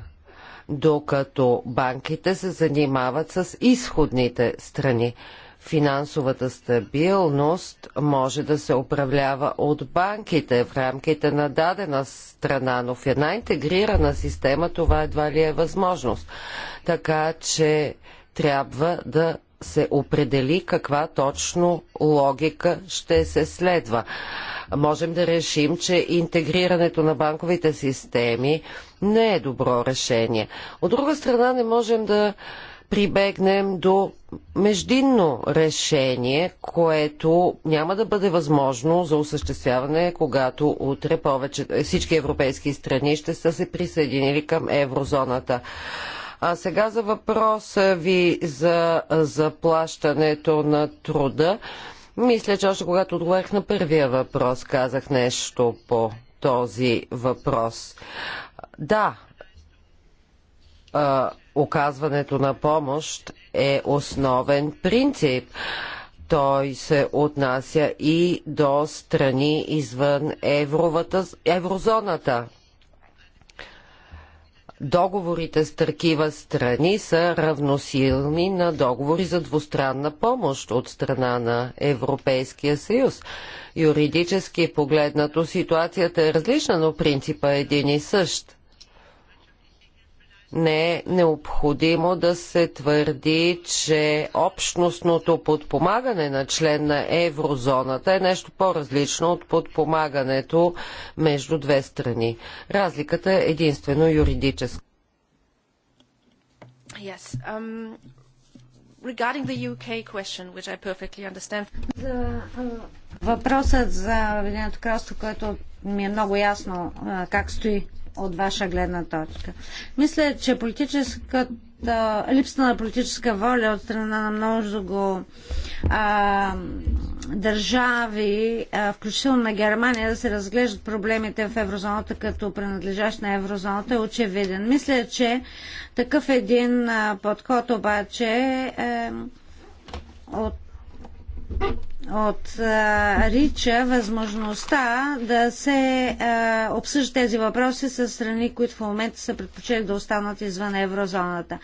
B: докато банките се занимават с изходните страни. Финансовата стабилност може да се управлява от банките в рамките на дадена страна, но в една интегрирана система това едва ли е възможност. Така че трябва да се определи каква точно логика ще се следва. Можем да решим, че интегрирането на банковите системи не е добро решение. От друга страна не можем да прибегнем до междинно решение, което няма да бъде възможно за осъществяване, когато утре повече всички европейски страни ще са се присъединили към еврозоната. А сега за въпроса ви за заплащането на труда. Мисля, че още когато отговарях на първия въпрос, казах нещо по този въпрос. Да, оказването на помощ е основен принцип. Той се отнася и до страни извън евровата, еврозоната договорите с такива страни са равносилни на договори за двустранна помощ от страна на Европейския съюз. Юридически погледнато ситуацията е различна, но принципа е един и същ не е необходимо да се твърди, че общностното подпомагане на член на еврозоната е нещо по-различно от подпомагането между две страни. Разликата е единствено юридическа.
A: Yes, um, regarding the UK question, which I perfectly understand. За, въпросът за Обединеното кралство, което ми е много ясно как стои от ваша гледна точка. Мисля, че политическата, липсата на политическа воля от страна на много а, държави, а, включително на Германия, да се разглеждат проблемите в еврозоната като принадлежащ на еврозоната е очевиден. Мисля, че такъв един подход обаче е от от а, Рича възможността да се а, обсъжда тези въпроси с страни, които в момента са предпочели да останат извън еврозоната.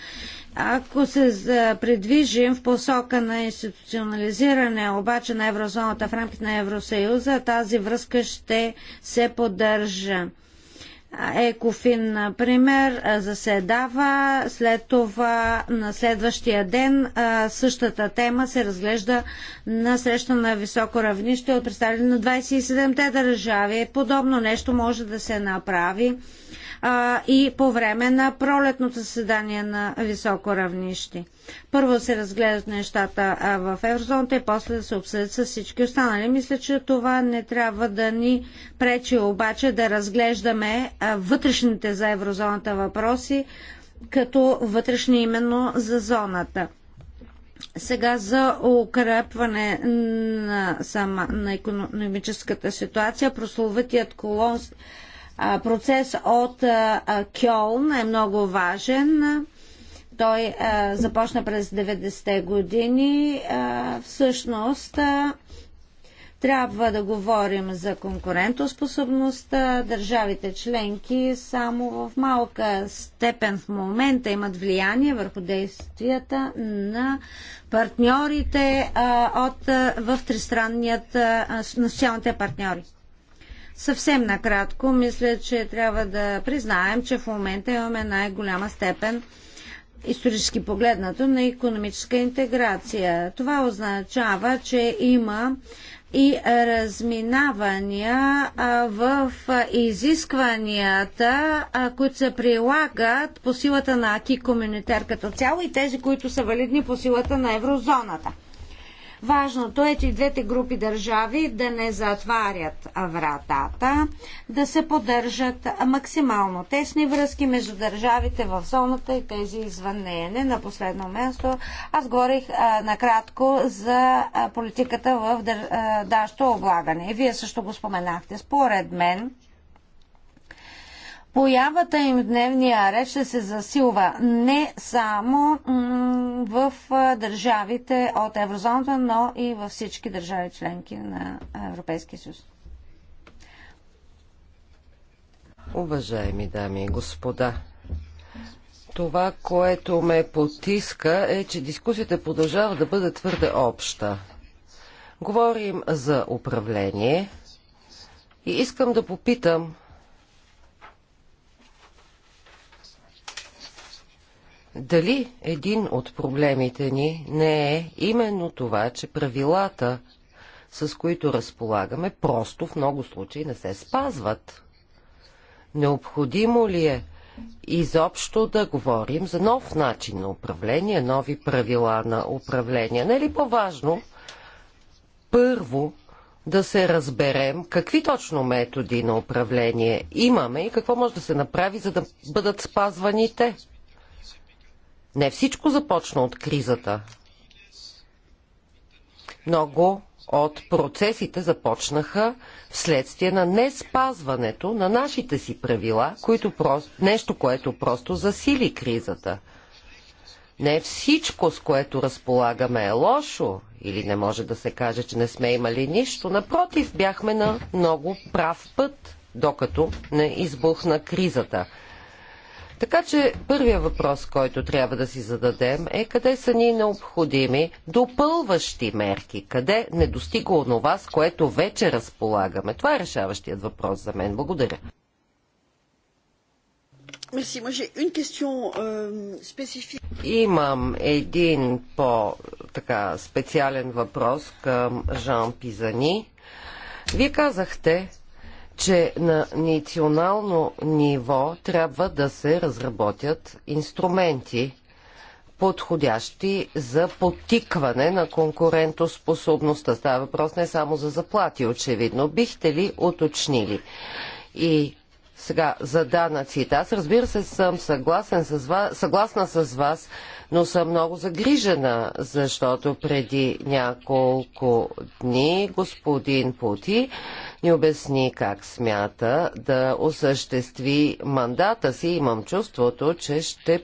A: Ако се предвижим в посока на институционализиране обаче на еврозоната в рамките на Евросъюза, тази връзка ще се поддържа. Екофин, например, заседава, след това на следващия ден същата тема се разглежда на среща на високо равнище от представители на 27-те държави. Подобно нещо може да се направи а, и по време на пролетното заседание на високо равнище. Първо се разгледат нещата в еврозоната и после да се обсъдят с всички останали. Мисля, че това не трябва да ни пречи обаче да разглеждаме вътрешните за еврозоната въпроси като вътрешни именно за зоната. Сега за укрепване на, сама, на економическата ситуация, прословътият колонс процес от Кьолн е много важен. Той започна през 90-те години. Всъщност трябва да говорим за конкурентоспособността. Държавите членки само в малка степен в момента имат влияние върху действията на партньорите от, в тристранният на социалните партньори. Съвсем накратко, мисля, че трябва да признаем, че в момента имаме най-голяма степен исторически погледнато на економическа интеграция. Това означава, че има и разминавания в изискванията, които се прилагат по силата на АКИ комунитер като цяло и тези, които са валидни по силата на еврозоната. Важното е, че и двете групи държави да не затварят вратата, да се поддържат максимално тесни връзки между държавите в зоната и тези извън нея. Не на последно място. Аз говорих а, накратко за а, политиката в дащо облагане. Вие също го споменахте. Според мен, Появата им в дневния ред ще се засилва не само в държавите от еврозоната, но и във всички държави членки на Европейския съюз.
B: Уважаеми дами и господа, това, което ме потиска е, че дискусията продължава да бъде твърде обща. Говорим за управление и искам да попитам Дали един от проблемите ни не е именно това, че правилата, с които разполагаме, просто в много случаи не се спазват? Необходимо ли е изобщо да говорим за нов начин на управление, нови правила на управление? Не е ли по-важно първо да се разберем какви точно методи на управление имаме и какво може да се направи, за да бъдат спазвани те? Не всичко започна от кризата. Много от процесите започнаха вследствие на не спазването на нашите си правила, които просто, нещо, което просто засили кризата. Не всичко, с което разполагаме е лошо или не може да се каже, че не сме имали нищо. Напротив, бяхме на много прав път, докато не избухна кризата – така че първия въпрос, който трябва да си зададем е къде са ни необходими допълващи мерки, къде не достига онова, с което вече разполагаме. Това е решаващият въпрос за мен. Благодаря.
D: Euh,
B: Имам един по-специален въпрос към Жан Пизани. Вие казахте, че на национално ниво трябва да се разработят инструменти, подходящи за потикване на конкурентоспособността. Става въпрос не само за заплати, очевидно. Бихте ли уточнили? И сега за данъците. Аз разбира се съм съгласен с вас, съгласна с вас, но съм много загрижена, защото преди няколко дни господин Пути ни обясни как смята да осъществи мандата си. Имам чувството, че ще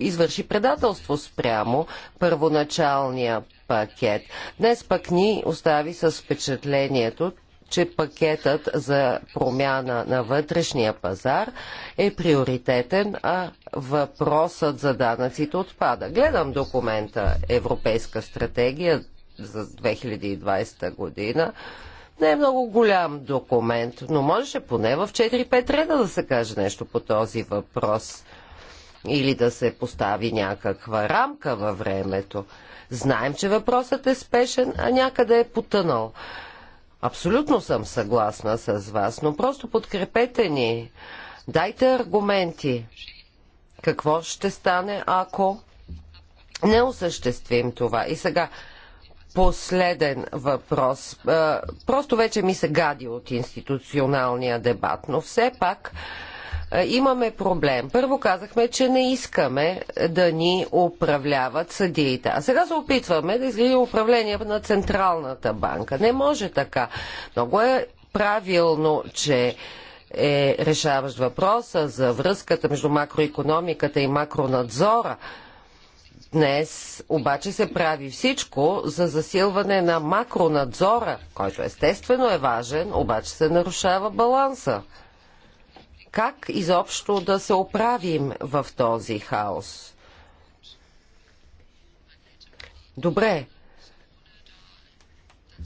B: извърши предателство спрямо първоначалния пакет. Днес пък ни остави с впечатлението, че пакетът за промяна на вътрешния пазар е приоритетен, а въпросът за данъците отпада. Гледам документа Европейска стратегия за 2020 година не е много голям документ, но можеше поне в 4-5 реда да се каже нещо по този въпрос или да се постави някаква рамка във времето. Знаем, че въпросът е спешен, а някъде е потънал. Абсолютно съм съгласна с вас, но просто подкрепете ни. Дайте аргументи. Какво ще стане, ако не осъществим това? И сега, последен въпрос. Е, просто вече ми се гади от институционалния дебат, но все пак е, имаме проблем. Първо казахме, че не искаме да ни управляват съдиите. А сега се опитваме да излиза управление на Централната банка. Не може така. Много е правилно, че е решаващ въпроса за връзката между макроекономиката и макронадзора. Днес обаче се прави всичко за засилване на макронадзора, който естествено е важен, обаче се нарушава баланса. Как изобщо да се оправим в този хаос? Добре,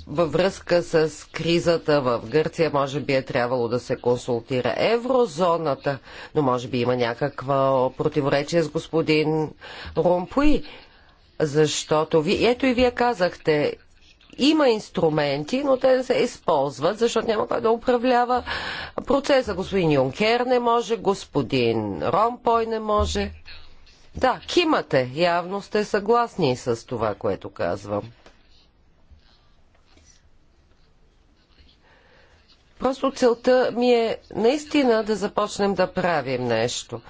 B: във връзка с кризата в Гърция може би е трябвало да се консултира еврозоната, но може би има някаква противоречие с господин Румпуи, защото ви, ето и вие казахте, има инструменти, но те не се използват, защото няма кой да управлява процеса. Господин Юнкер не може, господин Ромпой не може. Да, кимате. Явно сте съгласни с това, което казвам. Просто целта ми е наистина да започнем да правим нещо.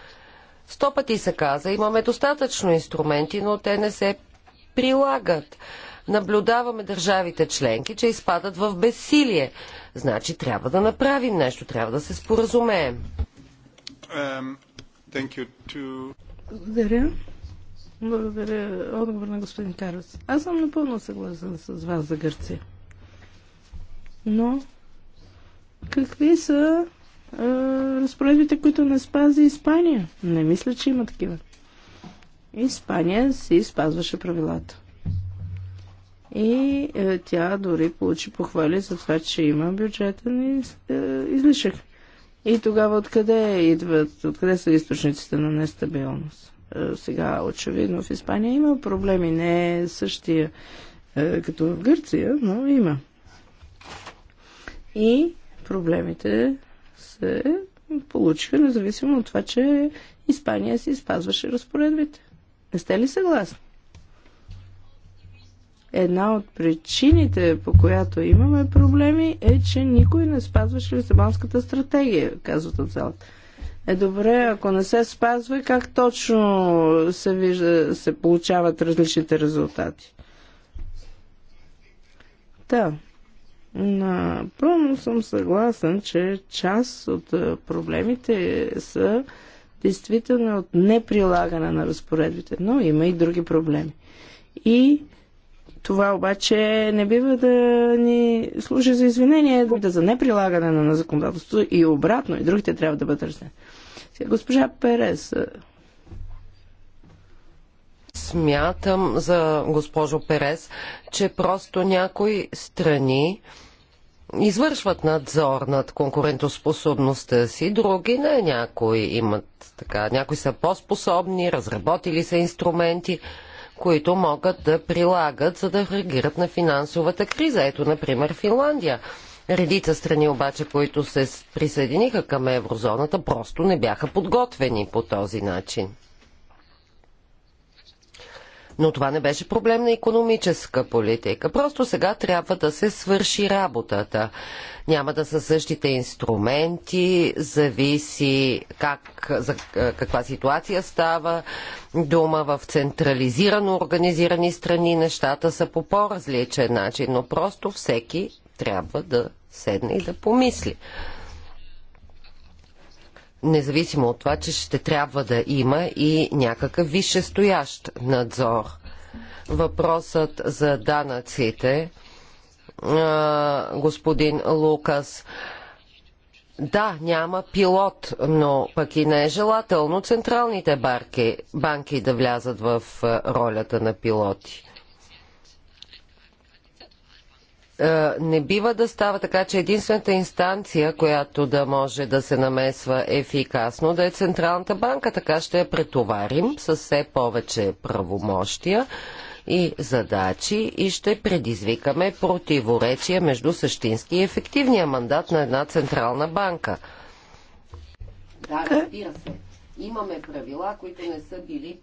B: Сто пъти се каза, имаме достатъчно инструменти, но те не се прилагат. Наблюдаваме държавите членки, че изпадат в безсилие. Значи трябва да направим нещо, трябва да се споразумеем.
C: Um, to...
B: Благодаря.
D: Благодаря. Отговор на господин Карлос. Аз съм напълно съгласен с вас за Гърция. Но Какви са а, разпоредбите, които не спази Испания? Не мисля, че има такива. Испания си спазваше правилата. И е, тя дори получи похвали за това, че има бюджетен из, е, излишък. И тогава откъде идват, откъде са източниците на нестабилност? Е, сега, очевидно, в Испания има проблеми. Не е същия е, като в Гърция, но има. И проблемите се получиха, независимо от това, че Испания си спазваше разпоредбите. Не сте ли съгласни? Една от причините, по която имаме проблеми, е, че никой не спазваше Лисабонската стратегия, казват от залата. Е добре, ако не се спазва, как точно се, вижда, се получават различните резултати? Да, Напълно съм съгласен, че част от проблемите са действително от неприлагане на разпоредбите, но има и други проблеми. И това обаче не бива да ни служи за извинение да за неприлагане на законодателството и обратно, и другите трябва да бъдат
B: разни. Госпожа Перес. Смятам за госпожо Перес, че просто някои страни извършват надзор над конкурентоспособността си, други не. Някои имат така, някои са по-способни, разработили са инструменти, които могат да прилагат, за да реагират на финансовата криза. Ето, например, Финландия. Редица страни обаче, които се присъединиха към еврозоната, просто не бяха подготвени по този начин. Но това не беше проблем на економическа политика. Просто сега трябва да се свърши работата. Няма да са същите инструменти, зависи как, за каква ситуация става дума в централизирано организирани страни. Нещата са по по-различен начин, но просто всеки трябва да седне и да помисли независимо от това, че ще трябва да има и някакъв висшестоящ надзор. Въпросът за данъците, господин Лукас, да, няма пилот, но пък и не е желателно централните барки, банки да влязат в ролята на пилоти. Е, не бива да става така, че единствената инстанция, която да може да се намесва ефикасно, да е Централната банка. Така ще я претоварим с все повече правомощия и задачи и ще предизвикаме противоречия между същински и ефективния мандат на една Централна банка. Да, разбира се. Имаме правила, които не са били.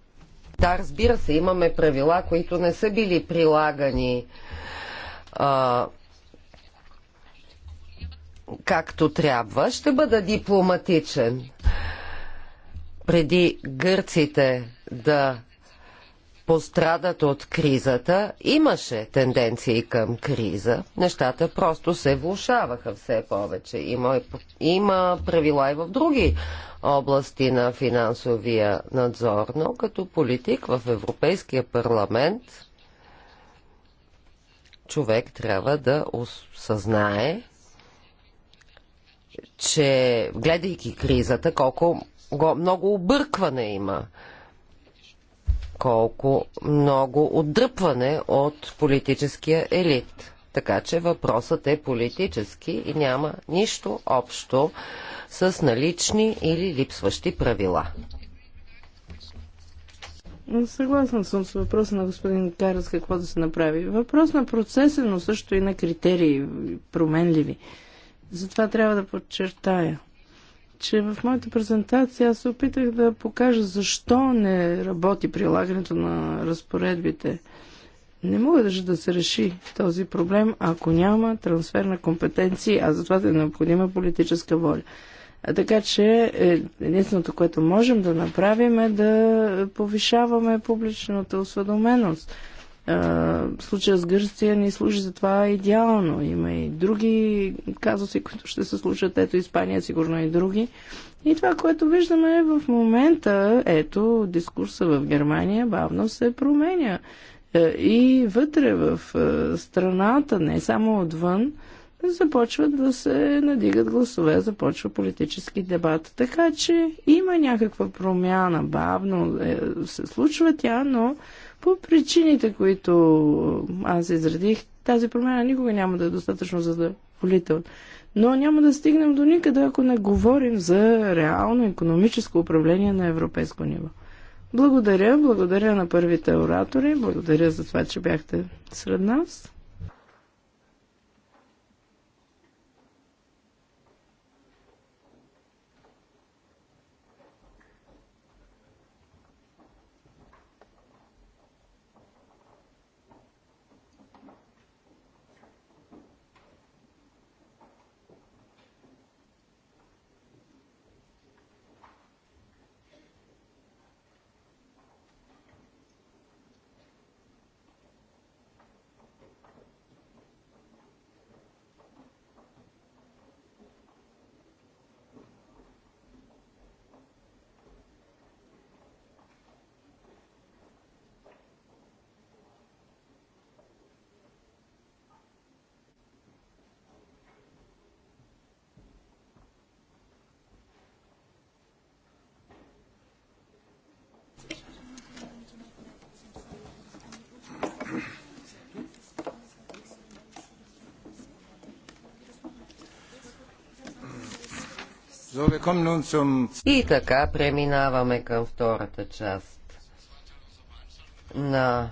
B: Да, разбира се, имаме правила, които не са били прилагани а, както трябва. Ще бъда дипломатичен. Преди гърците да пострадат от кризата, имаше тенденции към криза. Нещата просто се влушаваха все повече. Има, има правила и в други области на финансовия надзор, но като политик в Европейския парламент човек трябва да осъзнае, че гледайки кризата, колко много объркване има, колко много отдръпване от политическия елит. Така че въпросът е политически и няма нищо общо с налични или липсващи правила.
D: Съгласна съм с въпроса на господин Карас какво да се направи. Въпрос на процеса, но също и на критерии, променливи. Затова трябва да подчертая, че в моята презентация аз се опитах да покажа защо не работи прилагането на разпоредбите. Не мога даже да се реши този проблем, ако няма трансфер на компетенции, а затова да е необходима политическа воля. Така че е, единственото, което можем да направим е да повишаваме публичната осведоменост. Случая с Гърция ни служи за това идеално. Има и други казуси, които ще се случат. Ето Испания, сигурно и други. И това, което виждаме е в момента, ето дискурса в Германия бавно се променя. Е, и вътре в страната, не само отвън, започват да се надигат гласове, започва политически дебат. Така че има някаква промяна, бавно е, се случва тя, но по причините, които аз изредих, тази промяна никога няма да е достатъчно задоволителна. Е но няма да стигнем до никъде, ако не говорим за реално економическо управление на европейско ниво. Благодаря, благодаря на първите оратори, благодаря за това, че бяхте сред нас.
B: И така преминаваме към втората част на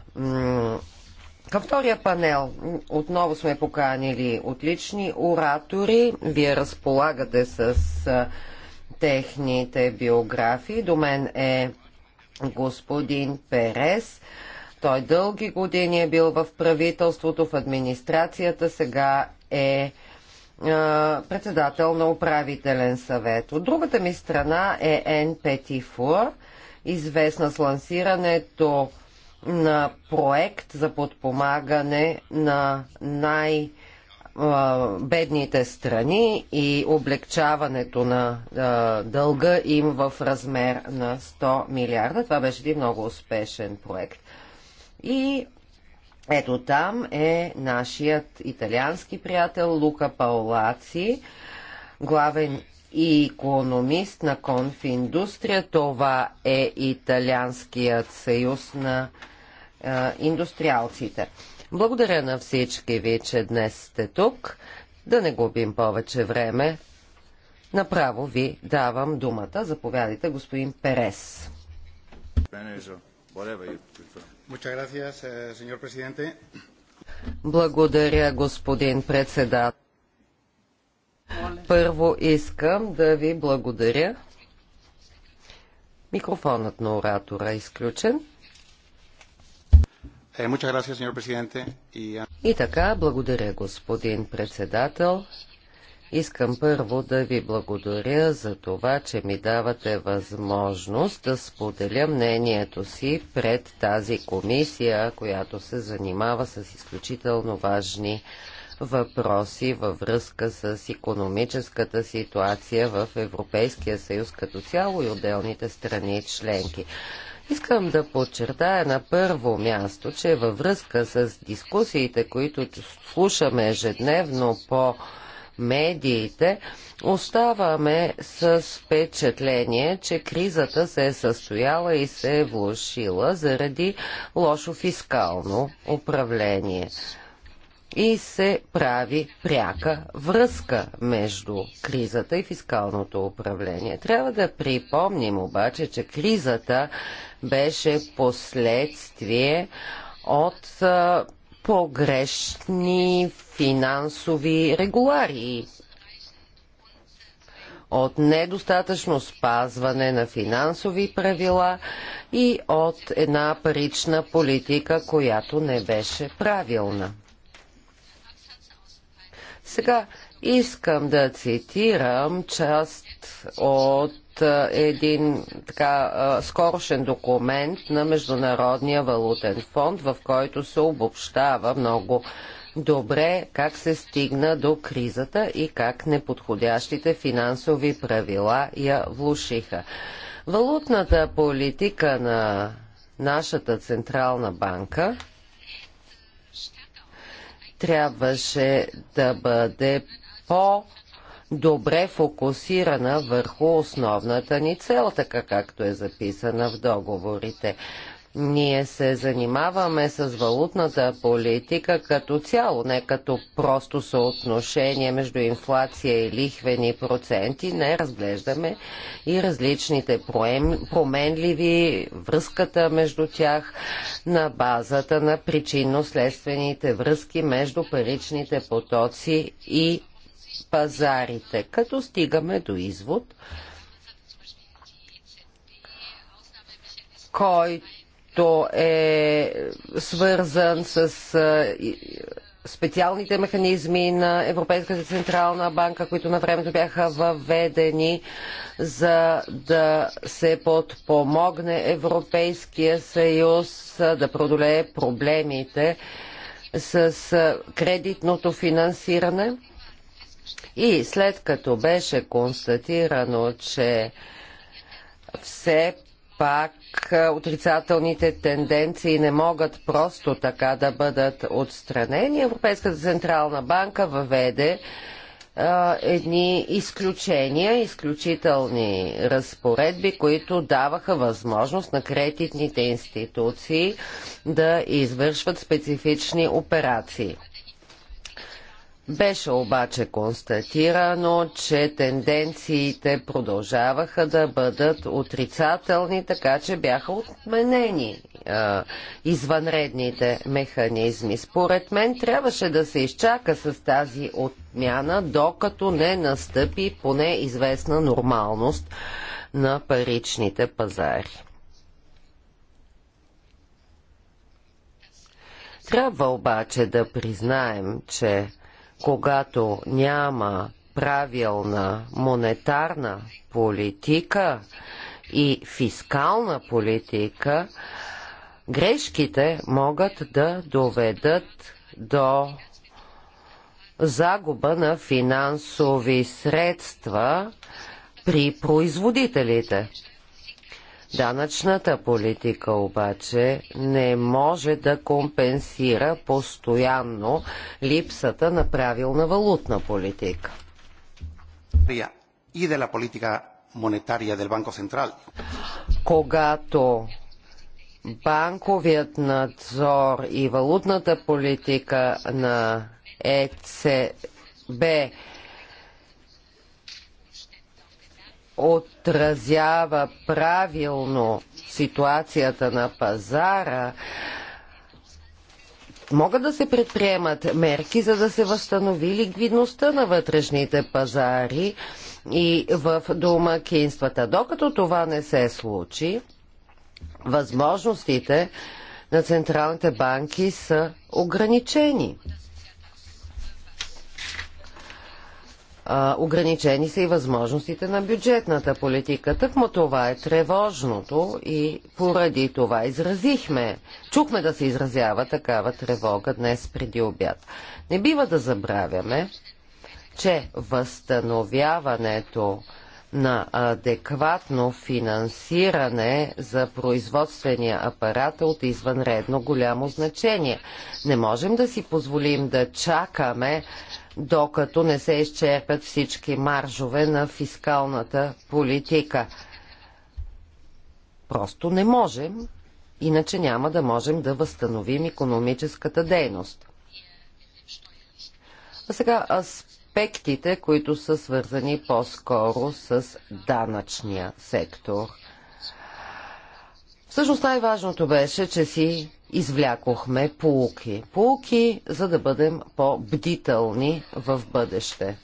B: към втория панел отново сме поканили отлични оратори. Вие разполагате с техните биографии. До мен е господин Перес. Той дълги години е бил в правителството, в администрацията, сега е председател на управителен съвет. От другата ми страна е Ен Петифур, известна с лансирането на проект за подпомагане на най- бедните страни и облегчаването на дълга им в размер на 100 милиарда. Това беше един много успешен проект. И ето там е нашият италиански приятел Лука Паолаци, главен и економист на Конфиндустрия. Това е Италианският съюз на е, индустриалците. Благодаря на всички ви, че днес сте тук. Да не губим повече време. Направо ви давам думата. Заповядайте, господин Перес.
C: Whatever you prefer. Eh,
B: благодаря, господин председател. Първо искам да ви благодаря. Микрофонът на оратора е изключен. Е, И така, благодаря, господин председател. Искам първо да ви благодаря за това, че ми давате възможност да споделя мнението си пред тази комисия, която се занимава с изключително важни въпроси във връзка с економическата ситуация в Европейския съюз като цяло и отделните страни членки. Искам да подчертая на първо място, че във връзка с дискусиите, които слушаме ежедневно по медиите, оставаме с впечатление, че кризата се е състояла и се е влушила заради лошо фискално управление. И се прави пряка връзка между кризата и фискалното управление. Трябва да припомним обаче, че кризата беше последствие от погрешни финансови регулари от недостатъчно спазване на финансови правила и от една парична политика, която не беше правилна. Сега искам да цитирам част от е, един така е, скорошен документ на Международния валутен фонд, в който се обобщава много добре как се стигна до кризата и как неподходящите финансови правила я влушиха. Валутната политика на нашата Централна банка трябваше да бъде по- добре фокусирана върху основната ни цел, така както е записана в договорите. Ние се занимаваме с валутната политика като цяло, не като просто съотношение между инфлация и лихвени проценти. Не разглеждаме и различните променливи, връзката между тях на базата на причинно-следствените връзки между паричните потоци и пазарите, като стигаме до извод, който е свързан с специалните механизми на Европейската централна банка, които на времето бяха въведени, за да се подпомогне Европейския съюз да продолее проблемите с кредитното финансиране и след като беше констатирано, че все пак отрицателните тенденции не могат просто така да бъдат отстранени, Европейската централна банка въведе едни изключения, изключителни разпоредби, които даваха възможност на кредитните институции да извършват специфични операции. Беше обаче констатирано, че тенденциите продължаваха да бъдат отрицателни, така че бяха отменени е, извънредните механизми. Според мен трябваше да се изчака с тази отмяна, докато не настъпи поне известна нормалност на паричните пазари. Трябва обаче да признаем, че когато няма правилна монетарна политика и фискална политика, грешките могат да доведат до загуба на финансови средства при производителите. Данъчната политика обаче не може да компенсира постоянно липсата на правилна валутна политика.
C: И да политика монетария дел
B: Банко Централ. Когато банковият надзор и валутната политика на ЕЦБ отразява правилно ситуацията на пазара, могат да се предприемат мерки, за да се възстанови ликвидността на вътрешните пазари и в домакинствата. Докато това не се случи, възможностите на централните банки са ограничени. а, ограничени са и възможностите на бюджетната политика. Тъкмо това е тревожното и поради това изразихме, чухме да се изразява такава тревога днес преди обяд. Не бива да забравяме, че възстановяването на адекватно финансиране за производствения апарат е от извънредно голямо значение. Не можем да си позволим да чакаме докато не се изчерпят всички маржове на фискалната политика. Просто не можем, иначе няма да можем да възстановим економическата дейност. А сега аспектите, които са свързани по-скоро с данъчния сектор. Всъщност най-важното беше, че си извлякохме полуки. Полуки, за да бъдем по-бдителни в бъдеще.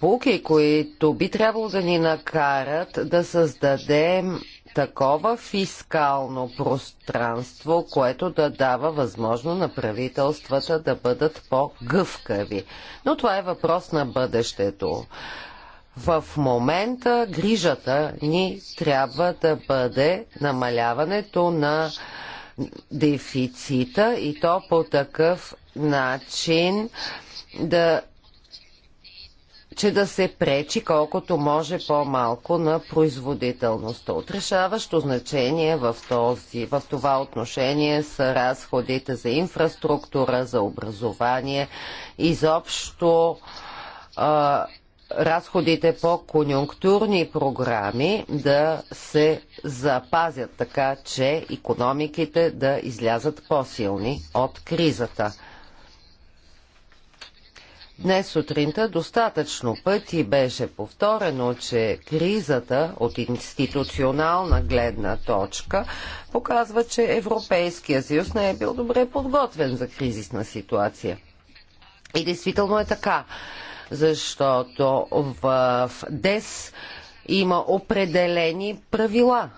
B: Полуки, които би трябвало да ни накарат да създадем такова фискално пространство, което да дава възможно на правителствата да бъдат по-гъвкави. Но това е въпрос на бъдещето. В момента грижата ни трябва да бъде намаляването на дефицита и то по такъв начин да че да се пречи колкото може по-малко на производителността. Отрешаващо значение в, този, в това отношение са разходите за инфраструктура, за образование, изобщо а, разходите по конюнктурни програми да се запазят, така че економиките да излязат по-силни от кризата. Днес сутринта достатъчно пъти беше повторено, че кризата от институционална гледна точка показва, че Европейския съюз не е бил добре подготвен за кризисна ситуация. И действително е така защото в ДЕС има определени правила.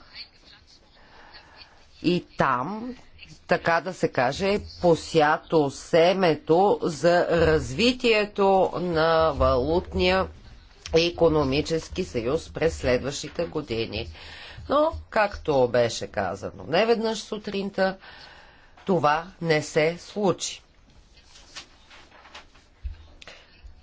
B: И там, така да се каже, е посято семето за развитието на валутния и економически съюз през следващите години. Но, както беше казано неведнъж сутринта, това не се случи.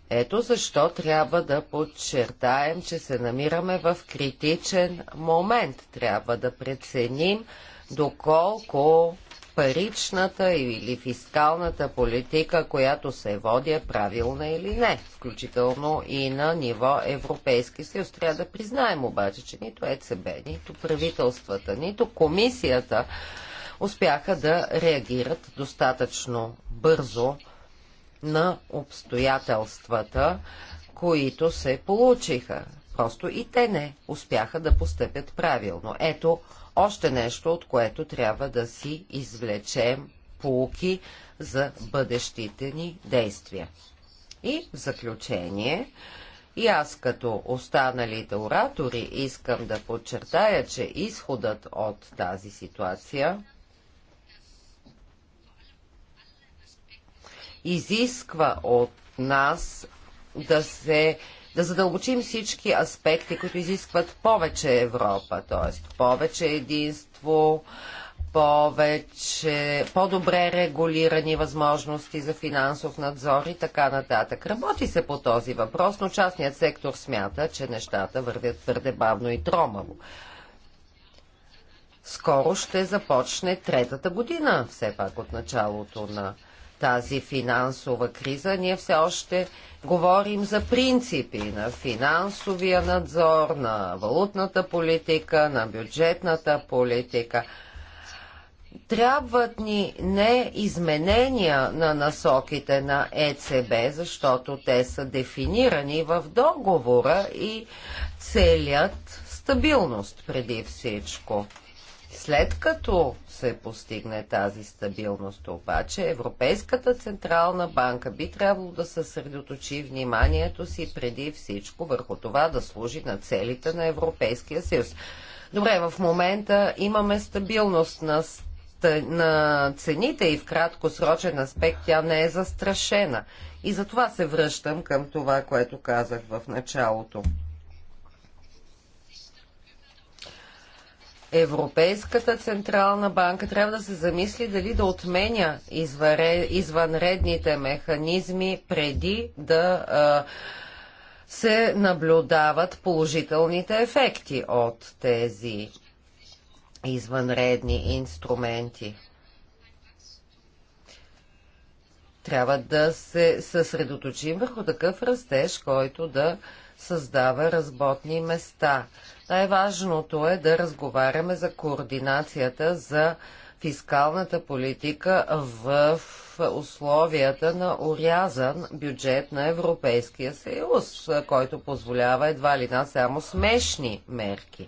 B: Ето защо трябва да подчертаем, че се намираме в критичен момент. Трябва да преценим доколко паричната или фискалната политика, която се води, е правилна или не, включително и на ниво Европейски съюз. Трябва да признаем обаче, че нито ЕЦБ, нито правителствата, нито комисията успяха да реагират достатъчно бързо на обстоятелствата, които се получиха. Просто и те не успяха да постъпят правилно. Ето още нещо, от което трябва да си извлечем полки за бъдещите ни действия. И в заключение, и аз като останалите оратори искам да подчертая, че изходът от тази ситуация изисква от нас да се да задълбочим всички аспекти, които изискват повече Европа, т.е. повече единство, повече, по-добре регулирани възможности за финансов надзор и така нататък. Работи се по този въпрос, но частният сектор смята, че нещата вървят твърде бавно и тромаво. Скоро ще започне третата година, все пак от началото на тази финансова криза. Ние все още говорим за принципи на финансовия надзор, на валутната политика, на бюджетната политика. Трябват ни не изменения на насоките на ЕЦБ, защото те са дефинирани в договора и целят стабилност преди всичко. След като се постигне тази стабилност, обаче Европейската централна банка би трябвало да съсредоточи вниманието си преди всичко върху това да служи на целите на Европейския съюз. Добре, в момента имаме стабилност на, на цените и в краткосрочен аспект тя не е застрашена. И затова се връщам към това, което казах в началото. Европейската централна банка трябва да се замисли дали да отменя извънредните механизми преди да а, се наблюдават положителните ефекти от тези извънредни инструменти. Трябва да се съсредоточим върху такъв растеж, който да създава разботни места. Най-важното е да разговаряме за координацията за фискалната политика в условията на урязан бюджет на Европейския съюз, който позволява едва ли на само смешни мерки.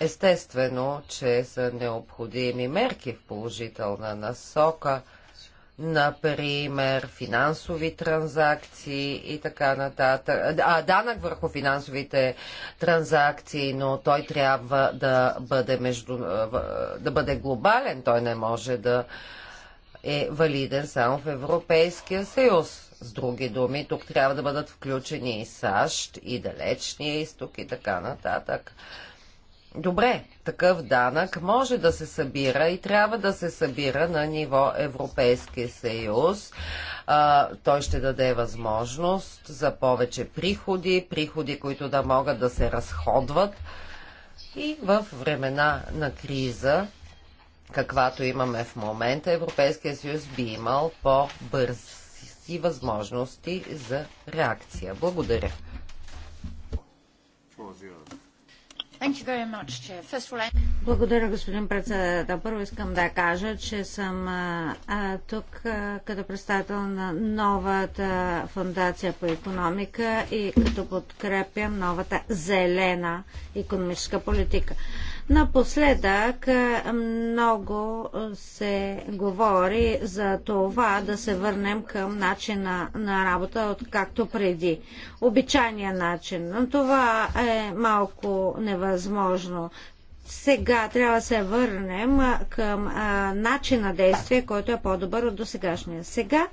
B: Естествено, че са необходими мерки в положителна насока – например, финансови транзакции и така нататък. А, данък върху финансовите транзакции, но той трябва да бъде, между, да бъде глобален. Той не може да е валиден само в Европейския съюз. С други думи, тук трябва да бъдат включени и САЩ, и Далечния изток, и така нататък. Добре, такъв данък може да се събира и трябва да се събира на ниво Европейския съюз. А, той ще даде възможност за повече приходи, приходи, които да могат да се разходват. И в времена на криза, каквато имаме в момента, Европейския съюз би имал по-бързи възможности за реакция. Благодаря.
A: Благодаря, господин председател. Първо искам да кажа, че съм а, тук а, като представител на новата фундация по економика и като подкрепям новата зелена економическа политика. Напоследък е, много се говори за това да се върнем към начина на работа, от както преди. Обичайния начин. Но това е малко невъзможно. Сега трябва да се върнем към е, начин на действие, който е по-добър от досегашния. Сега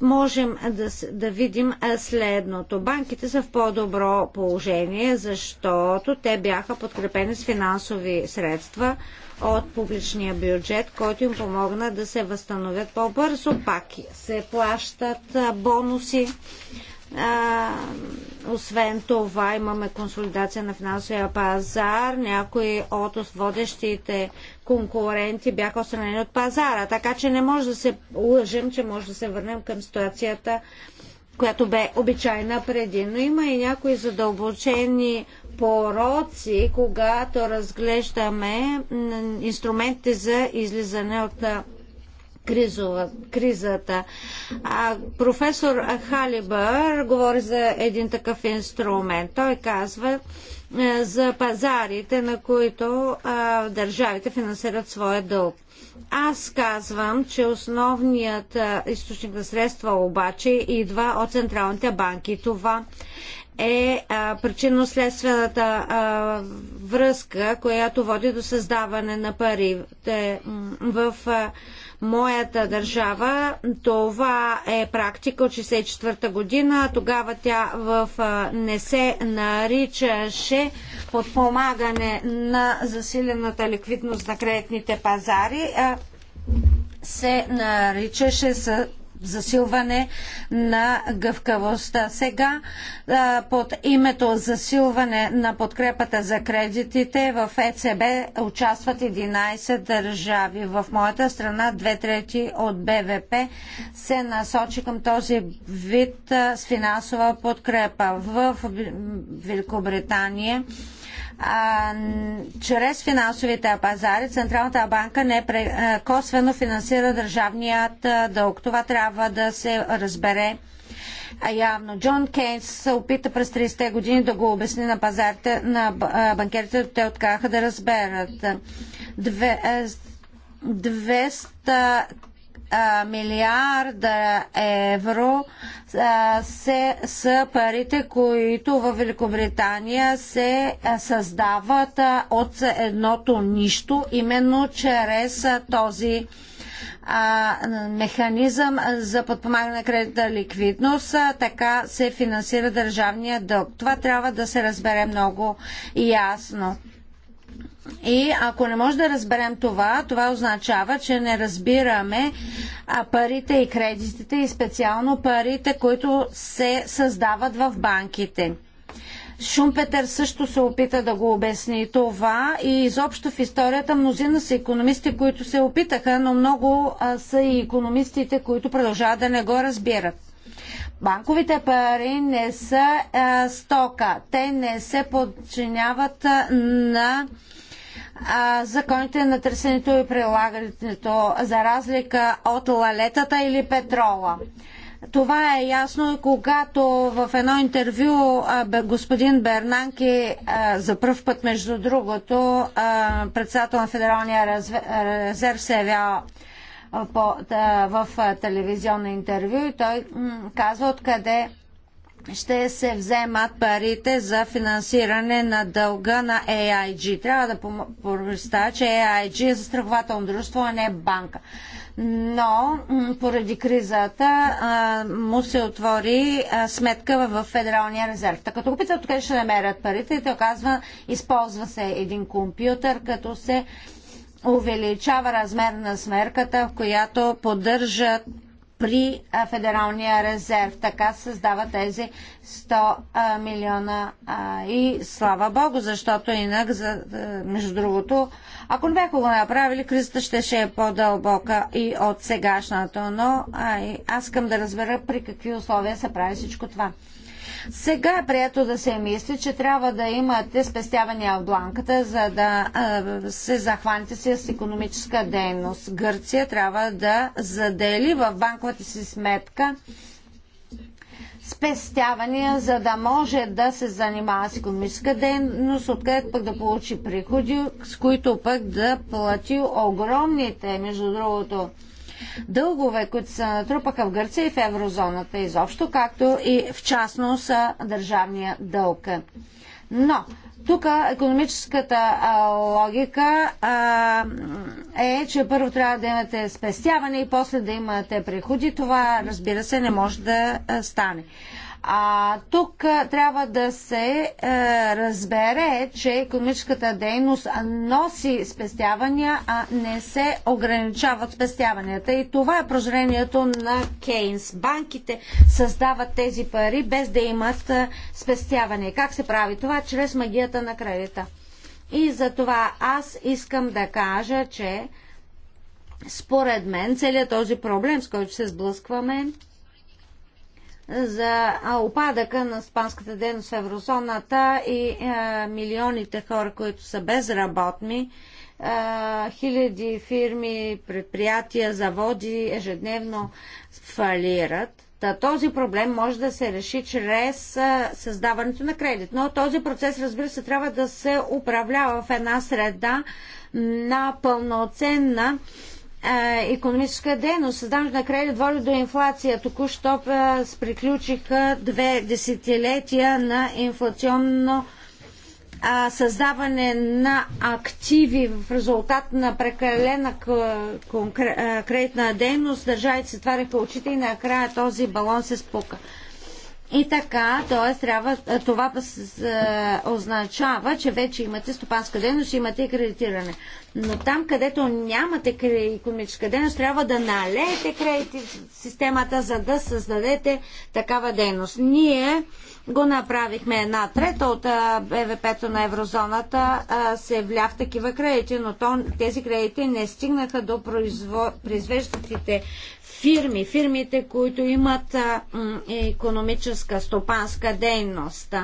A: можем да, да видим следното. Банките са в по-добро положение, защото те бяха подкрепени с финансови средства от публичния бюджет, който им помогна да се възстановят по-бързо. Пак се плащат бонуси а, освен това имаме консолидация на финансовия пазар. Някои от водещите конкуренти бяха отстранени от пазара. Така че не може да се лъжим, че може да се върнем към ситуацията, която бе обичайна преди. Но има и някои задълбочени пороци, когато разглеждаме инструментите за излизане от кризата. А, професор Халибър говори за един такъв инструмент. Той казва е, за пазарите, на които държавите финансират своя дълг. Аз казвам, че основният източник на средства обаче идва от централните банки. Това е причинно-следствената връзка, която води до създаване на пари. Те, в а, моята държава това е практика от 64 64-та година. Тогава тя в, а, не се наричаше подпомагане на засилената ликвидност на кредитните пазари, а се наричаше с засилване на гъвкавостта. Сега под името засилване на подкрепата за кредитите в ЕЦБ участват 11 държави. В моята страна две трети от БВП се насочи към този вид с финансова подкрепа. В Великобритания а, чрез финансовите пазари Централната банка не пре, косвено финансира държавният дълг. Това трябва да се разбере явно. Джон Кейнс се опита през 30-те години да го обясни на пазарите, на банкерите, те откаха да разберат. Две, 200 милиарда евро се, са парите, които в Великобритания се създават от едното нищо, именно чрез този а, механизъм за подпомагане на кредита ликвидност, а, така се финансира държавния дълг. Това трябва да се разбере много ясно. И ако не може да разберем това, това означава, че не разбираме парите и кредитите и специално парите, които се създават в банките. Шумпетер също се опита да го обясни това и изобщо в историята мнозина са економисти, които се опитаха, но много са и економистите, които продължават да не го разбират. Банковите пари не са а, стока. Те не се подчиняват а, на а, а, законите на търсенето и прилагането, за разлика от лалетата или петрола. Това е ясно и когато в едно интервю господин Бернанки за първ път, между другото, председател на Федералния резерв се е явява в телевизионно интервю и той казва откъде ще се вземат парите за финансиране на дълга на AIG. Трябва да помиста, че AIG е застрахователно дружество, а не банка. Но поради кризата а, му се отвори а, сметка в Федералния резерв. Така като го питат откъде ще намерят парите, и те оказва, използва се един компютър, като се увеличава размер на смерката, в която поддържат при Федералния резерв. Така създава тези 100 милиона и слава Богу, защото инак, между другото, ако не бяха го направили, кризата ще, ще е по-дълбока и от сегашната, но аз искам да разбера при какви условия се прави всичко това. Сега е прието да се мисли, че трябва да имате спестявания в бланката, за да се захванете с економическа дейност. Гърция трябва да задели в банковата си сметка спестявания, за да може да се занимава с економическа дейност, откъдето пък да получи приходи, с които пък да плати огромните, между другото, дългове, които се натрупаха в Гърция и в еврозоната изобщо, както и в частност държавния дълг. Но тук економическата а, логика а, е, че първо трябва да имате спестяване и после да имате приходи. Това, разбира се, не може да стане. А, тук а, трябва да се а, е, разбере, че економическата дейност носи спестявания, а не се ограничават спестяванията. И това е прозрението на Кейнс. Банките създават тези пари без да имат а, е, спестяване. Как се прави това? Чрез магията на кредита. И за това аз искам да кажа, че според мен целият този проблем, с който се сблъскваме, за опадъка на спанската дейност в еврозоната и а, милионите хора, които са безработни, а, хиляди фирми, предприятия, заводи ежедневно фалират. Та, този проблем може да се реши чрез а, създаването на кредит. Но този процес, разбира се, трябва да се управлява в една среда на пълноценна а, економическа дейност. Създаването на кредит води до инфлация. Току-що е, приключиха две десетилетия на инфлационно а, е, създаване на активи в резултат на прекалена е, кредитна дейност. Държавите се тваряха очите и накрая този балон се спука. И така, т.е. трябва, това означава, че вече имате стопанска дейност, имате и кредитиране. Но там, където нямате економическа дейност, трябва да налеете кредити в системата, за да създадете такава дейност. Ние го направихме една трета от ввп то на еврозоната се вля в такива кредити, но то, тези кредити не стигнаха до произво, произвеждащите фирми, фирмите, които имат економическа, стопанска дейност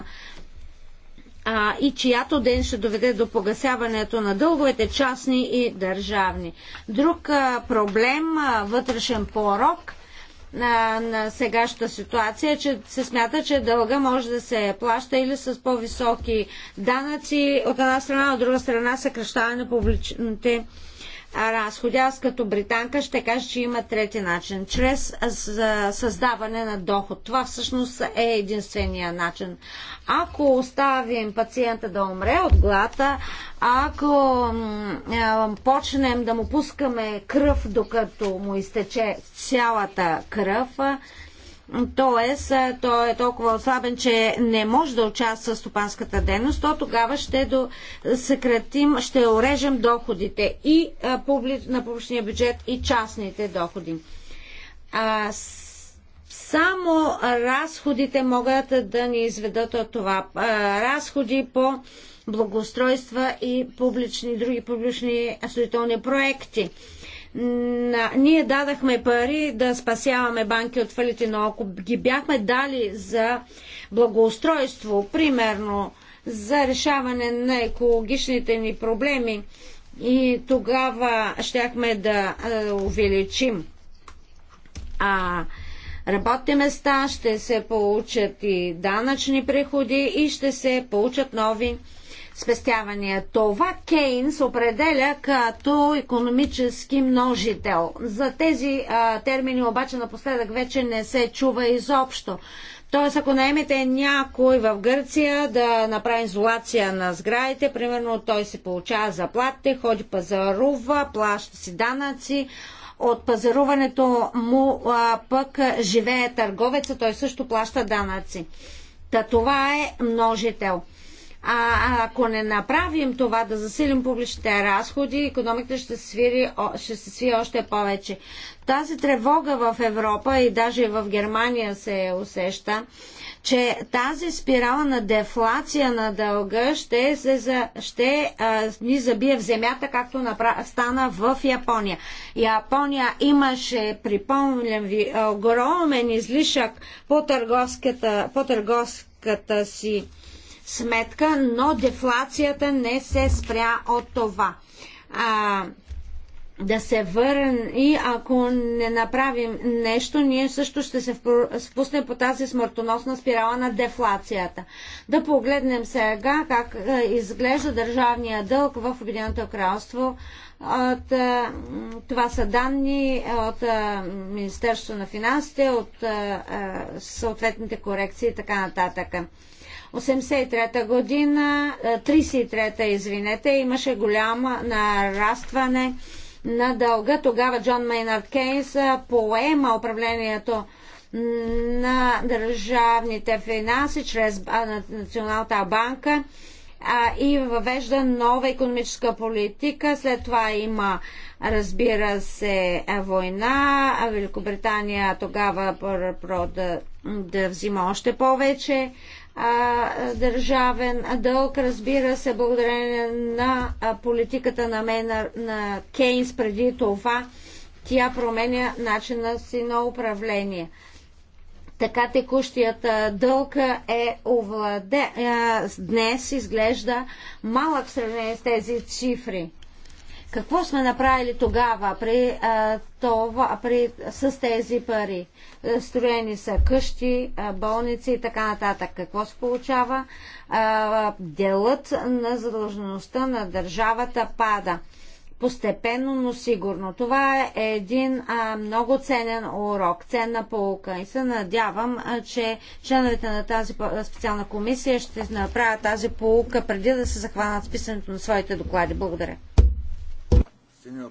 A: а, и чиято ден ще доведе до погасяването на дълговете частни и държавни. Друг а, проблем, а, вътрешен порок – на, на сегашната ситуация, че се смята, че дълга може да се плаща или с по-високи данъци от една страна, от друга страна съкрещаване на публичните разходи. Аз като британка ще кажа, че има трети начин. Чрез създаване на доход. Това всъщност е единствения начин. Ако оставим пациента да умре от глата, ако почнем да му пускаме кръв, докато му изтече цялата кръв, Тоест, той е толкова ослабен, че не може да участва в стопанската дейност, то тогава ще до, съкратим, ще орежем доходите и публи, на публичния бюджет и частните доходи. А, само разходите могат да ни изведат от това. Разходи по благоустройства и публични, други публични строителни проекти ние дадахме пари да спасяваме банки от фалити, но ако ги бяхме дали за благоустройство, примерно за решаване на екологичните ни проблеми, и тогава щяхме да е, увеличим а, работни места, ще се получат и данъчни приходи и ще се получат нови спестявания. Това Кейнс определя като економически множител. За тези а, термини обаче напоследък вече не се чува изобщо. Тоест, ако наемете някой в Гърция да направи изолация на сградите, примерно той се получава заплатите, ходи пазарува, плаща си данъци, от пазаруването му а, пък живее търговеца, той също плаща данъци. Та това е множител. А, ако не направим това да засилим публичните разходи, економиката ще, свири, ще се свие още повече. Тази тревога в Европа и даже в Германия се усеща, че тази спирала на дефлация на дълга ще, се, ще а, ни забие в земята, както напра... стана в Япония. Япония имаше, припомням ви, огромен излишък по търговската, по търговската си сметка, но дефлацията не се спря от това. А, да се върне и ако не направим нещо, ние също ще се спуснем по тази смъртоносна спирала на дефлацията. Да погледнем сега как е, изглежда държавния дълг в Обединеното кралство. От, е, това са данни от е, Министерството на финансите, от съответните корекции и така нататък. 83-та година, 33-та, е, извинете, имаше голямо нарастване на дълга. Тогава Джон Мейнард Кейнс е, поема управлението на държавните финанси чрез Националната банка и въвежда нова економическа политика. След това има, разбира се, е, война. Великобритания тогава да, да взима още повече а, държавен дълг, разбира се, благодарение на политиката на, на, на Кейнс преди това, тя променя начина си на управление. Така текущият дълг е овладе... днес изглежда малък в сравнение с тези цифри. Какво сме направили тогава при, а, това, при, с тези пари? Е, строени са къщи, а, болници и така нататък. Какво се получава? А, делът на задължеността на държавата пада. Постепенно, но сигурно. Това е един а, много ценен урок, ценна полука. И се надявам, а, че членовете на тази специална комисия ще направят тази полука преди да се захванат с писането на своите доклади. Благодаря.
C: Uh,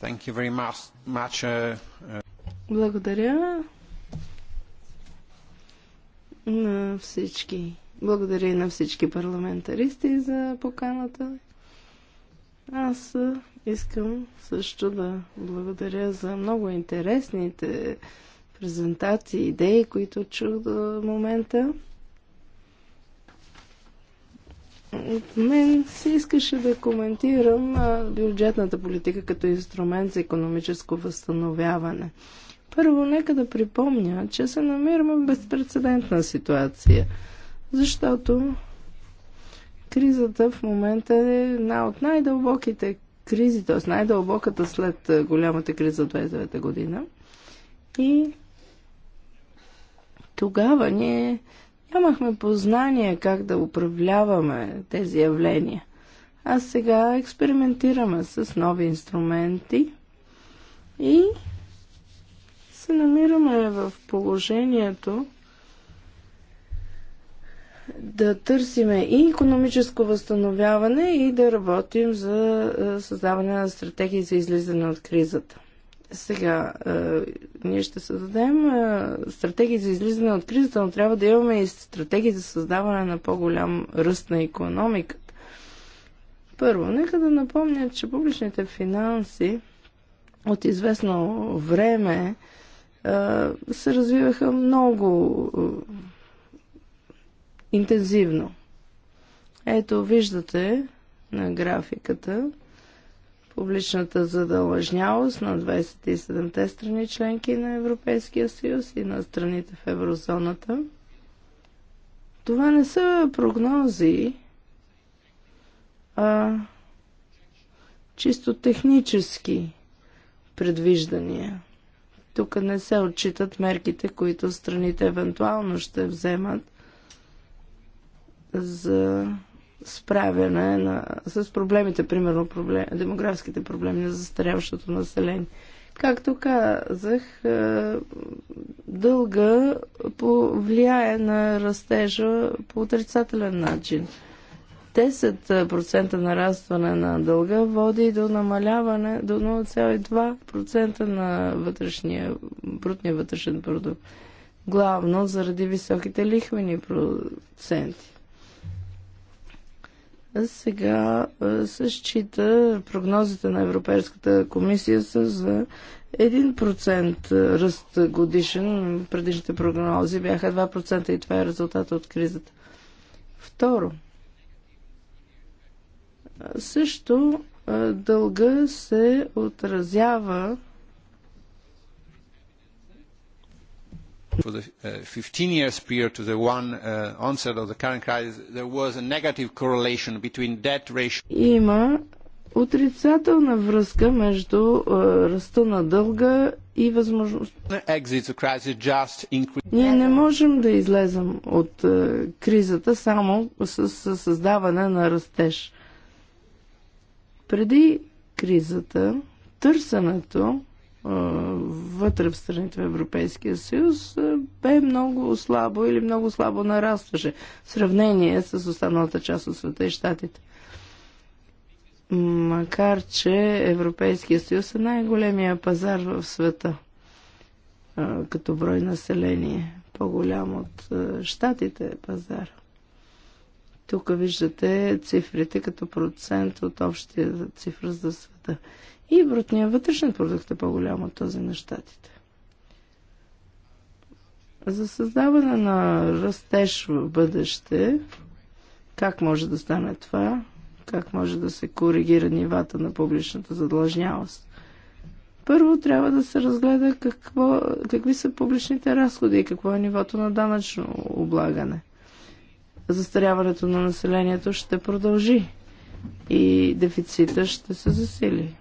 C: uh,
A: благодаря
D: на всички. Благодаря и на всички парламентаристи за поканата. Аз искам също да благодаря за много интересните презентации, идеи, които чух до момента. От мен се искаше да коментирам бюджетната политика като инструмент за економическо възстановяване. Първо, нека да припомня, че се намираме в безпредседентна ситуация, защото кризата в момента е една от най-дълбоките кризи, т.е. най-дълбоката след голямата криза 2009 година. И тогава ние Нямахме познание как да управляваме тези явления. А сега експериментираме с нови инструменти и се намираме в положението да търсиме и економическо възстановяване и да работим за е, създаване на стратегии за излизане от кризата. Сега, а, е, ние ще създадем а, е, стратегии за излизане от кризата, но трябва да имаме и стратегии за създаване на по-голям ръст на економиката. Първо, нека да напомня, че публичните финанси от известно време а, е, се развиваха много а, интензивно. Ето, виждате на графиката публичната задължнявост на 27-те страни членки на Европейския съюз и на страните в еврозоната. Това не са прогнози, а чисто технически предвиждания. Тук не се отчитат мерките, които страните евентуално ще вземат за справяне на, с проблемите, примерно проблем, демографските проблеми на застаряващото население. Както казах, е, дълга повлияе на растежа по отрицателен начин. 10% нарастване на дълга води до намаляване до 0,2% на вътрешния, брутния вътрешен продукт. Главно заради високите лихвени проценти сега се счита прогнозите на Европейската комисия са за 1% ръст годишен. Предишните прогнози бяха 2% и това е резултата от кризата. Второ, също дълга се отразява
C: for the uh, 15 years prior to the one uh, onset of the current crisis, there was a negative correlation between debt ratio.
D: Има отрицателна връзка между uh, ръста на дълга и възможност. Ние не можем да излезем от uh, кризата само с, с създаване на растеж. Преди кризата, търсенето вътре в страните в Европейския съюз бе много слабо или много слабо нарастваше в сравнение с останалата част от света и щатите. Макар, че Европейския съюз е най-големия пазар в света като брой население, по-голям от щатите е пазар. Тук виждате цифрите като процент от общия цифра за света и брутният вътрешен продукт е по-голям от този на щатите. За създаване на растеж в бъдеще, как може да стане това? Как може да се коригира нивата на публичната задлъжнявост? Първо трябва да се разгледа какво, какви са публичните разходи и какво е нивото на данъчно облагане. Застаряването на населението ще продължи и дефицита ще се засили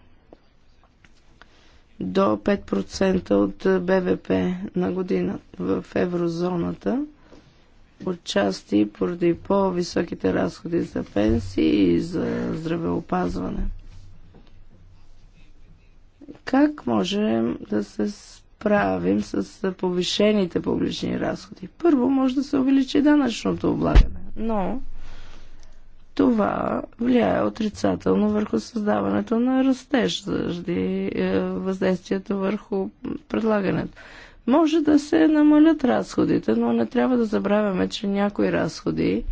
D: до 5% от БВП на година в еврозоната, отчасти поради по-високите разходи за пенсии и за здравеопазване. Как можем да се справим с повишените публични разходи? Първо, може да се увеличи данъчното облагане, но това влияе отрицателно върху създаването на растеж, заради е, въздействието върху предлагането. Може да се намалят разходите, но не трябва да забравяме, че някои разходи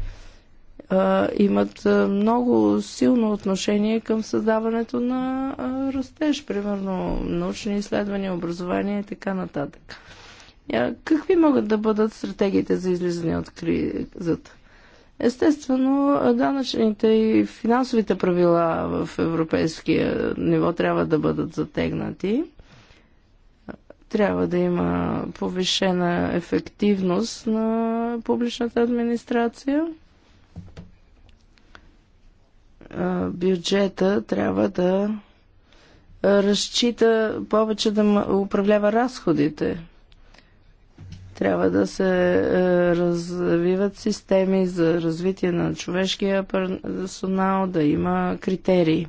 D: а, е, имат е, много силно отношение към създаването на а, растеж, примерно научни изследвания, образование и така нататък. А, какви могат да бъдат стратегиите за излизане от кризата? Естествено, данъчните и финансовите правила в европейския ниво трябва да бъдат затегнати. Трябва да има повишена ефективност на публичната администрация. Бюджета трябва да разчита повече да управлява разходите. Трябва да се е, развиват системи за развитие на човешкия персонал, да има критерии.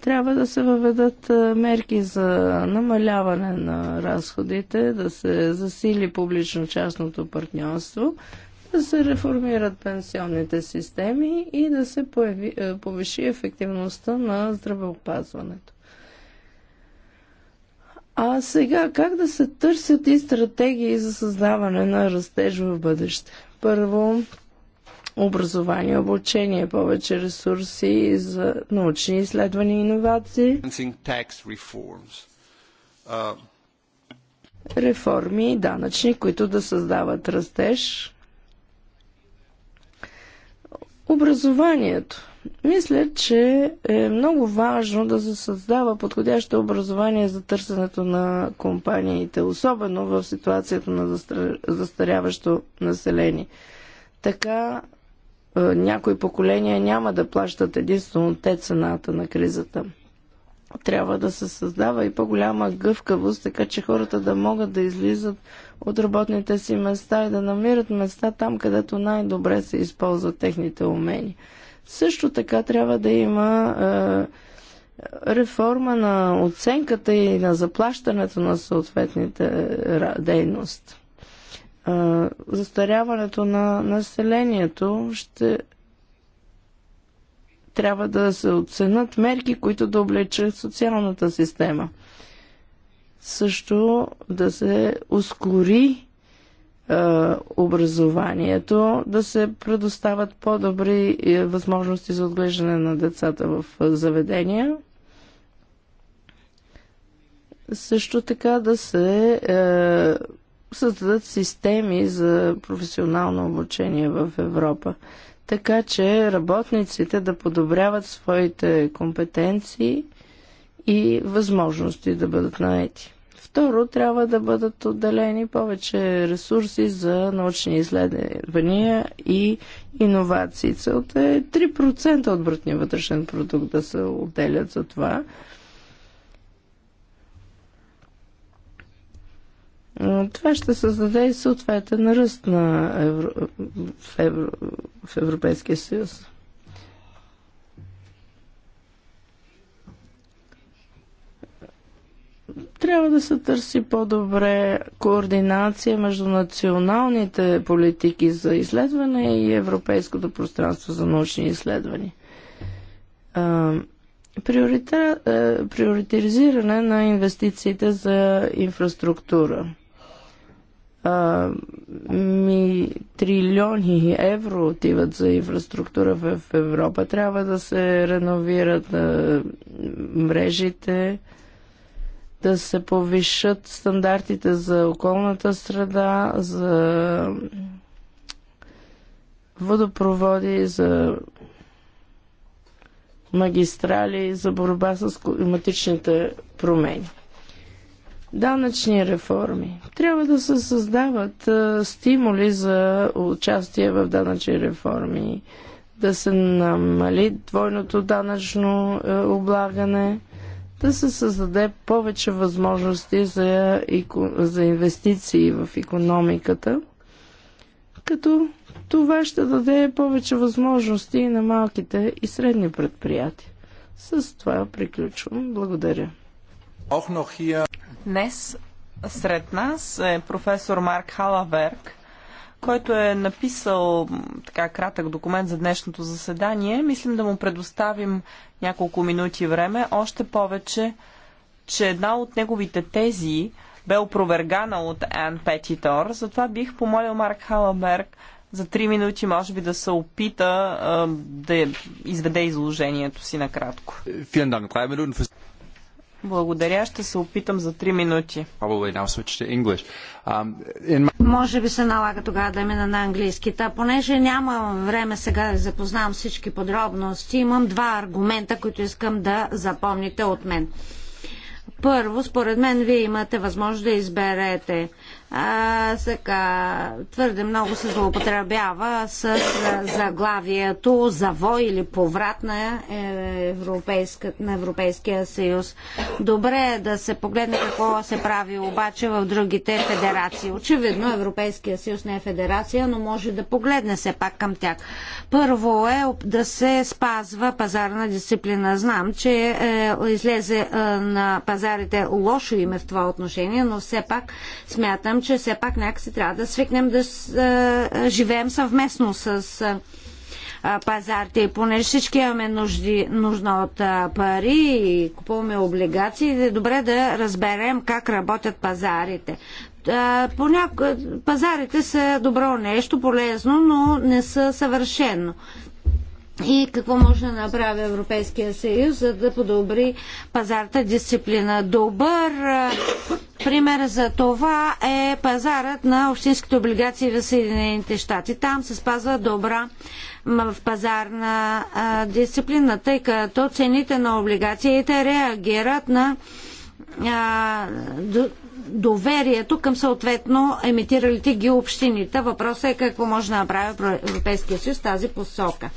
D: Трябва да се въведат е, мерки за намаляване на разходите, да се засили публично-частното партньорство, да се реформират пенсионните системи и да се е, повиши ефективността на здравеопазването. А сега как да се търсят и стратегии за създаване на растеж в бъдеще? Първо, образование, обучение, повече ресурси за научни изследвания и иновации. Реформи и данъчни, които да създават растеж. Образованието мисля, че е много важно да се създава подходящо образование за търсенето на компаниите, особено в ситуацията на застаряващо население. Така е, някои поколения няма да плащат единствено те цената на кризата. Трябва да се създава и по-голяма гъвкавост, така че хората да могат да излизат от работните си места и да намират места там, където най-добре се използват техните умения. Също така трябва да има е, реформа на оценката и на заплащането на съответните е, дейност. Е, застаряването на населението ще трябва да се оценят мерки, които да облечат социалната система. Също да се ускори е, образованието, да се предоставят по-добри е, възможности за отглеждане на децата в е, заведения. Също така да се е, създадат системи за професионално обучение в Европа, така че работниците да подобряват своите компетенции и възможности да бъдат наети. Второ, трябва да бъдат отделени повече ресурси за научни изследвания и иновации. Целта е 3% от брутния вътрешен продукт да се отделят за това. Това ще създаде и съответен ръст на евро... В, евро... в Европейския съюз. Трябва да се търси по-добре координация между националните политики за изследване и Европейското пространство за научни изследвания. Приоритер, приоритизиране на инвестициите за инфраструктура. А, ми трилиони евро отиват за инфраструктура в Европа. Трябва да се реновират а, е, мрежите, да се повишат стандартите за околната среда, за водопроводи, за магистрали, за борба с климатичните промени. Данъчни реформи. Трябва да се създават стимули за участие в данъчни реформи, да се намали двойното данъчно облагане – да се създаде повече възможности за, за инвестиции в економиката, като това ще даде повече възможности на малките и средни предприятия. С това приключвам. Благодаря.
E: Днес сред нас е професор Марк Халаверк, който е написал така кратък документ за днешното заседание, мислим да му предоставим няколко минути време, още повече, че една от неговите тези бе опровергана от Ан Петитор, затова бих помолил Марк Халаберг за три минути може би да се опита а, да изведе изложението си накратко. Благодаря, ще се опитам за три минути.
A: Може би се налага тогава да мина на английски. Та, понеже нямам време сега да запознавам всички подробности, имам два аргумента, които искам да запомните от мен. Първо, според мен, вие имате възможност да изберете а, сега твърде много се злоупотребява с заглавието завой или поврат на, е, европейска, на Европейския съюз. Добре е да се погледне какво се прави обаче в другите федерации. Очевидно Европейския съюз не е федерация, но може да погледне се пак към тях. Първо е да се спазва пазарна дисциплина. Знам, че е, излезе е, на пазарите лошо име в това отношение, но все пак смятам, че все пак някакси трябва да свикнем да живеем съвместно с пазарите. И понеже всички имаме нужди, нужда от пари и купуваме облигации, е добре да разберем как работят пазарите. Понякога Пазарите са добро нещо, полезно, но не са съвършено и какво може да направи Европейския съюз, за да подобри пазарта дисциплина. Добър пример за това е пазарът на общинските облигации в Съединените щати. Там се спазва добра в пазарна дисциплина, тъй като цените на облигациите реагират на доверието към съответно емитиралите ги общините. Въпросът е какво може да направи Европейския съюз в тази посока.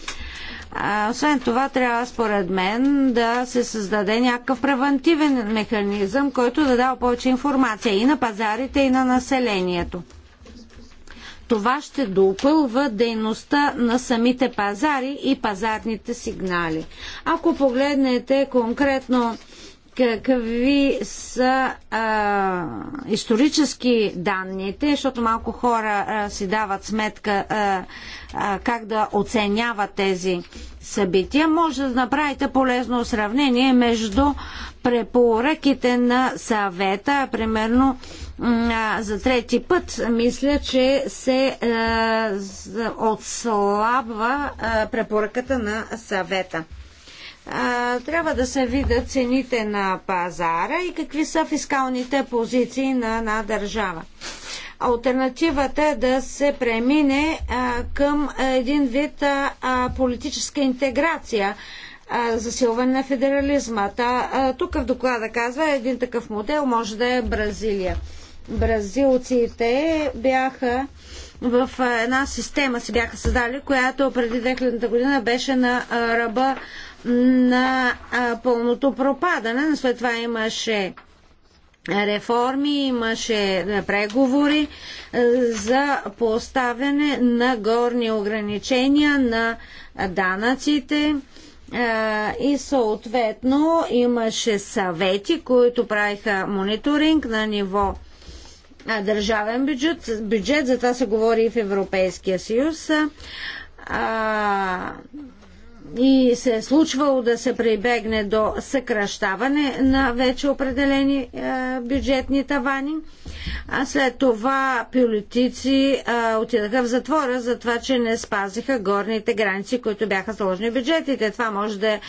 A: А, освен това, трябва според мен да се създаде някакъв превентивен механизъм, който да дава повече информация и на пазарите, и на населението. Това ще допълва дейността на самите пазари и пазарните сигнали. Ако погледнете конкретно какви са а, исторически данните, защото малко хора а, си дават сметка а, а, как да оценяват тези събития. Може да направите полезно сравнение между препоръките на съвета, примерно а, за трети път, мисля, че се а, отслабва а, препоръката на съвета трябва да се видят цените на пазара и какви са фискалните позиции на една държава. Альтернативата е да се премине а, към един вид а, политическа интеграция, а, засилване на федерализмата. а, тук в доклада казва, един такъв модел може да е Бразилия. Бразилците бяха в една система си бяха създали, която преди 2000 година беше на ръба на а, пълното пропадане. След това имаше реформи, имаше преговори за поставяне на горни ограничения на данъците и съответно имаше съвети, които правиха мониторинг на ниво държавен бюджет, бюджет за това се говори и в Европейския съюз и се е случвало да се прибегне до съкръщаване на вече определени е, бюджетни тавани. А след това политици а, е, отидаха в затвора за това, че не спазиха горните граници, които бяха сложни в бюджетите. Това може да е,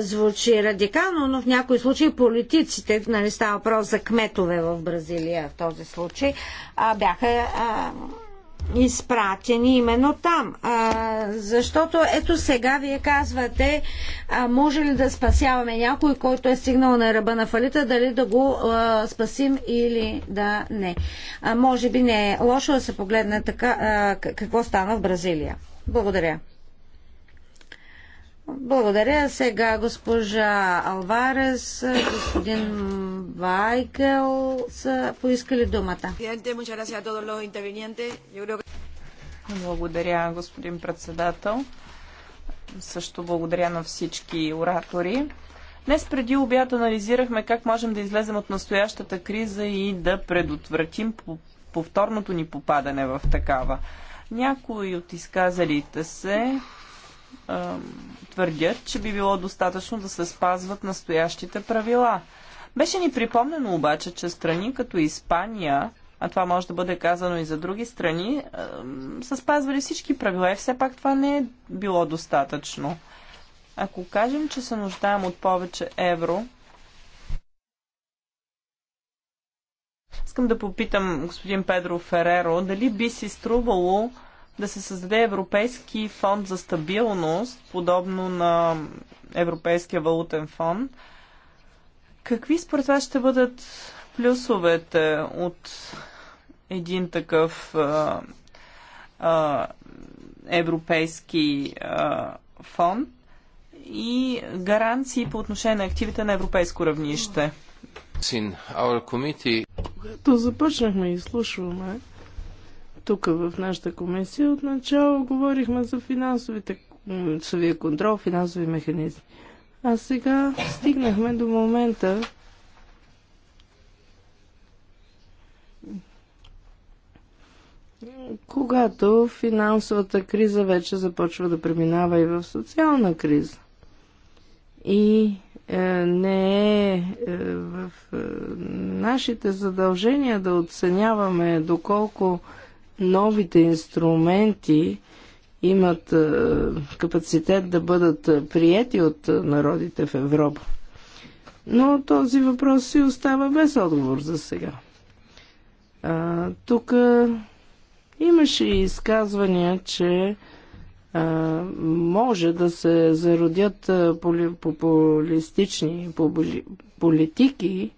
A: звучи радикално, но в някои случаи политиците, нали става въпрос за кметове в Бразилия в този случай, а, бяха а, изпратени именно там. А, защото ето сега вие казвате, а може ли да спасяваме някой, който е стигнал на ръба на фалита, дали да го а, спасим или да не. А, може би не е лошо да се погледне така а, какво стана в Бразилия. Благодаря. Благодаря. Сега госпожа Алварес, господин Вайкел са поискали
E: думата. Благодаря, господин председател. Също благодаря на всички оратори. Днес преди обяд анализирахме как можем да излезем от настоящата криза и да предотвратим повторното ни попадане в такава. Някои от изказалите се твърдят, че би било достатъчно да се спазват настоящите правила. Беше ни припомнено обаче, че страни като Испания, а това може да бъде казано и за други страни, са спазвали всички правила и все пак това не е било достатъчно. Ако кажем, че се нуждаем от повече евро, искам да попитам господин Педро Фереро, дали би си струвало да се създаде Европейски фонд за стабилност, подобно на Европейския валутен фонд. Какви според вас ще бъдат плюсовете от един такъв а, а, европейски а, фонд и гаранции по отношение на активите на европейско равнище? Когато започнахме
D: и слушваме, тук в нашата комисия отначало говорихме за финансовите, финансовия контрол, финансови механизми. А сега стигнахме до момента, когато финансовата криза вече започва да преминава и в социална криза. И е, не е, е в е, нашите задължения да оценяваме доколко е, новите инструменти имат е, капацитет да бъдат е, приети от е, народите в Европа. Но този въпрос си остава без отговор за сега. Тук имаше и изказвания, че може да се зародят популистични политики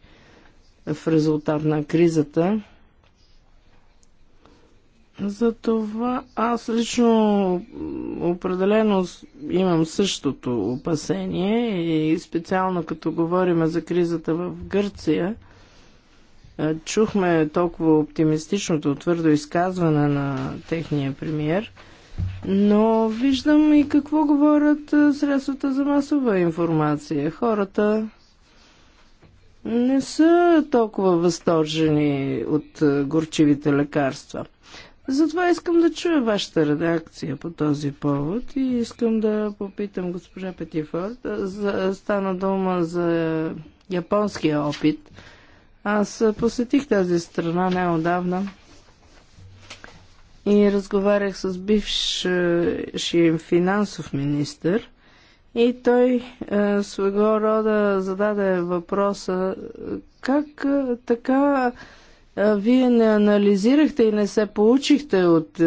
D: в резултат на кризата – за това аз лично определено имам същото опасение и специално като говорим за кризата в Гърция, е, чухме толкова оптимистичното твърдо изказване на техния премиер, но виждам и какво говорят е, средствата за масова информация. Хората не са толкова възторжени от е, горчивите лекарства. Затова искам да чуя вашата редакция по този повод и искам да попитам госпожа Петифор. За, стана дума за японския опит. Аз посетих тази страна неодавна и разговарях с бившия финансов министр и той своего рода зададе въпроса как така вие не анализирахте и не се получихте от е,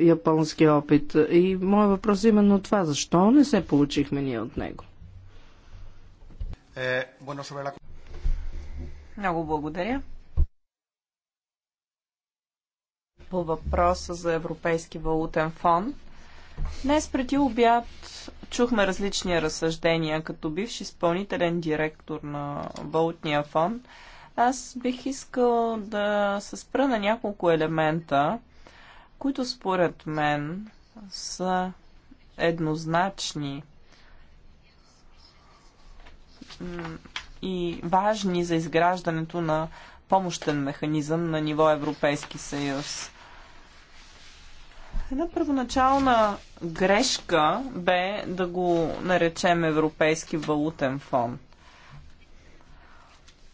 D: японския опит. И моят въпрос е именно това. Защо не се получихме ние от него?
E: Много благодаря. По въпроса за Европейски валутен фонд. Днес преди обяд чухме различни разсъждения като бивш изпълнителен директор на Валутния фонд аз бих искал да се спра на няколко елемента, които според мен са еднозначни и важни за изграждането на помощен механизъм на ниво Европейски съюз. Една първоначална грешка бе да го наречем Европейски валутен фонд.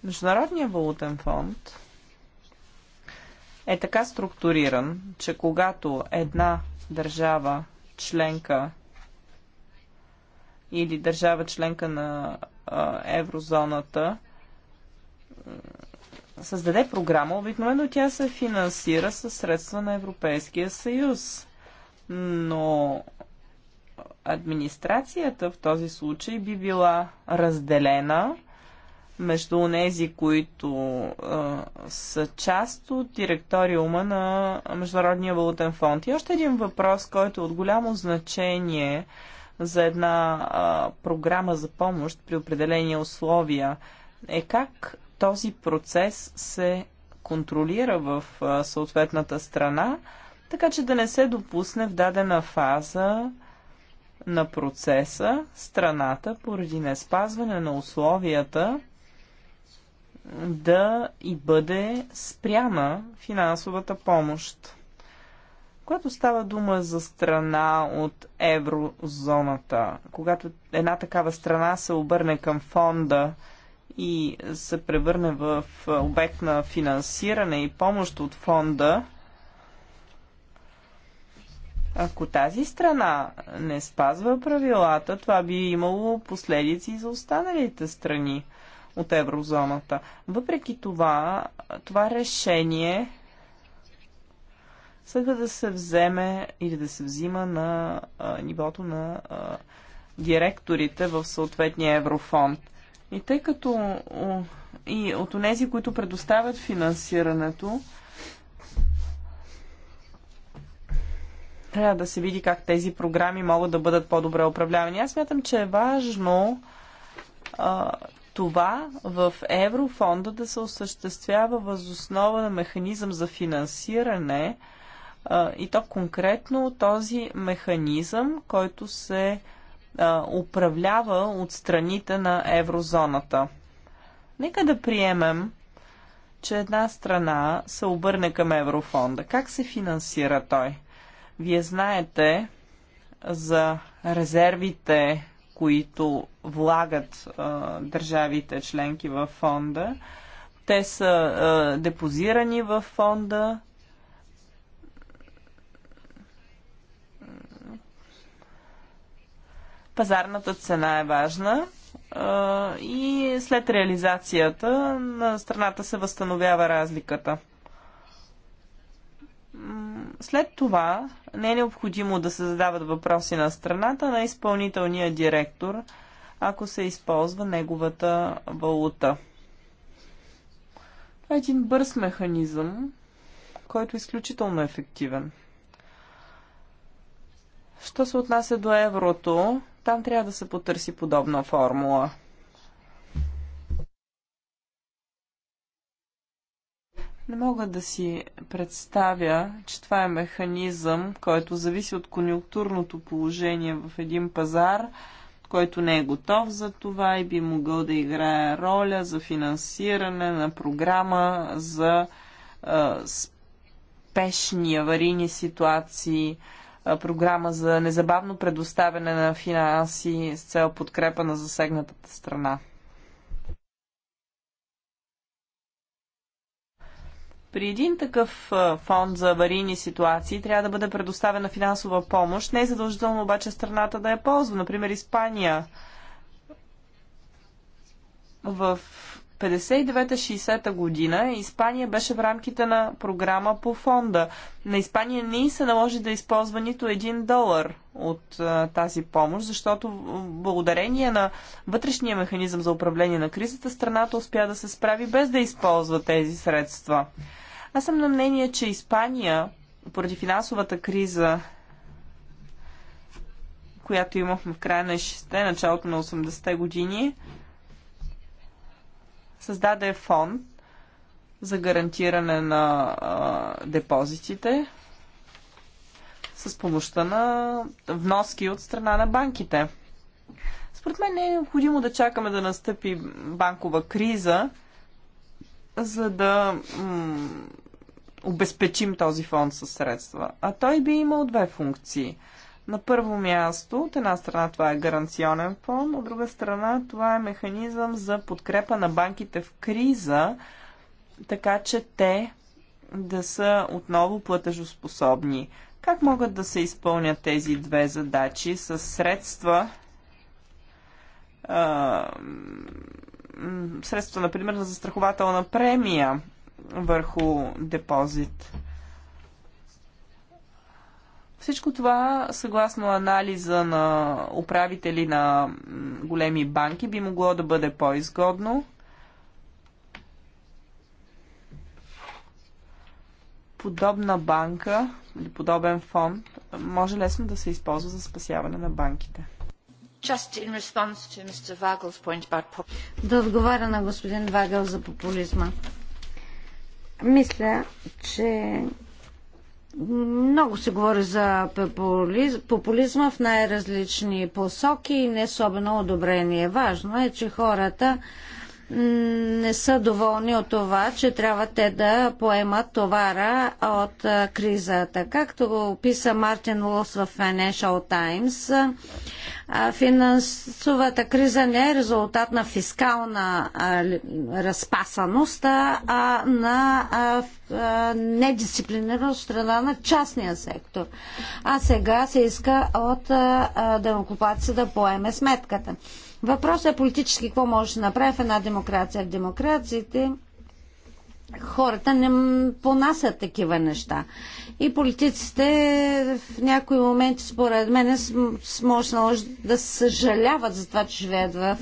E: Международния валутен фонд е така структуриран, че когато една държава членка или държава членка на а, еврозоната създаде програма, обикновено тя се финансира със средства на Европейския съюз. Но администрацията в този случай би била разделена между тези, които а, са част от директориума на Международния валутен фонд. И още един въпрос, който е от голямо значение за една а, програма за помощ при определени условия е как този процес се контролира в а, съответната страна, така че да не се допусне в дадена фаза на процеса страната поради неспазване на условията да и бъде спряна финансовата помощ. Когато става дума за страна от еврозоната, когато една такава страна се обърне към фонда и се превърне в обект на финансиране и помощ от фонда, ако тази страна не спазва правилата, това би имало последици за останалите страни от еврозоната. Въпреки това, това решение следва да се вземе или да се взима на а, нивото на а, директорите в съответния еврофонд. И тъй като о, и от тези, които предоставят финансирането, трябва да се види как тези програми могат да бъдат по-добре управлявани. Аз смятам, че е важно а, това в еврофонда да се осъществява възоснова на механизъм за финансиране и то конкретно този механизъм, който се управлява от страните на еврозоната. Нека да приемем, че една страна се обърне към еврофонда. Как се финансира той? Вие знаете за резервите, които влагат а, държавите членки в фонда. Те са а, депозирани в фонда. Пазарната цена е важна и след реализацията на страната се възстановява разликата. След това не е необходимо да се задават въпроси на страната на изпълнителния директор – ако се използва неговата валута. Това е един бърз механизъм, който е изключително ефективен. Що се отнася до еврото, там трябва да се потърси подобна формула. Не мога да си представя, че това е механизъм, който зависи от конюнктурното положение в един пазар който не е готов за това и би могъл да играе роля за финансиране на програма за а, спешни аварийни ситуации, а, програма за незабавно предоставяне на финанси с цел подкрепа на засегнатата страна. При един такъв фонд за аварийни ситуации трябва да бъде предоставена финансова помощ. Не е задължително обаче страната да я ползва. Например, Испания в 59-60 година Испания беше в рамките на програма по фонда. На Испания не се наложи да използва нито един долар от а, тази помощ, защото благодарение на вътрешния механизъм за управление на кризата страната успя да се справи без да използва тези средства. Аз съм на мнение, че Испания поради финансовата криза която имахме в края на 60-те, началото на 80-те години, създаде фонд за гарантиране на а, депозитите с помощта на вноски от страна на банките. Според мен не е необходимо да чакаме да настъпи банкова криза, за да обезпечим този фонд със средства. А той би имал две функции – на първо място, от една страна това е гаранционен фонд, от друга страна това е механизъм за подкрепа на банките в криза, така че те да са отново платежоспособни. Как могат да се изпълнят тези две задачи с средства, а, средства, например, за застрахователна премия върху депозит? Всичко това, съгласно анализа на управители на големи банки, би могло да бъде по-изгодно. Подобна банка или подобен фонд може лесно да се използва за спасяване на банките.
A: About... Да отговаря на господин Вагъл за популизма. Мисля, че много се говори за популизма в най-различни посоки и не особено одобрение. Важно е, че хората не са доволни от това, че трябва те да поемат товара от кризата. Както го описа Мартин Лос в Financial Times, финансовата криза не е резултат на фискална разпасаност, а на недисциплинираност страна на частния сектор. А сега се иска от демокупация да поеме сметката. Въпросът е политически какво може да направи в една демокрация. В демокрациите хората не понасят такива неща. И политиците в някои моменти, според мен, може да се съжаляват за това, че живеят в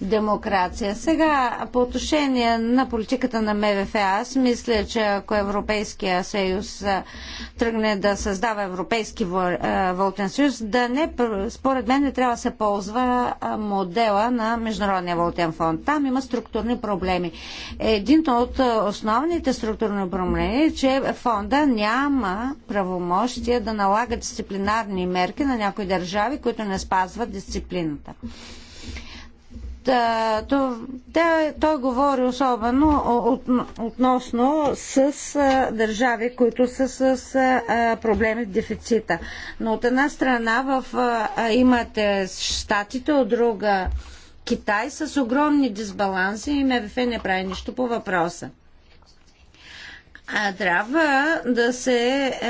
A: демокрация. Сега, по отношение на политиката на МВФ, аз мисля, че ако Европейския съюз тръгне да създава Европейски валутен съюз, да не, според мен не трябва да се ползва модела на Международния валутен фонд. Там има структурни проблеми. Един от основните структурни проблеми е, че фонда няма правомощия да налага дисциплинарни мерки на някои държави, които не спазват дисциплината то, да, той говори особено от, относно с а, държави, които са с а, проблеми в дефицита. Но от една страна в, а, имате щатите, от друга Китай с огромни дисбаланси и МВФ не прави нищо по въпроса а, трябва да се а,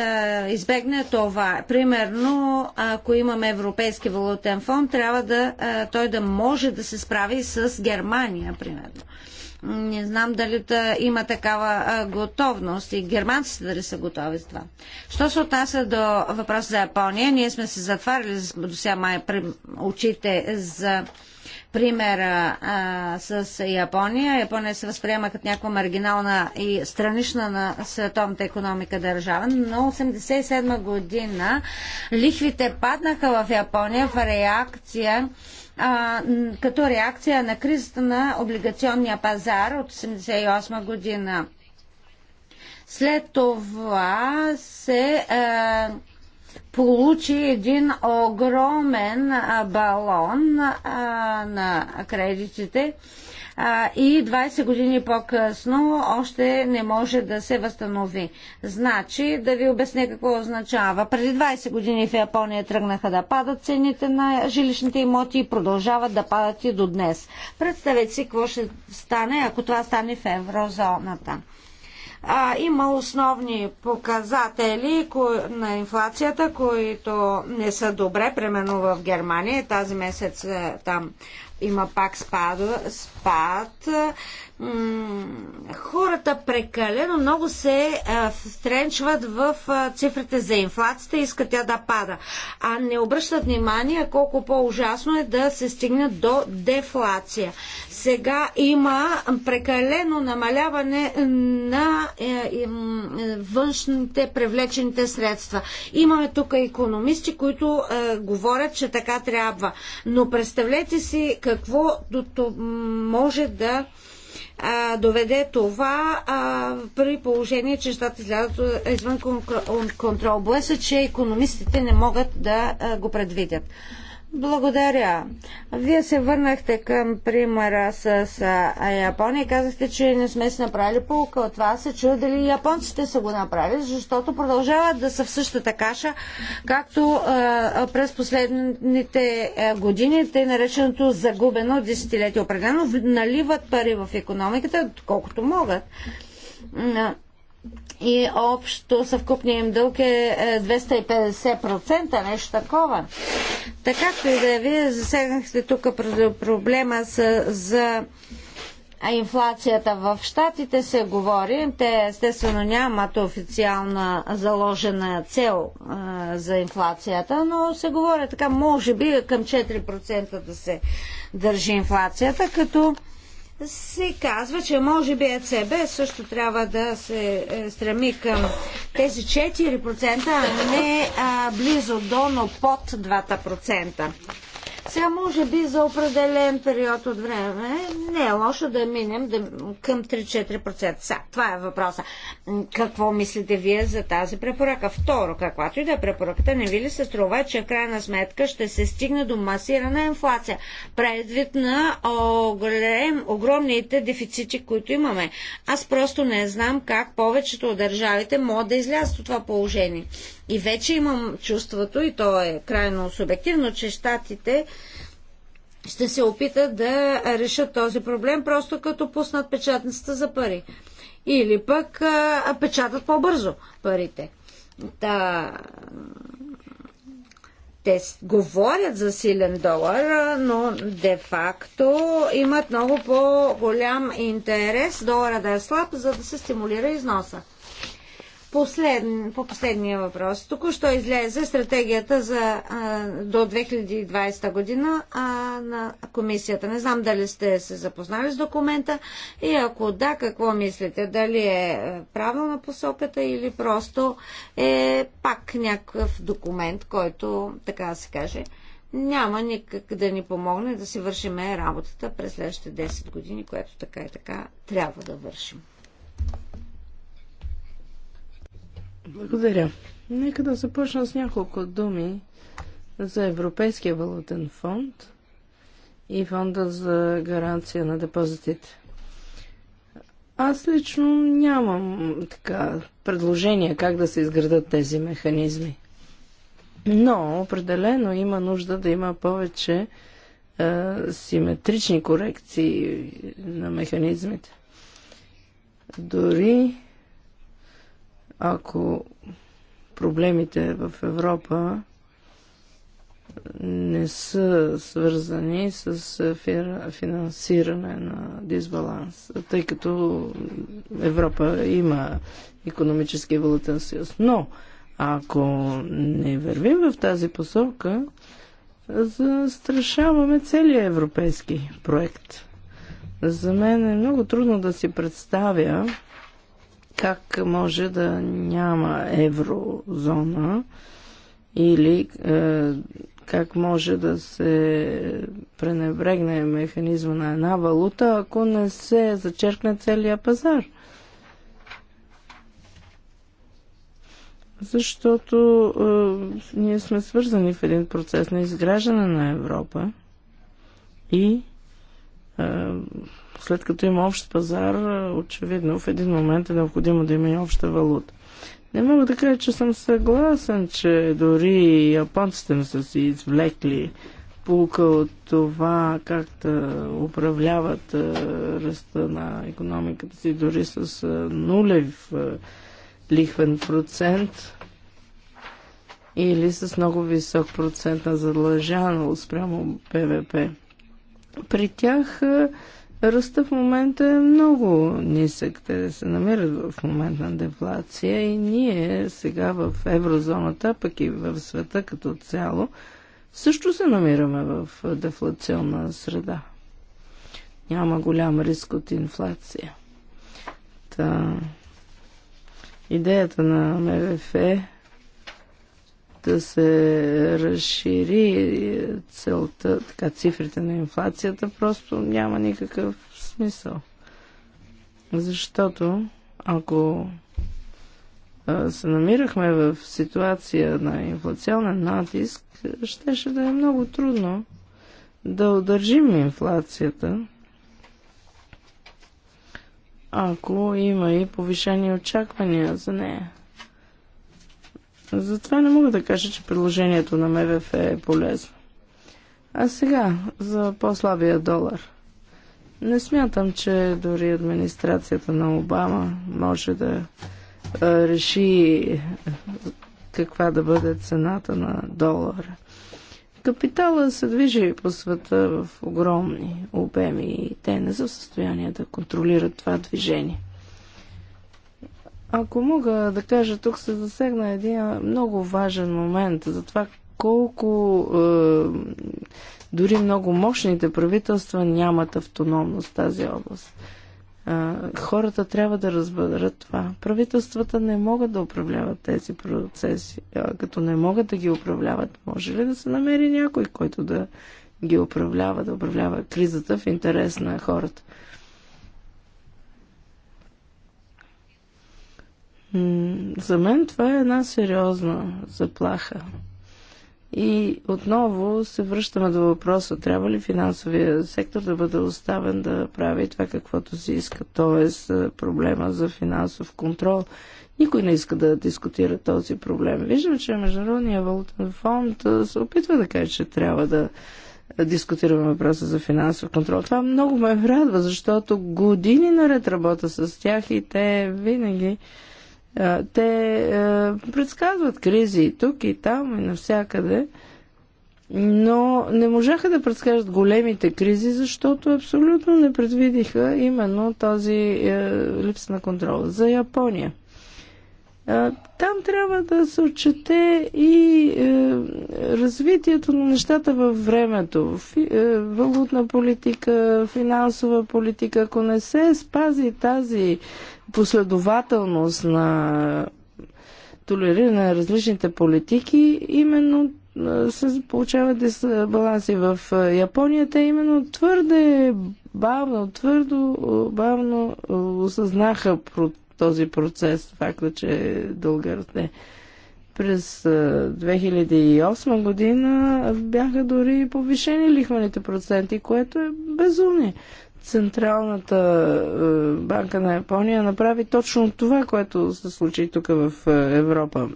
A: е, избегне това. Примерно, ако имаме Европейски валутен фонд, трябва да, а, е, той да може да се справи с Германия, примерно. Не знам дали да има такава а, е, готовност и германците дали са готови с това. Що се отнася до въпроса за Япония, ние сме се затваряли до сега май очите за примера а, с Япония. Япония се възприема като някаква маргинална и странична на световната економика държава, но 1987 година лихвите паднаха в Япония в реакция а, като реакция на кризата на облигационния пазар от 1988 година. След това се а, получи един огромен балон на кредитите и 20 години по-късно още не може да се възстанови. Значи, да ви обясня какво означава. Преди 20 години в Япония тръгнаха да падат цените на жилищните имоти и продължават да падат и до днес. Представете си какво ще стане, ако това стане в еврозоната а, има основни показатели на инфлацията, които не са добре, примерно в Германия. Тази месец е, там има пак спад, спад хората прекалено много се стренчват в цифрите за инфлацията и искат тя да пада. А не обръщат внимание колко по-ужасно е да се стигне до дефлация. Сега има прекалено намаляване на е, е, е, външните привлечените средства. Имаме тук економисти, които говорят, че така трябва. Но представете си какво може да а, доведе това а, при положение, че щата излядат извън контрол. Боя се, че економистите не могат да а, го предвидят. Благодаря. Вие се върнахте към примера с Япония и казахте, че не сме си направили полка от това. Се чува дали японците са го направили, защото продължават да са в същата каша, както а, през последните години, тъй нареченото загубено десетилетие. Определено наливат пари в економиката, колкото могат и общо съвкупният им дълг е 250%, е, нещо такова. Така както и да вие засегнахте тук проблема с, за инфлацията в Штатите се говори. Те естествено нямат официална заложена цел а, е, за инфлацията, но се говори така, може би към 4% да се държи инфлацията, като се казва, че може би ЕЦБ също трябва да се е, стреми към тези 4%, а не а, близо до, но под 2%. Сега може би за определен период от време не е лошо да минем да, към 3-4%. Са, това е въпроса. Какво мислите вие за тази препоръка? Второ, каквато и да е препоръката, не ви ли се струва, че в крайна сметка ще се стигне до масирана инфлация, предвид на огромните дефицити, които имаме? Аз просто не знам как повечето от държавите могат да излязат от това положение. И вече имам чувството, и то е крайно субективно, че щатите ще се опитат да решат този проблем, просто като пуснат печатницата за пари. Или пък а, печатат по-бързо парите. Та, те говорят за силен долар, но де-факто имат много по-голям интерес долара да е слаб, за да се стимулира износа. Послед, по последния въпрос. Току-що излезе стратегията за а, до 2020 година а, на комисията. Не знам дали сте се запознали с документа и ако да, какво мислите? Дали е, е правилна посоката или просто е пак някакъв документ, който, така да се каже, няма никак да ни помогне да си вършиме работата през следващите 10 години, което така и така трябва да вършим.
D: Благодаря. Нека да започна с няколко думи за Европейския валутен фонд и фонда за гаранция на депозитите. Аз лично нямам така предложение как да се изградат тези механизми. Но определено има нужда да има повече е, симетрични корекции на механизмите. Дори ако проблемите в Европа не са свързани с е, финансиране на дисбаланс, тъй като Европа има економически валутен съюз. Но ако не вървим в тази посока, застрашаваме целия европейски проект. За мен е много трудно да си представя как може да няма еврозона или е, как може да се пренебрегне механизма на една валута, ако не се зачеркне целият пазар. Защото е, ние сме свързани в един процес на изграждане на Европа и е, след като има общ пазар, очевидно в един момент е необходимо да има и обща валута. Не мога да кажа, че съм съгласен, че дори японците не са си извлекли полука от това как да управляват е, ръста на економиката си, дори с е, нулев е, лихвен процент или с много висок процент на задължаност спрямо ПВП. При тях Ръста в момента е много нисък. Те се намират в момент на дефлация и ние сега в еврозоната, пък и в света като цяло, също се намираме в дефлационна среда. Няма голям риск от инфлация. Та... Идеята на МВФ е да се разшири целта, така цифрите на инфлацията, просто няма никакъв смисъл. Защото ако се намирахме в ситуация на инфлационен натиск, щеше да е много трудно да удържим инфлацията, ако има и повишени очаквания за нея. Затова не мога да кажа, че предложението на МВФ е полезно. А сега за по-слабия долар. Не смятам, че дори администрацията на Обама може да реши каква да бъде цената на долара. Капитала се движи по света в огромни обеми и те не са в състояние да контролират това движение. Ако мога да кажа, тук се засегна един много важен момент за това колко е, дори много мощните правителства нямат автономност в тази област. Е, хората трябва да разберат това. Правителствата не могат да управляват тези процеси. А е, като не могат да ги управляват, може ли да се намери някой, който да ги управлява, да управлява кризата в интерес на хората? За мен това е една сериозна заплаха. И отново се връщаме до въпроса, трябва ли финансовия сектор да бъде оставен да прави това каквото си иска, т.е. проблема за финансов контрол. Никой не иска да дискутира този проблем. Виждам, че Международния валутен фонд е, се опитва да каже, че трябва да дискутираме въпроса за финансов контрол. Това много ме радва, защото години наред работя с тях и те винаги те предсказват кризи и тук, и там, и навсякъде, но не можаха да предскажат големите кризи, защото абсолютно не предвидиха именно този липса на контрол. За Япония. Там трябва да се отчете и е, развитието на нещата във времето. Фи, е, валутна политика, финансова политика. Ако не се спази тази последователност на толериране на различните политики, именно се получават дисбаланси в Япония. Те именно твърде бавно, твърдо, бавно осъзнаха про този процес, факта, че дълга расте. През 2008 година бяха дори повишени лихваните проценти, което е безумие. Централната е, банка на Япония направи точно това, което се случи тук в е, Европа.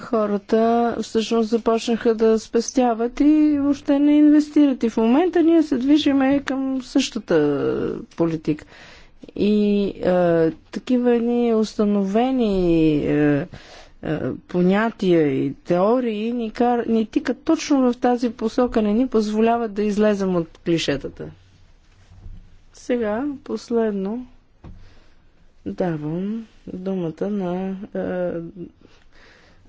D: Хората всъщност започнаха да спестяват и въобще не инвестират. И в момента ние се движиме към същата политика. И е, такива ни установени е, е, понятия и теории ни, кар... ни тикат точно в тази посока, не ни позволяват да излезем от клишетата. Сега, последно, давам думата на е,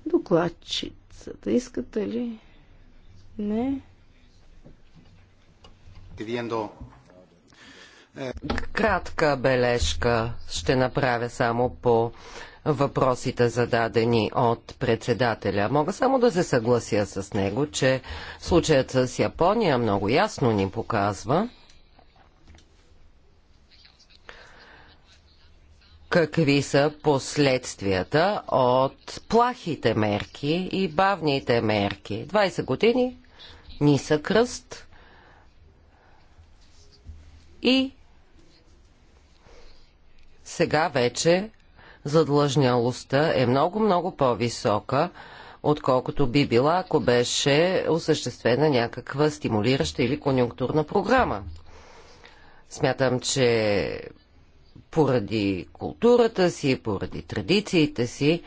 D: докладчицата.
B: Искате ли? Не. Дивиендо. Кратка бележка ще направя само по въпросите зададени от председателя. Мога само да се съглася с него, че случаят с Япония много ясно ни показва, какви са последствията от плахите мерки и бавните мерки. 20 години, нисък кръст и сега вече задлъжнялостта е много-много по-висока, отколкото би била, ако беше осъществена някаква стимулираща или конюнктурна програма. Смятам, че поради културата си, поради традициите си,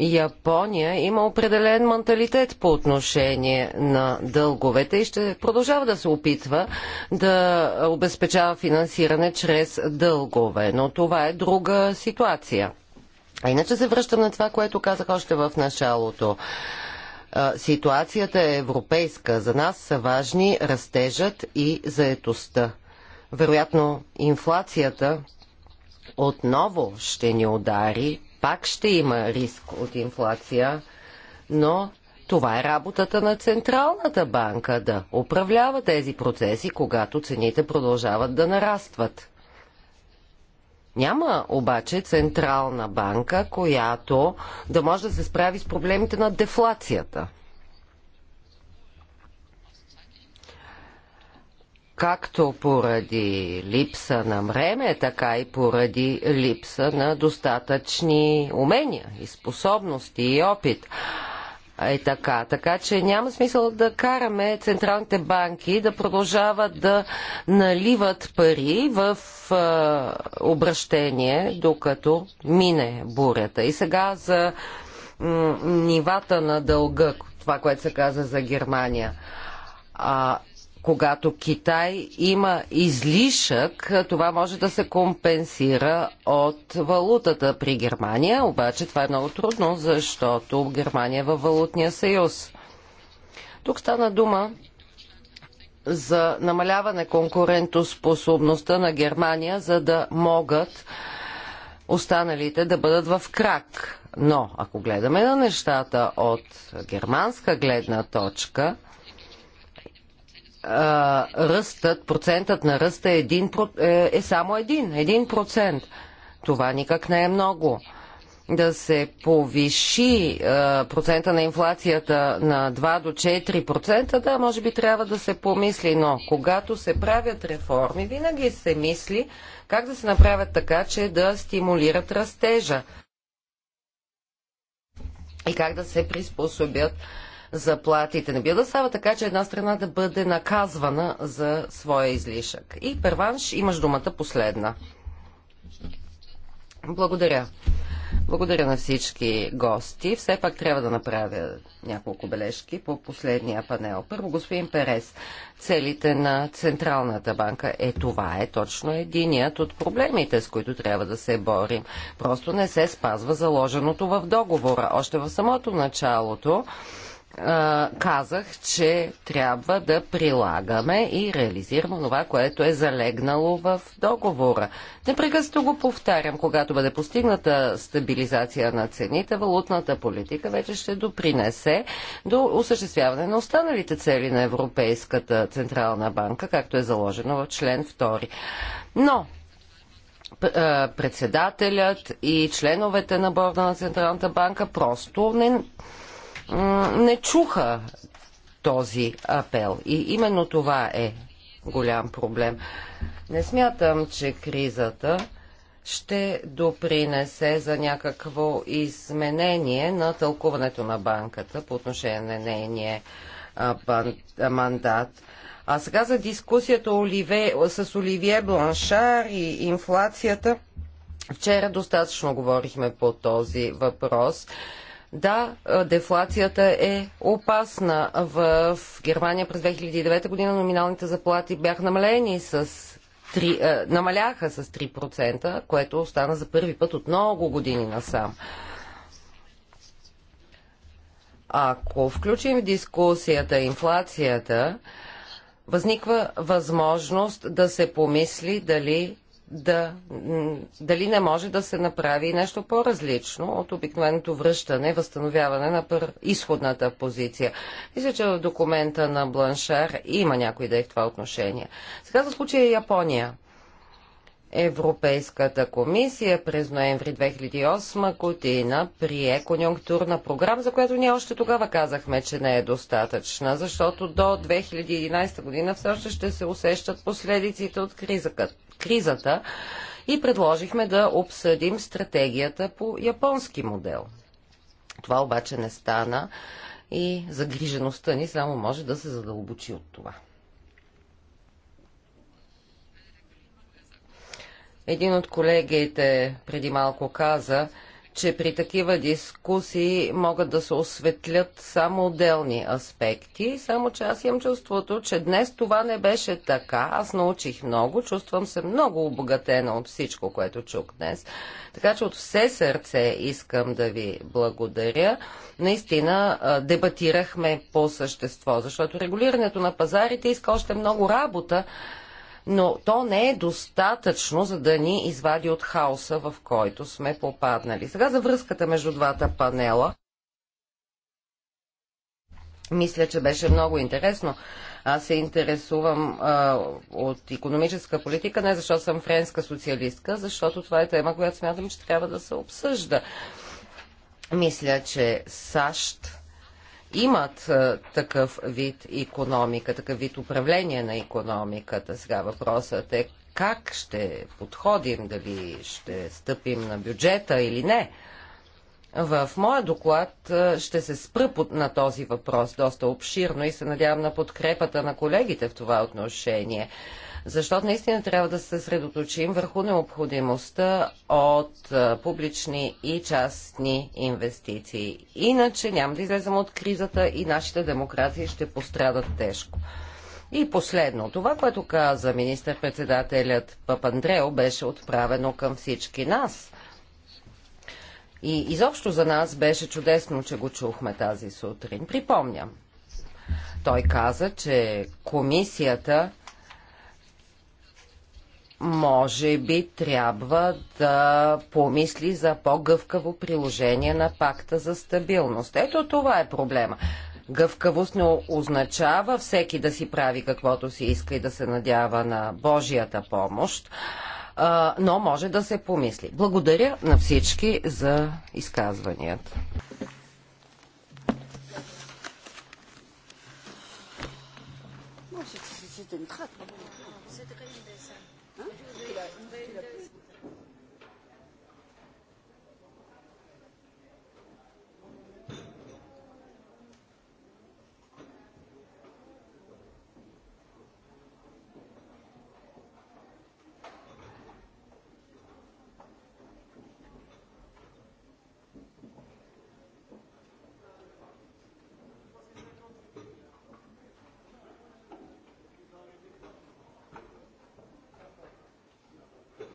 B: Япония има определен менталитет по отношение на дълговете и ще продължава да се опитва да обезпечава финансиране чрез дългове. Но това е друга ситуация. А иначе се връщам на това, което казах още в началото. Ситуацията е европейска. За нас са важни растежът и заетостта. Вероятно, инфлацията отново ще ни удари пак ще има риск от инфлация, но това е работата на Централната банка да управлява тези процеси, когато цените продължават да нарастват. Няма обаче Централна банка, която да може да се справи с проблемите на дефлацията. както поради липса на време, така и поради липса на достатъчни умения и способности и опит. Е така. Така че няма смисъл да караме централните банки да продължават да наливат пари в е, обращение, докато мине бурята. И сега за нивата на дълга, това, което се каза за Германия. А, когато Китай има излишък, това може да се компенсира от валутата. При Германия обаче това е много трудно, защото Германия е във валутния съюз. Тук стана дума за намаляване конкурентоспособността на Германия, за да могат останалите да бъдат в крак. Но ако гледаме на нещата от германска гледна точка, а, ръстът, процентът на ръста е, един, е, е само един, един процент. Това никак не е много. Да се повиши а, процента на инфлацията на 2 до 4%, да, може би трябва да се помисли, но когато се правят реформи, винаги се мисли как да се направят така, че да стимулират растежа и как да се приспособят заплатите. Не бива да става така, че една страна да бъде наказвана за своя излишък. И перванш, имаш думата последна. Благодаря. Благодаря на всички гости. Все пак трябва да направя няколко бележки по последния панел. Първо, господин Перес, целите на Централната банка е това е точно единият от проблемите, с които трябва да се борим. Просто не се спазва заложеното в договора. Още в самото началото казах, че трябва да прилагаме и реализираме това, което е залегнало в договора. Непрекъснато го повтарям, когато бъде постигната стабилизация на цените, валутната политика вече ще допринесе до осъществяване на останалите цели на Европейската Централна банка, както е заложено в член 2. Но председателят и членовете на борда на Централната банка просто не не чуха този апел. И именно това е голям проблем. Не смятам, че кризата ще допринесе за някакво изменение на тълкуването на банката по отношение на нейния мандат. А сега за дискусията Оливе, с Оливие Бланшар и инфлацията. Вчера достатъчно говорихме по този въпрос да, дефлацията е опасна. В Германия през 2009 година номиналните заплати бяха намалени с 3, е, намаляха с 3%, което остана за първи път от много години насам. Ако включим в дискусията инфлацията, възниква възможност да се помисли дали да, дали не може да се направи нещо по-различно от обикновеното връщане, възстановяване на пър... изходната позиция. Мисля, че в документа на Бланшар има някой да е в това отношение. Сега за случая Япония. Европейската комисия през ноември 2008 година прие конюнктурна програма, за която ние още тогава казахме, че не е достатъчна, защото до 2011 година все още ще се усещат последиците от кризата кризата и предложихме да обсъдим стратегията по японски модел. Това обаче не стана и загрижеността ни само може да се задълбочи от това. Един от колегите преди малко каза, че при такива дискусии могат да се осветлят само отделни аспекти, само че аз имам чувството, че днес това не беше така. Аз научих много, чувствам се много обогатена от всичко, което чух днес. Така че от все сърце искам да ви благодаря. Наистина дебатирахме по същество, защото регулирането на пазарите иска още много работа, но то не е достатъчно, за да ни извади от хаоса, в който сме попаднали. Сега за връзката между двата панела. Мисля, че беше много интересно. Аз се интересувам а, от економическа политика, не защото съм френска социалистка, защото това е тема, която смятам, че трябва да се обсъжда. Мисля, че САЩ имат е, такъв вид економика, такъв вид управление на економиката. Сега въпросът е как ще подходим, дали ще стъпим на бюджета или не. В моя доклад е, ще се спра на този въпрос доста обширно и се надявам на подкрепата на колегите в това отношение. Защото наистина трябва да се съсредоточим върху необходимостта от публични и частни инвестиции. Иначе няма да излезем от кризата и нашите демокрации ще пострадат тежко. И последно, това, което каза министър-председателят Папандрео, беше отправено към всички нас. И изобщо за нас беше чудесно, че го чухме тази сутрин. Припомням. Той каза, че комисията може би трябва да помисли за по-гъвкаво приложение на пакта за стабилност. Ето това е проблема. Гъвкавост не означава всеки да си прави каквото си иска и да се надява на Божията помощ, но може да се помисли. Благодаря на всички за изказванията.